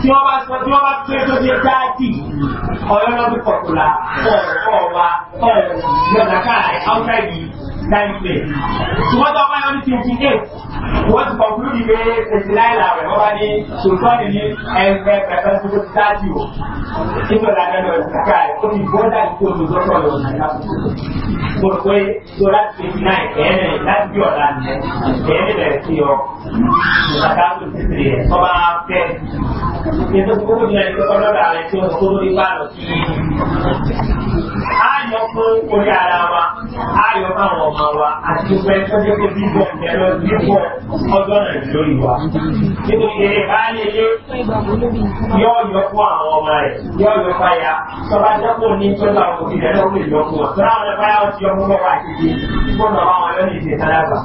tí wọ́n bá sọ tí wọ́n bá pé tó ṣe dáàdì ọ̀yọ́ lọ́dún kọ̀tùlà ọ̀ọ̀ wa ọ̀ọ̀ yọ̀dàkà outside yìí láìpẹ́ ṣùgbọ́n tó ọba yọ ní twenty eight wọ́n ti kọ̀ǹkúrúdì pé èsì láìla rẹ̀ wọ́n bá ní sòtọ́ọ̀nì ní ẹgbẹ́ pẹ̀pẹ́ tó ti dájú o nítorí àgbẹ̀dọ̀ ìkàkà ó ti bọ́dà tó tó lọ́tọ̀ lọ nàìjíríà mo rò pé láti twenty nine ẹ̀ẹ́ nẹ̀ láti bí ọ̀la nìyẹn ẹ̀ẹ́ nẹ̀ bẹ̀rẹ̀ sí ọ ìkàkà tó ti tẹ̀lé ẹ̀ ọba fẹ́ ètò kókó ní ẹni tó lọ́dà rẹ̀ tó ń kó lórí bá ọmọ àti pé ó pé bíbọ̀ ẹ̀rọ bíbọ̀ ọjọ́ náà lórí wa. nítorí eré báyìí lé yọ yọ fún àwọn ọmọ rẹ̀ yọ yọ fáyà tọ́ba jẹ́pọ̀ ní tọ́lá òbí rẹ̀ lọ́wọ́ ìyọkùn ọ̀tọ́ àwọn ẹ̀fáyà ọtí ọmọ lọ́wọ́ àti ìgbóná àwọn ọlọ́ni ìdè sálábà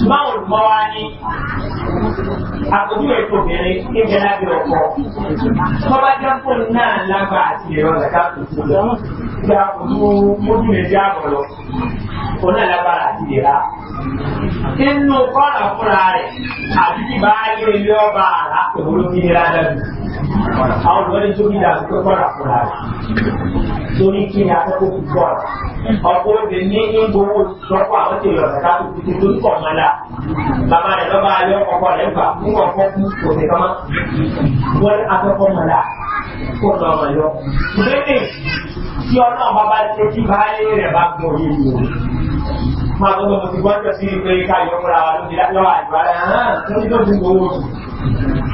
ṣùgbọ́n olùkọ́ wa ní àkójú ètò obìnrin níbi lábẹ́ ọkọ̀ tọ́ba jápò náà lágbà àti ẹ̀rọ zaka tuntun lọ gba ojú ojú lè dí àbọ̀ lọ òun náà lágbára àti ìlera a kọ́nà fúnra rẹ̀ àbí bá yẹ ilé ọba àlá pẹ̀lú olómìnira dàbí àwọn ìwọ́n tó bí dàbí tó tọ́ra fúnra rẹ̀ torí kí ni akọ́kọ́ fi bọ̀ ọ̀pọ̀ òde ní ìgbowó lọ́pọ̀ àwọn tó yọ̀ ọ̀sẹ̀ káàkó tuntun torí kọ̀ mọ́ la bàbá rẹ̀ lọ́ba alẹ́ ọkọ̀ rẹ̀ gbà ń wọ̀ fọ́ kú òde kama wọ́n akọ́kọ́ mọ́ la kó lọ́ mọ́ yọ. lónìí tí ọ̀nà bàbá ṣe kí báyé rẹ̀ bá gbọ́ yé mi o máa tọ́ lọ́mọ ti gbọ́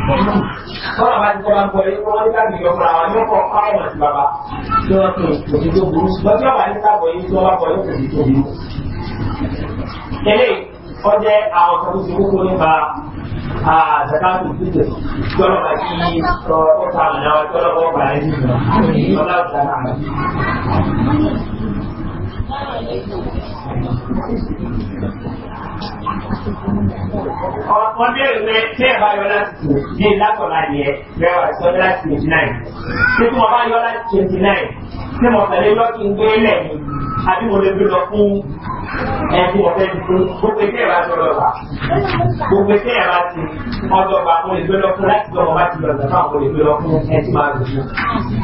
Bọ́lá bá ti tọ́lá ń bọ̀ yìí, wọ́n ní káàdì yọ fúnra wọn, yóò kọ́ fáwọn àti bàbá tí wọ́n tún òbí tó burú. Ṣùgbọ́n tí wọ́n bá ní sábọ̀ yìí, tí wọ́n bá bọ̀ yóò tẹ̀lé tó burú. Ilé ọjẹ́ àwọn kan tó ti kókó nípa àzàkàtù títẹ̀ tọ́lọ̀ bá kí ọ̀tá àmàlà tọ́lọ̀ bọ́ bàrẹ́ nìkan. Ọlá wọ́n bẹ̀rẹ̀ pé tí ẹ̀ bá yọ láti bí látọ̀lá yẹ bẹ́ẹ̀ wà sọ láti twenty nine tí mo bá yọ láti twenty nine tí mo tẹ̀lé lọ kí n gbé lẹ̀ ní àbí mo lè gbé lọ fún ẹ̀ tí mo gbogbo tí ẹ̀ bá tọ̀ lọ gbogbo tí ẹ̀ bá ti ọjọ́ bá mo lè gbé lọ fún láti gbọ́mọ bá ti lọ ìgbà mo lè gbé lọ fún ẹ̀ máa lò fún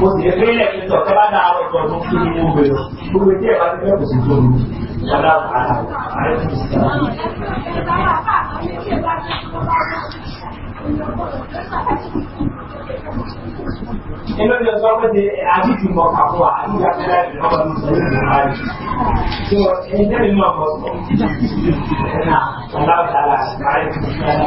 mo sì lè gbé lẹ̀ kí sọ̀ tẹ́ bá dáa ọ̀tọ̀ kò sí tó ní wàlá àrà àrẹ tó sì sára. Inú ni ọ̀sán pé ṣe àdìtì mọ̀ kàfọ́ wa, àdìtì àtẹ́lá ìrìn ọmọ ní sọ̀rọ̀ ìrìn àmà rẹ̀. Tí wọ́n ẹni tẹ́lẹ̀ mọ̀ mọ̀ sọ, ẹ̀nà ọ̀lá ọ̀dà àlà àṣìkárẹ̀ tó sì sára.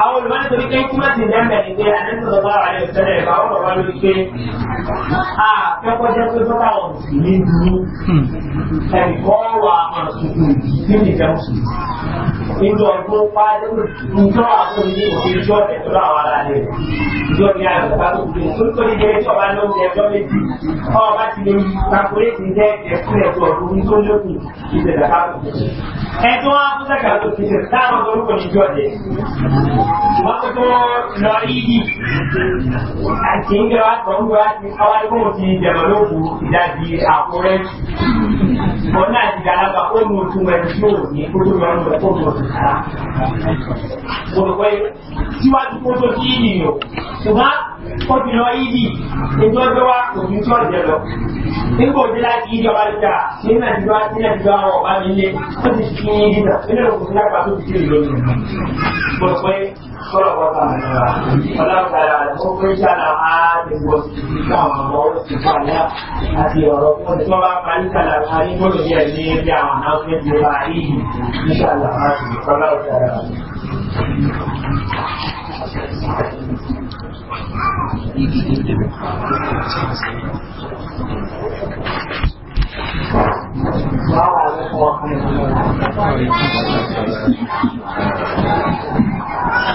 àwọn olùmọ̀lẹ́ torí pé kúmọ̀ sí lẹ́mẹ̀ ní pé àdéhùn bá wà ní ìfẹ́lẹ̀ ìgbà ọ̀rọ̀ wá lórí pé a fẹ́kọ́ jẹ́ pé bọ́lá ọ̀rọ̀ sì ní dúró ẹ̀mí kọ́ wà àwọn tuntun ní ìfẹ́ oṣù nínú ọdún pa níjọ́ àwọn ní òfin ìjọ ọ̀rẹ́ tó láwọn ara rẹ̀ ìjọ ní àgbà tó gbé tó tó ní jẹ́ ìjọba lóúnjẹ ẹjọ́ méjì ọba ti lè kàkúrẹ́tì jẹ́ ẹ̀kún ẹ̀kún ọdún tó lókun ìbẹ̀dàkàtò ẹ̀tún wọn á tún sẹ́kà tó ti sẹ̀ wọ́n tó lọ yíyí àti ń gbẹ́wà tó ń gbẹ́wà ti káwárí kó ti jẹ̀mọ̀ lóko ìdajì àkórẹ́ wọn náà ti dára gba ó mú ojú ẹni tí ò ní kó tó lọ́nà rẹ̀ kó tó ti sára. mo rò pé síwájú kó tó ti yíyí o ṣùgbọ́n ó ti lọ yíyí ètò ọjọ́ wa kò ní tí ó jẹ lọ. nígbà òde láti yíyí ọba ti dára ní nàìjíríà sí nàìjíríà wọn ọba mi lé ti fi yíyí dà nínú òkùnkùn lápá tó ti ṣe ìlú mi. mo sọ̀rọ̀ kọ́ta ọlọ́kàrà ó pé sàlà á lè wọ síbi àwọn ọmọ ó sì wà ní àti ọ̀rọ̀ fún tí wọ́n bá parí sàlà á ní gbọ́dọ̀ yẹ ní bí àwọn àwọn ti bá rí yìí ní sàlà á sì ọlọ́kàrà. Wow, that's awesome.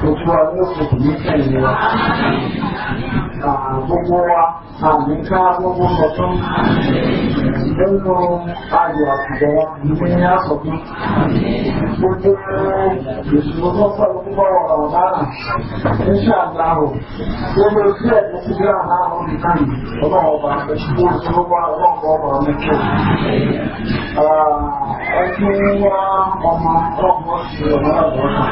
gbogbo ọlọ́pọ̀ ní tẹ̀lé wa gbogbo wa àmì gbogbo ọ̀tún nínú ayò àtìgbọ́ ní àkọ́kọ́ gbogbo ìṣòro lọ́pọ̀ lọ́pọ̀ ọ̀rọ̀ ọ̀daràn ní ṣàdáhù gbogbo sí ẹ̀dùn sí gbà náà ó ní ọlọ́wọ́ bá ṣùgbọ́n ìṣòro wà lọ́pọ̀ ọ̀rọ̀ mẹ́kẹ́ ẹkún wa ọmọ ọmọ sí ọmọ ọ̀dọ́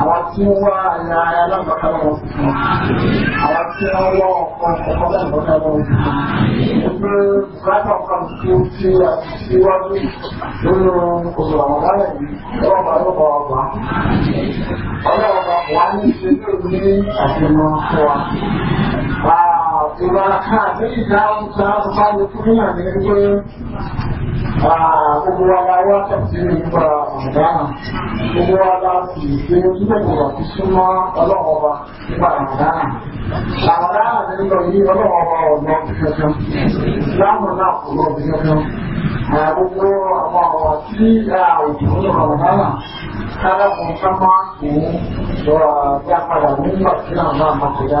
àwọn tí wá ní ara alábàákàlà wọn sì fún àwọn tí wọ́n wọ́ ọkọ̀ ọkọ̀ alábàákàlà wọn sì fún ojú bùkátà kan tí ó ti àtiwájú nínú oṣù wálẹ̀ yìí lọ́wọ́ bá lọ́wọ́ ọgbà ọlọ́wọ́ bá wà ní ìṣẹ́jú ní àfihàn fún wa ìwà àtẹ́yìn dáhùn tá a sọ fáwọn fún nínú àmì ní pé gbogbo wa la wá tẹ̀sí nípa ọ̀dáná gbogbo wa la sì ṣe ojúbẹ̀bọ̀ fi súnmọ́ ọlọ́wọ́ wa nípa ọ̀dáná ọ̀dáná nílò yìí ọlọ́wọ́ wa ọ̀dọ́ kankan láwọn náà kò lọ bí kankan gbogbo àwọn ọ̀rọ̀ tí òjò ń lọ ọ̀dáná kára kan ká máa kó lọ́ra dá padà nígbà tí àwọn náà máa kọjá.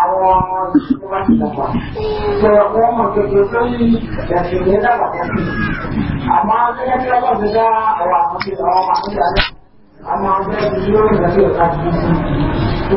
àwọn tó bá ti dàgbà ṣe wọ́n mọ̀ kékeré lórí ẹ̀sìn ní dàgbà tẹ̀sí. àmọ́ gẹ́gẹ́ bí ọlọ́run ti dá ọ̀rọ̀ àwọn ti àwọn àmúṣe àlẹ́ àmọ́ gẹ́gẹ́ bí yóò rẹ̀ sí ọ̀tá ti jò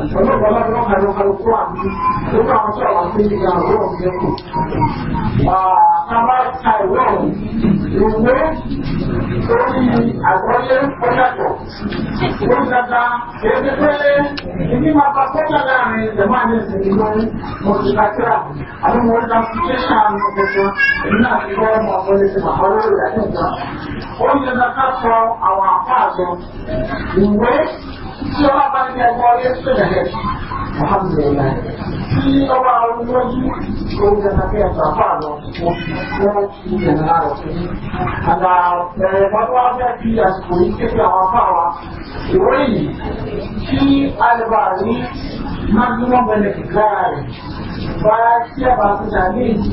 ọlọ́run ọlọ́run ọlọ́run alùpùpù àti nípa àwọn tí àwọn tí ìyá ọlọ́run yẹn kù. Àbá ta ìwé ọ̀hún, ìwé orí àgbọ́lé ọ̀yàtọ̀. Ó ń dada ẹgbẹ́ pé èmi máa bá kọ́jà láàrin ìjọba ní ìsinmi lórí mọ̀tìlákìrà àti mọ̀tìlá fúkẹ́ṣà àwọn ọ̀gbẹ̀sán èmi náà ti kọ́ ọmọ ọ̀gbọ́n ti bàbá lórí ìyá ní ìjọba. Ó ń dada ká sọ àwọn àpá àgbọn. Ìwé tí ọba bá ní ẹgbẹ́ ọdẹ sílẹ̀ rẹ̀ alhamdulilayi tí ọba olùwọ́jú olùdẹ̀sàkẹ́ ẹ̀sọ́ àpáàlọ́ wọ́n ti yẹn láàrọ̀ sí i àgbà ẹ̀rẹ̀ pàtó wá fẹ́ fi àsìkò yìí kéde àwọn afáwa ìwé yìí tí alùpà ní maximum benefit lára rẹ̀ bá tí a bá ti dà ní ìdí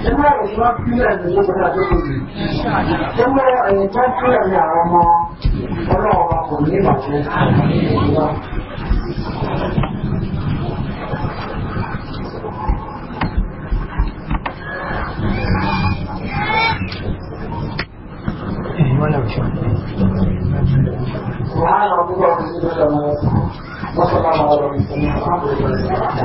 现在我们院人都不知就是么了，现在人家主人来了吗？他说我把你抱起来，哎，我来抱。我还不知道你在哪里，我看到我从哪里过来的。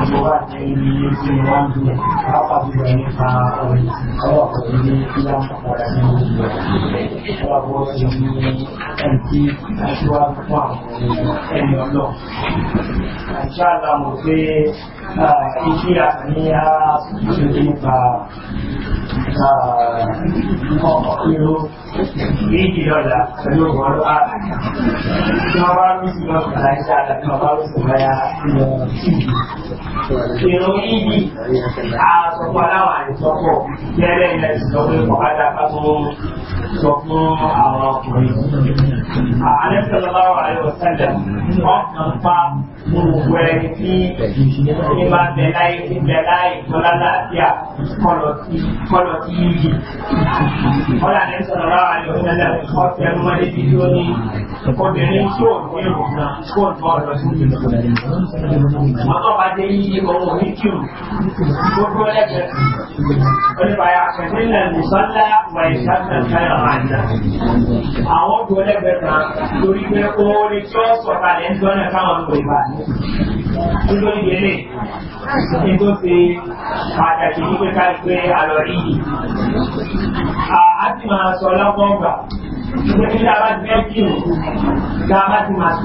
àti wá jẹ́ ní tí wọ́n ń lò lápapọ̀ rẹ̀ nípa ọ̀rẹ́ ọwọ́ pẹ̀lú ní kí á padà ní ìlú ọwọ́ bọ́ sí ní ẹni tí aṣíwájú fún àwọn ẹni ọlọ́ àti àlàmọ̀ pé ikhlas niat istighfar ada sallallahu ní máa bẹ̀ láyé tí ń bẹ̀ láyé tọ́lá láàbíà kọlọ̀ tí kọlọ̀ tí yí yìí. Ọlá ní sọ̀rọ̀ láwà ní onílẹ̀ ọ̀fẹ́ mọ́lé bí ó ní obìnrin tí ò ní èrò náà kó ń bọ̀ lọ sí ìlú. Mọ́tò bá dé yí ọmọ orí jù gbogbo lẹ́gbẹ̀ẹ́. Oníbàyà àkẹ́sí náà ní wà ìṣàkóso ìṣàyà máa Àwọn gbogbo kan torí pé oore tí ó sọ̀kalẹ̀ ń dọ́nà káwọn ń pè bá. Nítorí ní tó ṣe pàtàkì ní pé ká gbé àlọ́rí a ti máa sọ lọ́gbọ́n gbà nígbà tí a bá ti fẹ́ kírun tá a bá ti máa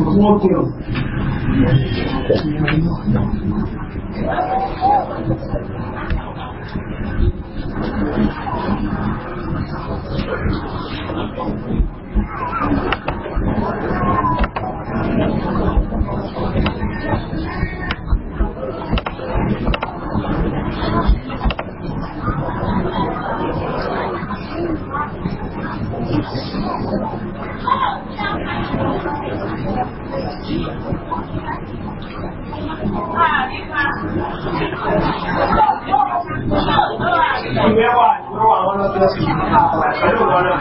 Thank you. 啊，你看，六个六个。你别话，你别话，我让别人看，别让别人看。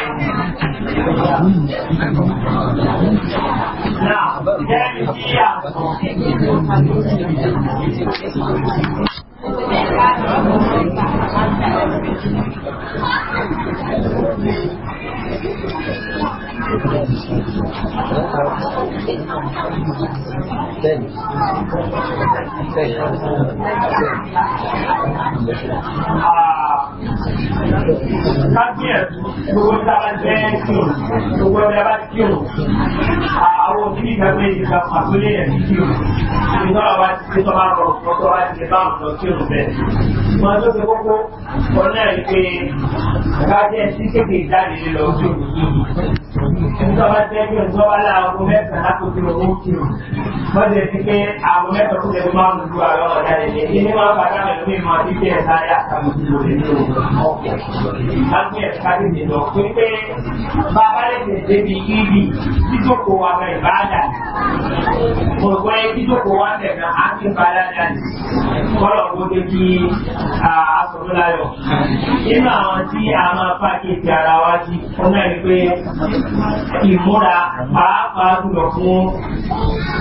那天气呀。Bẹ́ẹ̀ni. Bẹ́ẹ̀ni. Kábíyẹ̀ owó dára jẹ́ kírun, owó dára kírun. Àwọn òbí ìgbà méjì gba pàtólé ẹ̀ ní kírun. Ìgbà wa ti ṣe tọ́ba rọrùn lọ́tọ́ wa ti ṣe bá àwọn kírun bẹ́ẹ̀. Mọ̀ ló ṣe kókó, ọ̀nà ìpè kájẹ́ sí kékeré jáde lọ sí òkú ìjọba tẹ́jú ìjọba láago mẹ́ta láti fi owó kiri wọ́n ti fi pé aago mẹ́ta tó lẹ́nu máa ń lu àwọn ọ̀dà rẹ̀ lé ní máa ń padà rẹ̀ lómi máa ti fi ẹ̀ka yà sàmì sí lórí ní ọ̀pọ̀ láti ẹ̀ka ti lè lọ pé pé bàbá lè tẹ̀ débi ibi títòkò wa bẹ̀ ìbáàdà òkú ẹ̀ títòkò wa tẹ̀ náà á ti padà dà ní kọ́lọ̀ kó dé a máa fà kéèké ara wa sí ọ̀nà ìmúra pàápàá jùlọ fún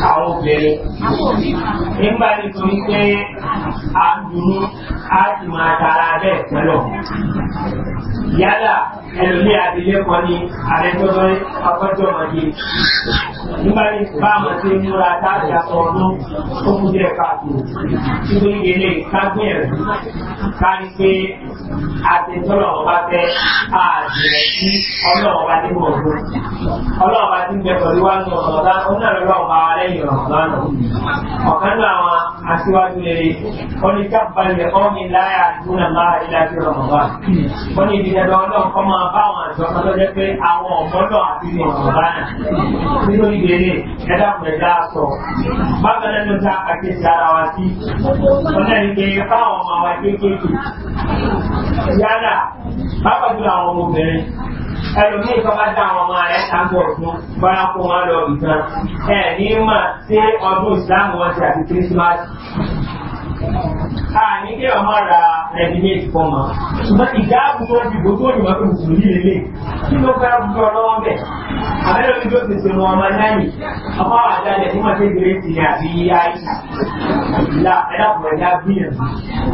àwọn obìnrin. nígbà nítorí pé a dùnú a sì máa tara bẹ́ẹ̀ pẹ́lọ̀. yálà ẹlòmíì àdílé kan ní àrẹ́tọ́jọ́ ọgọ́jọ́ ọmọdé. nígbà ní báàmù sí múra táàbí aṣọ ọdún tó kú díẹ̀ káàkiri. nítorí ilé kágbìyànjú kárí pé àtẹ̀tọ́lọ̀ ọba fẹ́ àjẹ́ sí ọlọ́ọ̀ba nínú ọdún ọlọ́run bá ti ń bẹ pẹ̀lú wájú ọ̀sán òun náà lọ́wọ́ bá lẹ́yìn ọ̀sán ọ̀kan náà àwọn aṣíwájú rere wọ́n ní kábàlẹ̀ ọ̀mí láyà àdúrà máa ìdájọ́ ọ̀mọ̀bá wọ́n ní ìdíjẹ̀dọ̀ ọlọ́run kọ́ máa bá àwọn àjọ kan lọ́jọ́ pé àwọn ọ̀gbọ́dọ̀ àti ní ọ̀mọ̀bá náà nínú ìgbèrè ẹ̀dá pẹ̀lú aṣọ bákan náà ló ta àkẹ́sì ara wa sí wọ́n pé fáwọn ọmọ wa kéékèèké yálà bákan jù àwọn ọmọbìnrin ẹlòmíì tó bá dá àwọn ọmọ rẹ̀ sábọ̀ fún bára kó wọn lọ ìtàn ẹ̀ ní mà ṣé ọdún ìsìlámù wọn ti àti kírísímásì àní ah, kí ọmọ ra rẹ̀dímẹ́tì fún ọmọ ṣùgbọ́n ìdáàbò tó ti gbogbo ìwà tó mùsùlùmí lélẹ̀ kí ló fẹ́ rúkọ lọ́wọ́ bẹ̀ àbẹ́rẹ́ mi tó ti ṣe wọn ọmọ lẹ́yìn ọmọ àjálẹ̀ tí wọ́n ti gbé ti ní àti àìsà ìlà ẹ̀dàpọ̀ ẹ̀dá gbìyànjú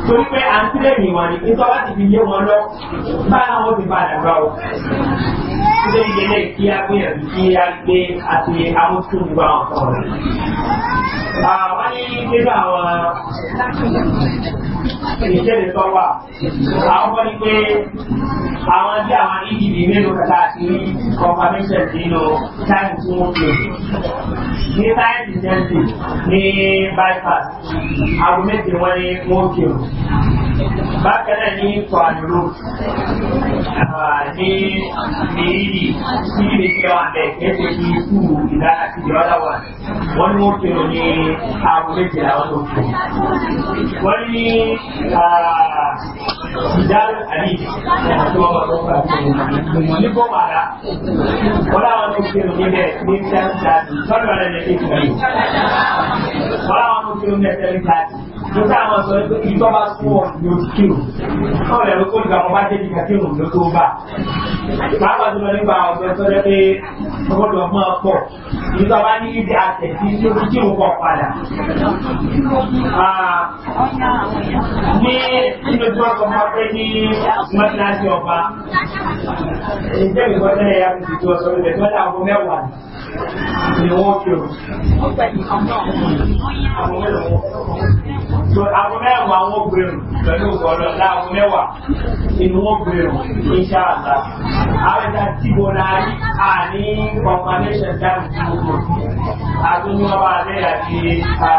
torí pé à ń sílẹ̀ mi wọn ni nítorí láti fi yé wọn lọ bá àwọn ti padà gbà ó ilé ìdílé kí á gbìyànjú kí a gbé àti amúsùn gbogbo àwọn kan rẹ̀. àwọn ní nínú àwọn ìkéde tó wà àwọn kọ́ ni pé àwọn tí àwọn edb mélòó kẹta àti confirmation nínú táìmù tí wọ́n pè ní táìmù jẹ́ǹtì ní bypass àwọn méjì wọ́n ní wọ́n pè ó bákan náà ní tọ́àdúró ah, ní mèrìdì sí ilé iṣẹ́ wa bẹ̀ kẹ́sẹ̀ ní ikú ìdára sí ìjọba wà wọ́n ní wọ́n pè ó ní àwọn méjì làwọn tó pè ó wọ́n ní ìdáàrú ah, àdí tí wọ́n bá tó fà ní kó wà rà wọ́n láwọn tó fi omi bẹ́ẹ̀ ní sẹ́ńtà tọ́lú ọ̀rẹ́ ní kékeré wọ́n láwọn tó fi omi bẹ́ẹ̀ sẹ́ńtà ní táwọn sọ pé ìjọ bá sún ọ ní oṣù kírò náà lẹ́nu tó ìgbà wọn bá dé ìgbà kírò ló tó bá pàápàá tó lọ nípa ọ̀gbẹ́ tó jẹ́ pé ọgbọ́dọ̀ máa pọ̀ ìjọ bá ní ibi àtẹ̀sí tí ó fi kírò pọ̀ padà. ní inú tí wọ́n sọ fún wa pé ní mọ́tíláṣí ọba ìjẹ́ ìgbọ́tẹ́lẹ̀ yàtọ̀ tí wọ́n sọ pé bẹ̀rẹ̀ tó dà ni wọ́n kí o. So àwọn mẹ́wàá wọ́n gbèrò pẹ̀lú ọ̀rọ̀ láwọn mẹ́wàá inú wọ́n gbèrò níṣẹ́ àlá. Àwọn ìta tí mo náà rí àní confirmation dáhùn tí mo kò sí. Àtúnyí wọn bá lé àti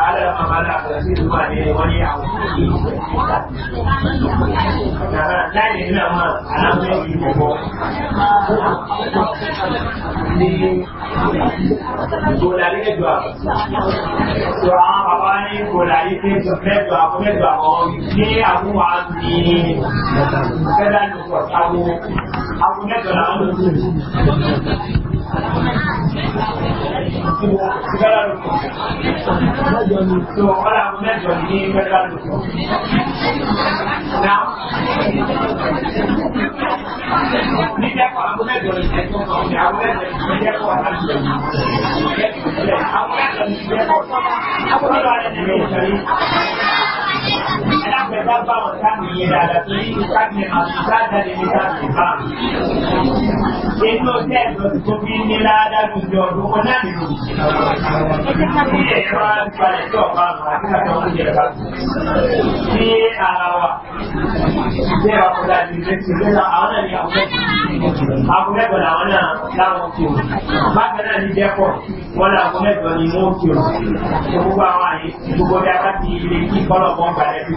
àlẹ́ màmá náà pẹ̀lú sí ìlú àti wọ́n ní àwọn ìlú pẹ̀lú ìta. Láì ní náà máa aláwọ̀ ìlú bọ̀. Ní गोलारी के द्वार तो आप बाबा ने गोलारी के सफेद द्वार में द्वार ये आपको आज भी कदा लोग आपको आपको मैं कराऊं तो और आप मैं जल्दी कदा लोग नाम Thank you. ẹ bá bá wọn sáàmù yẹn dáadáa torí ìsáàmù àtúntàdà lè ní sáàmù bá. Ètò tẹ́ ẹ̀dọ̀ tó fi ní ládàá lójú ọdún wọn náà nínú. Bí ẹ̀rọ balẹ̀ tó ọba àwọn akẹ́kọ̀ọ́ ń jẹ bá. Bí ara wa ṣe àkọlá ní ìrẹsì lẹ́la àwọn náà ní àkọlẹ́kọ̀ọ́. Àkọlẹ́kọ̀ọ́ làwọn náà láwọn kí o. Bákan náà ní Jẹ́pọ̀ wọn náà àkọlẹ́kọ̀ọ́ ni wọ́n kí o. Gbogbo àwọn àyè gbogbo bí a bá ti ilé kí kọ́lọ̀ bọ́ǹgbà lẹ́nu.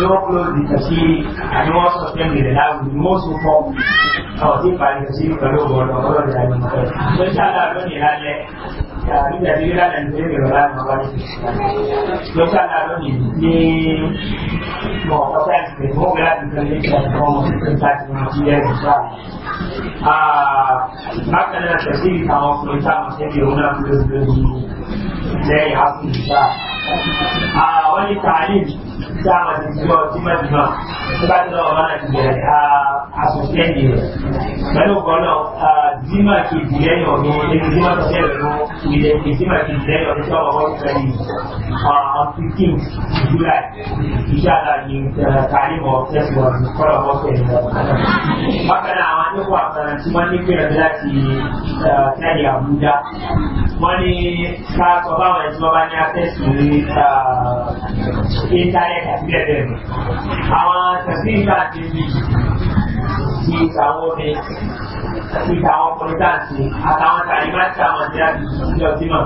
yóò close the tafsiri àti wọ́n suspend the reliable the most important àwọn tí parí tafsiri pẹ̀lú ọ̀gbọ̀n ọ̀gbọ̀n ìjà ìmọ̀ ẹ̀. so ṣé àlá lónìí lálẹ́ nígbà tí lílá lẹ́nu tó lè rọra ní ọba nípa ló ṣe àlá lónìí ní mọ̀ ọ̀pọ̀ sáyẹ̀nsì pé wọ́n gbé láti tẹ̀lé ìṣẹ̀ ìfọ̀n ọmọ tuntun láti mọ̀ sí ẹ̀ ah, a wani ta'alim dama da jiwa jima jima ba ta zama mana jira a sosai ne bani gbọnà jima ke jira yau ne ẹni jima ta sai da yau ne ke jima ke jira yau ne sama wani tsari on 15th july insha Allah ni ta'alim of test was kọlọ bọ sai da bákan náà àwọn akẹ́kọ̀ọ́ àkàràntí wọn ní pé rẹ̀ láti eh, tẹ́lẹ̀ àbújá wọn ní ká sọ báwọn ẹ̀sìn wọn bá ní akẹ́sùn ní intanet àti bẹ́ẹ̀ bẹ́ẹ̀ lọ. Àwọn tẹ̀sí ìgbà ti ti àwọn níta àwọn ọkùnrin táàsì àtàwọn tàbí máa ń ta àwọn ìdílé àti ìṣòwò ọtí náà.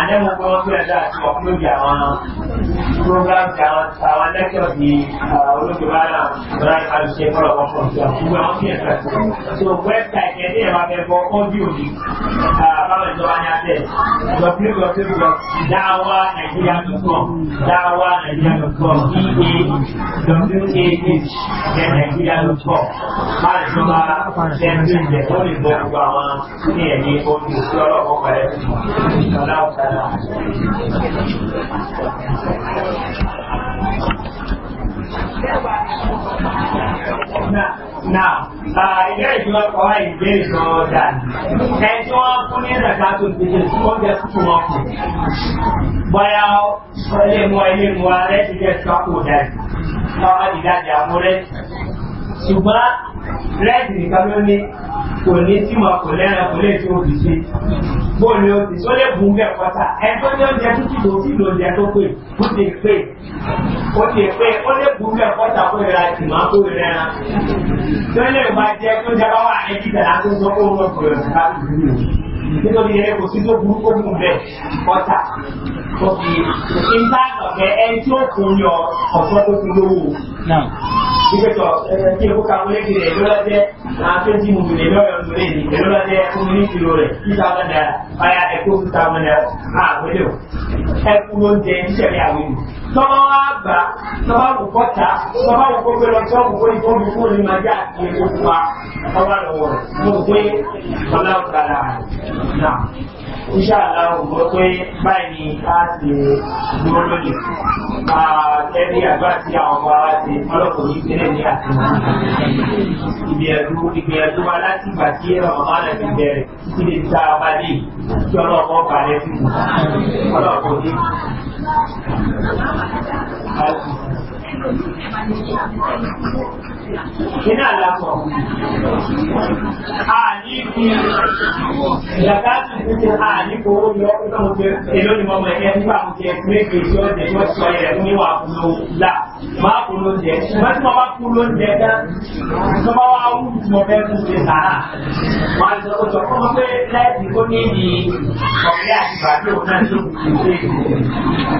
àdéhùn pé wọ́n fẹ́rẹ̀ dáa sí ọkùnrin òbí àwọn program ti àwọn àwọn lectures ní olóògbé báyà ọ̀rá ìkàlùṣe fọlọ̀ wọn fọ̀ sí ọ̀hún gbogbo àwọn fíyẹ̀ fẹ́ sí. so website yẹn ní ẹ̀rọ abẹ́bọ̀ audio ni báwọn ìjọba ní abẹ́ www.dawanigeria.com dawanigeria.com ea w a nigeria.com máa ń jọba ṣẹ́ńtì ìjẹ́ lè bọ́ gbogbo àwọn ní ẹ̀mí ojú sí ọlọ́pọ̀ pẹ̀lẹ́ fún ọláòtálà. Na uh, ilé ìjọba kọ́wá ìbéèrè gan-an dàní. Ẹ tí wọ́n fún ní ẹ̀dàká tó gbèsè tí wọ́n jẹ́ fún wọn kù. Bọ́yá ilé mu ilé mu arẹ́ ti jẹ́ sọ́kù dàní. Lọ́wọ́ ìdájà múrẹ́ ṣùgbọ́n rẹ́ẹ̀dì nìkan ló ní kò ní tí mo kò lẹ́ran kò lè tí o fi ṣe bó ni o fi ṣó lè bùn bẹ́ẹ̀ kọ́ta ẹgbẹ́ ní oúnjẹ tútù tó sì lóúnjẹ tó pè ó ti pè ó ti pè ó lè bùn bẹ́ẹ̀ kọ́ta kó ìra tì máa kó ìrẹ́ran tó lè bá jẹ́ tó jẹ́ bá wà ní kíkà láti sọ pé ó mọ̀ kò lọ́sí bá ti dúró nítorí ẹ̀rẹ́ kò sí tó burú kó mú bẹ́ẹ̀ kọ́ta ó fi ìta àgbẹ̀ ẹni tí ó kún yọ ọ̀ṣọ́ tó fi lówó ike tɔ ɛɛ tiɲɛ ko k'an wele kiri ɛlò la tɛ n'an fɛn ti mun tile n'o yɛrɛ tole ni ɛlò la tɛ ko mini kilo rɛ i t'a ma da a y'a ɛ ko t'a ma da a wele o ɛ kulo tɛ n sɛ bɛ a wele tɔgɔ wa ba tɔgɔ ko kɔ ta tɔgɔ ko ko bɛlɛ tɔgɔ ko ko ko bi ko ni ma ja tiɲɛ ko kuma tɔgɔ dɔ wɔrɔ n'o ko ye kɔlɔn kala na inṣàlá ògbọ́ pé báyìí ni a ṣe dúró lónìí kẹ́bí àgbà tí àwọn ọmọ wa ṣe ọlọ́pọ̀ yìí tẹ́lẹ̀ ní àtìmọ́lẹ̀ ìgbìyànjú ìgbìyànjú wa láti ìgbà tí ọmọ náà ti bẹ̀rẹ̀ títí lè ta abalẹ̀ kí ọlọ́pọ̀ balẹ̀ sí ọlọ́pọ̀ yìí. Kí náà lápọ̀? A ní fi ìyàká tuntun ti a ní kòwó yọ ọ́pọ̀ mú pé èlò ni mọ́mọ́ ẹ̀yẹ nígbà mú pé méje tí ó jẹ́ tí ó sọ ẹ̀rẹ̀ mú níwà kúló là. Máa kú ló jẹ. Ṣùgbọ́n tí mo bá kú ló jẹ dá, tó bá wá wù tí mo fẹ́ kú ṣe sàrà. Wọ́n á sọ pé sọ fún mi pé láìsí kó ní ìdí ọ̀rẹ́ àti bàbá òun náà ló kù sí ṣe.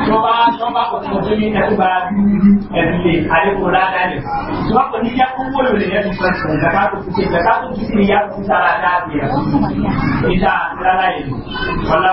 Tó bá tó bá kò ẹ̀sìn àlékún ládàá ni. Wọ́n kò ní jẹ́ kó wọ́n lè yẹ tuntun ẹ̀sìn ìgbàká tó ti ṣe ìgbàká tó ti ṣe ìyá tó sára dáàbì ẹ̀. Ìta àtìlára yìí, ọlá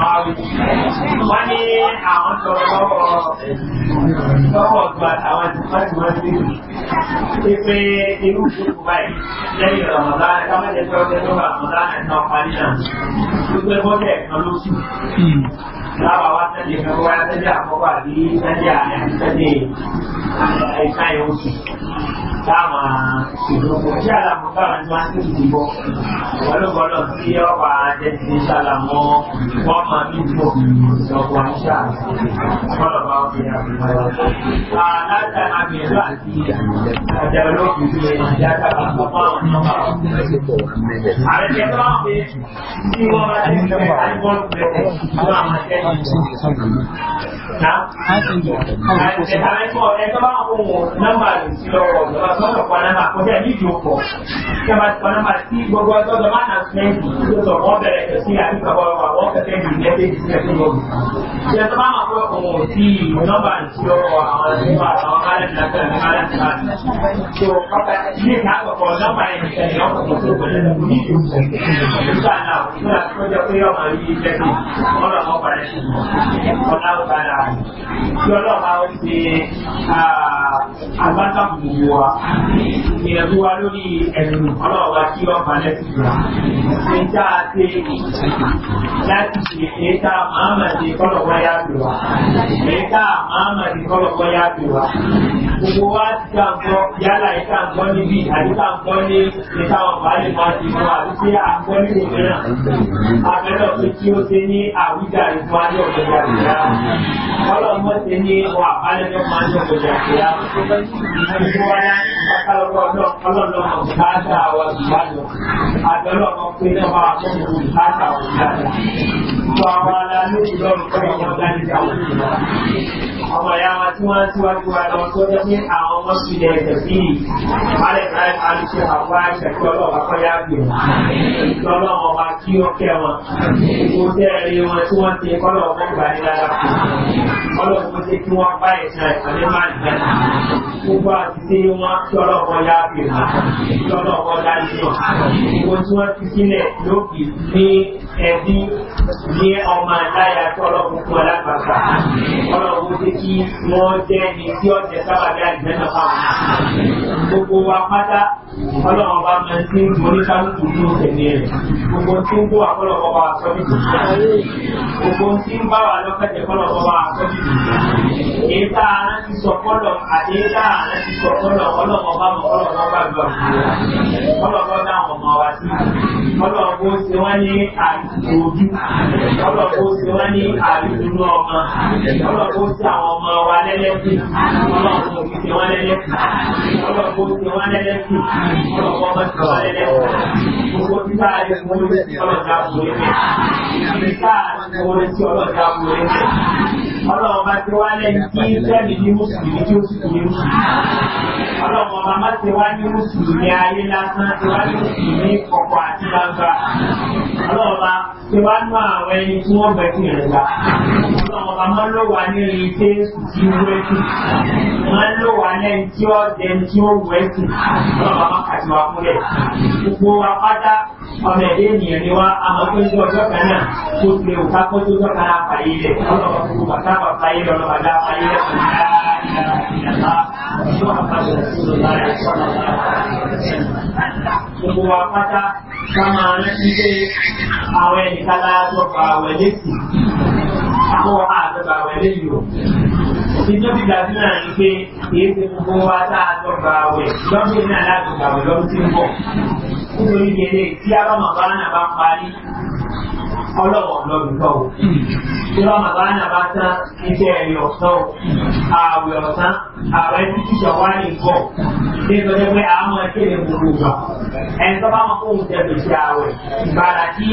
máàlù wọ́n ní àwọn tọrọ lọ́wọ́ lọ́wọ́ gba àwọn ìfọ́síwọ́sí pípé irú ìṣòkò báyìí lẹ́yìn ramadan kámẹ́jẹ tó ọjọ́ tó ramadan ẹ̀nà parí náà pípé bọ́dẹ̀ kan lóṣù láwa wá sẹ́jẹ̀ fẹ́ wá sẹ́jẹ̀ àkọ́kọ́ àbí sẹ́jẹ̀ àyà sẹ́jẹ̀ ẹ̀ka ẹ̀ oṣù táwọn ìṣòro tí àlàmúgbà wọn ti wá sí ìdìbò wọ́n ló gbọ́dọ̀ sí ọ̀pá àjẹsí sálàmọ́ wọ́n ọmọ ní ìfò ìjọpọ̀ àṣà ọ̀rọ̀ bá fi àbúrò alátàrà mẹ́rin àti ọjà olóògùn ní ìyáta àkọ́kọ́ àwọn ọmọ ààrẹ tẹ bá ń pè tí wọ́n bá ti fẹ́ àìbọ́n bẹ̀rẹ̀ fún àwọn akẹ́kọ̀ọ́ Àìsẹ̀tàlẹ́kọ̀ọ́ ẹjọ́ bá wọn kó nọ́mbà rẹ̀ sí lọ́wọ́ ìjọba sọ́dọ̀ pa nọ́mbà kó jẹ́ nídìí òpọ̀. Ìjọba ti pa nọ́mbà sí gbogbo ọjọ́ ìjọba náà fẹ́ẹ̀kì tó sọ̀rọ̀ wọ́n bẹ̀rẹ̀ sí àdúgbò àwọn ọkọ̀ tẹ́lẹ̀ mẹ́tẹ́ ti sílẹ̀ fún lọ́gùn. Ìyẹn tó bá máa fọ́ ọmọ tí nọ́mbà àwọn nípa àwọn aláǹtí láti àwọn aláǹtí láti. So ọ̀pá ilé ìta àkọ́kọ́ nọ́mbà yẹn nìkan ni tó kọjá lọ ní ìlú ìlú àná òkú láti kọjá pé ọmọ yìí tẹ́sí ọ̀rọ̀ àwọn ọ̀pá èyí tá a máa mà di kọ́lọ̀kọ́ yá pè wá èyí tá a máa mà di kọ́lọ̀kọ́ yá pè wá gbogbo wa ti ká a gbọ́ yálà yìí ká ń gbọ́ níbí àti ká ń gbọ́ ní ìtawọ̀n báyìí máa ti mú àti pé à ń gbọ́ níbò mìíràn abẹ́rẹ́ pé kí ó ṣe ní àwíjàre fún ayé ọ̀gbẹ̀dẹ̀ àgbẹ̀dá ọlọ́mọ ṣe ní wà abálẹ́jọ́ máa ń ọ̀gbẹ̀dẹ̀ àgbẹ̀dá gbogbo wa yá ìpàkàlọ́wọ́ ọlọ́ọ̀lọ́mọ bùkátà wa bùkátà àbẹ́rẹ́ ọmọ pé náà máa fún bùkátà wa bùkátà gbogbo àwọn aláàánú ìlọrin kọ́ ọ̀wọ́ dáríjà wọn. ọmọ ìyá wa tí wọ́n ti wájú wa lọ tó jẹ́ pé àwọn ọmọ sílẹ̀ ẹ̀jẹ̀ sí i alẹ́ ìbáyé alùpùpù àwọn àṣẹkù ọlọ́ọ̀bá kọ́ yá gbé wọn lọ́nà ọba kí ó kẹ́ wọn. kó tẹ́ẹ̀rí wọn tí wọ́n ti kọ́ lọ́wọ́ fún ìgbà nílára ọlọ́run kó ṣe kí wọ́n bá ẹ̀sán ìpàdé máa nìyẹn. sílẹ̀ lókè ní ẹbí ní ọmọ aláya tó ọlọ́run fún alápàtà ọlọ́run tí kí wọ́n jẹ́ ní tí ọ̀jẹ̀ sábàbí àìjẹ́nà fáwọn gbogbo wa pátá ọlọ́run bá máa ń tí ń borí kálukú ní òkèlè rẹ̀ gbogbo tí ń bó àkọlọ́kọ́ wa sọ ní tòun gbogbo tí ń bá wa lọ́kẹ́jẹ̀ kọlọ́kọ́ wa sọ ní tòun èyí tá a rántí sọ kọlọ̀ àti èyí tá a rántí sọ kọlọ̀ ọlọ́run bá mọ ọlọ́run bá gbàgbọ́ ọlọ́run bá dáhùn ọmọ wa sí ọlọ́run bó ṣe wọ́n ní àyè ojú ìjọba kó sí wọn ní àdúgbò ọmọ ìjọba kó sí àwọn ọmọ wa lẹ́lẹ́kùn ìjọba kó sí wọn lẹ́lẹ́kùn ìjọba kó sí wọn lẹ́lẹ́kùn ìjọba kó sí wọn lẹ́lẹ́kùn gbogbo títà ayé wọn ló ń sọ ọlọ́dà àbúrò ẹgbẹ́ ìgbà tí wọn lè sí ọlọ́dà àbúrò ẹgbẹ́ ọlọ́run bá ti wá lẹ́yìn tí sẹ́ẹ̀lì ní mùsùlùmí tí ó sì ní mùsùlùmí ọlọ́run ọba má ti wá ní mùsùlùmí ayé lásán ti wá ní mùsùlùmí kọ̀kọ̀ àti gbangba ọlọ́run ọba ti wá nú àwọn ẹni tí wọ́n bẹ̀ fún ìrẹ̀gbà ọlọ́run ọba má ló wà ní ẹni tí èsù ti wú ẹ̀sìn má ló wà lẹ́yìn tí ó dẹni tí ó wú ẹ̀sìn ọlọ́run ọmọ ẹ̀dẹ́ ènìyàn ni wá àmọ́ tó ń jẹ́ ọjọ́ kan náà tó ti lè wù ká kó tó tọ́ náà pàyè ilẹ̀ ọlọ́run ọba وخير الغداء خير لا اله الا الله محمد رسول الله صلى الله عليه وسلم gbogbo wa pátá ká máa rántí pé àwọn ẹnìkan láàtọ̀ pa àwọn ẹlẹ́sì àwọn àtọ̀gbà àwọn ẹlẹ́yìí o ìjọ ti gbà sínú àná pé kìí ṣe gbogbo wa tá a tọ̀gbà àwẹ̀ lọ́dún náà látọ̀gbà àwẹ̀ lọ́dún tí ń bọ̀ nítorí yẹn lè tí a bá màmá náà bá parí ọlọ́wọ́ lọ́dúnkọ́ o. Tí Ramadan bá tán, iṣẹ́ ẹ̀rí ọ̀sán o, ààwẹ̀ ọ̀sán, ààwẹ̀ títí ṣọ̀wárì ń bọ̀. Ṣé tó jẹ́ pé àwọn ìkéde gbogbo gbà? Ẹni tó bá wọn kó oúnjẹ lè ṣe ààwẹ̀. Ìgbàlá tí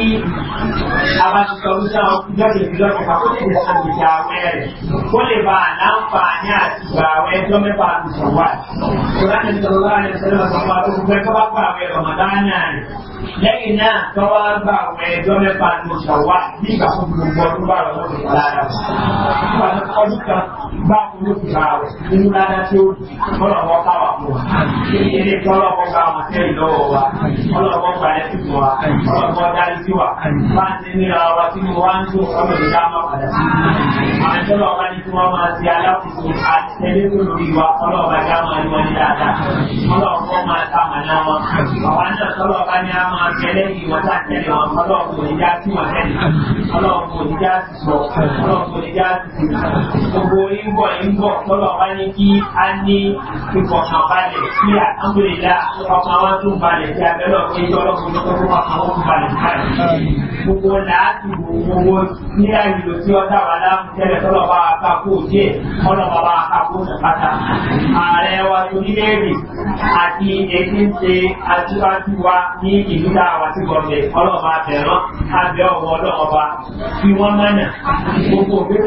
a bá ti sọ wípé ọjọ́ kejì lọ́sẹ̀ kan kó lè ṣe àmì ìjà àwẹ̀ rẹ̀. Kó lè bá àlàǹfààní àti ìgbà àwẹ̀ ẹjọ́ mẹ́fà àti ṣọ̀wárì. Kòránì lẹ́yìn náà tọ́wọ́ gbà àwọn ẹjọ́ mẹ́fà ní nínú ṣàwá ní ìgbà tó gbogbo ọdún bá rọ̀ lọ́dún ìlànà nígbà tó kọjú kan bá fún ló fi ra rẹ̀ nínú ládá tí ó di ọlọ́wọ́ káwà fún wa ilé tí ọlọ́wọ́ bá wọn tẹ́ ìlọ́wọ́ wa ọlọ́wọ́ gba ẹ sí wa ọlọ́wọ́ dárí sí wa bá ń ṣe níra wa tí mo wá ń tó ọmọ ìdá máa padà sí àwọn ìṣọ́lọ́ wa ní kí wọ́n máa ṣe alákòóso ọlọ́run kò ní já sí sọ ọlọ́run kò já gbogbo ń bọ̀ ń bọ̀ lọ́lọ́ wá ní kí a ní ìfọ̀kànbalẹ̀ sí àtàkùnrinlá ọkàn wa tún balẹ̀ sí abẹ́lẹ̀ ọ̀pẹ́ ìjọ ọlọ́kùnrin tó kọ́ ọkàn wọn tún balẹ̀ sí gbogbo làásìgbò gbogbo ní àyùlò tí ọ̀dà wà láàmú tẹ́lẹ̀ tọ́lọ̀ bá a ká kó díẹ̀ ọlọ́ bàbá a ká kó sàpátá ààrẹ wa torílẹ̀èdè àti ètí ń ṣe aṣíwájú wa ní ìlú dáhàwá sí gọ̀ọ̀dẹ̀ ọlọ́ọ̀bá bẹ̀rán abẹ́ ọ̀wọ́ ọlọ́ọ̀bá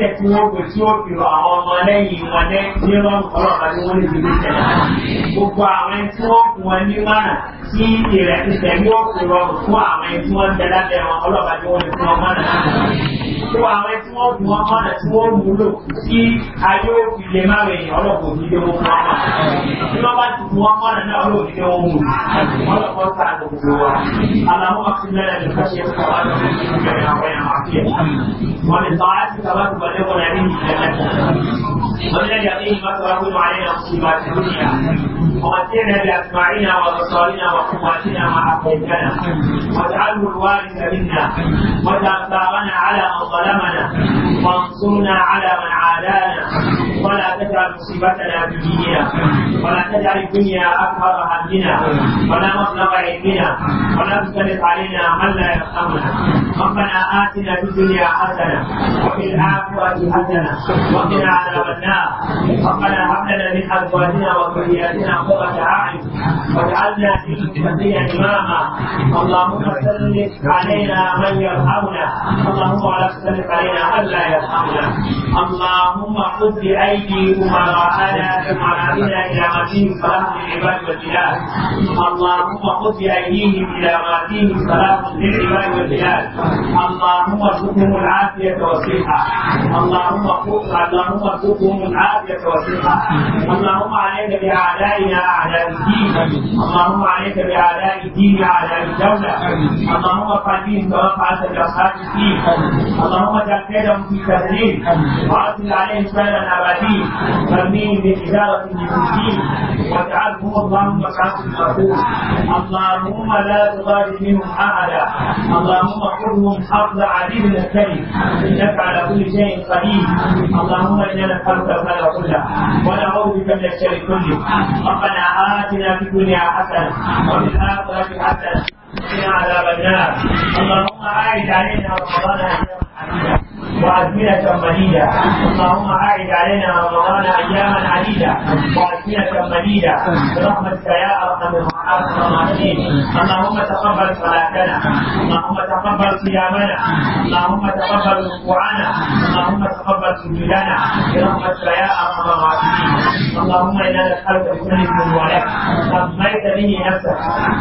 ìgbésẹ̀ tí wọ́n pè tí ó fi rọ àwọn ọmọ lẹ́yìn wọn ní nírọ̀rùn ọlọ́pàá tí wọ́n lè fi gbèsè náà. Gbogbo àwọn ẹni tí wọ́n fún wọn ní márùn tí ìrẹ̀sì tẹ̀lé ó fi rọrùn fún àwọn ẹni tí wọ́n ń tẹ lábẹ́ wọn ọlọ́pàá tí wọ́n lè fún wọn márùn náà. tó àwọn tí wọ́n mú ọmọ rẹ̀ tí wọ́n mú lò tí ayé òfin lè má rẹ̀ yàn ọlọ́pọ̀ òdílé wọn fún ọmọ tí wọ́n bá ti mú ọmọ rẹ̀ náà ọlọ́pọ̀ òdílé wọn mú ọlọ́pọ̀ sáà gbogbo wa aláwọ̀ ọ̀sìn lẹ́rẹ̀ lè fẹ́ ṣe fún ọmọ rẹ̀ ní ìgbẹ̀rẹ̀ àwọn ẹ̀yàn àfihàn wọn lè sọ àti sábà tó wọlé wọn ẹ̀rí ومتعنا بأسماعنا وأبصارنا وقواتنا ما أحييتنا واجعله الوارث منا واجعل ثارنا على من ظلمنا وانصرنا على من عادانا ولا تجعل مصيبتنا في ديننا ولا تجعل الدنيا اكبر همنا ولا مبلغ علمنا ولا تسلط علينا من لا يرحمنا ربنا اتنا في الدنيا حسنه وفي الاخره حسنه وقنا عذاب النار ربنا هب لنا من ازواجنا وذرياتنا قره اعين واجعلنا في المتقين اماما اللهم سلط علينا من يرحمنا اللهم ولا تسلط علينا من لا يرحمنا اللهم خذ بأيدينا أيديكم وأعاناكم وعاملنا إلى غزيهم صلاح للعباد والبلاد اللهم خذ بأيديهم إلى غزيهم صلاح للعباد والبلاد اللهم ارزقهم العافية والصحة اللهم اللهم ارزقهم العافية والصحة اللهم عليك بأعدائنا أعداء الدين اللهم عليك بأعداء الدين أعداء الدولة اللهم ارفع بهم توقعة بأصحاب الدين اللهم اجعل كيدهم في تسليم واصل عليهم سنة أبدا الدين بحجارة من واجعلهم اللهم كعبد مقبول اللهم لا تغادر منهم أحدا اللهم خذهم حفظ عديد الكريم إنك على كل شيء قدير اللهم إنا نسألك الخير كله ونعوذ بك من الشر كله ربنا آتنا في الدنيا حسنة وفي الآخرة حسنة وقنا عذاب النار اللهم أعد علينا رمضان أيام حميدة وأزمنة مديدة اللهم أعد علينا رمضان أياما عديدة وأزمنة مديدة برحمتك يا أرحم الراحمين اللهم تقبل صلاتنا اللهم تقبل صيامنا اللهم تقبل ركوعنا اللهم تقبل سجودنا برحمتك يا أرحم الراحمين اللهم إنا نسألك بسنك ولك سميت به نفسك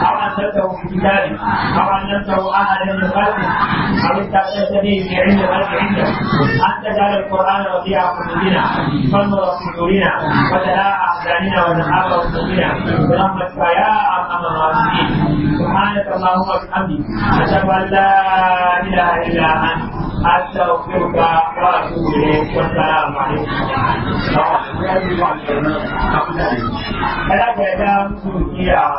أو أنزلته في كتابك أو أنزلته أحدا من خلقك أو استأثرت به في علم الغيب عندك أنت جعل القرآن ربيع قلوبنا فنور صدورنا وجلاء أحزاننا وذهاب همومنا برحمتك يا أرحم الراحمين سبحانك اللهم وبحمدك أشهد أن لا إله إلا أنت أستغفرك وأتوب إليك والسلام عليكم ورحمة الله وبركاته.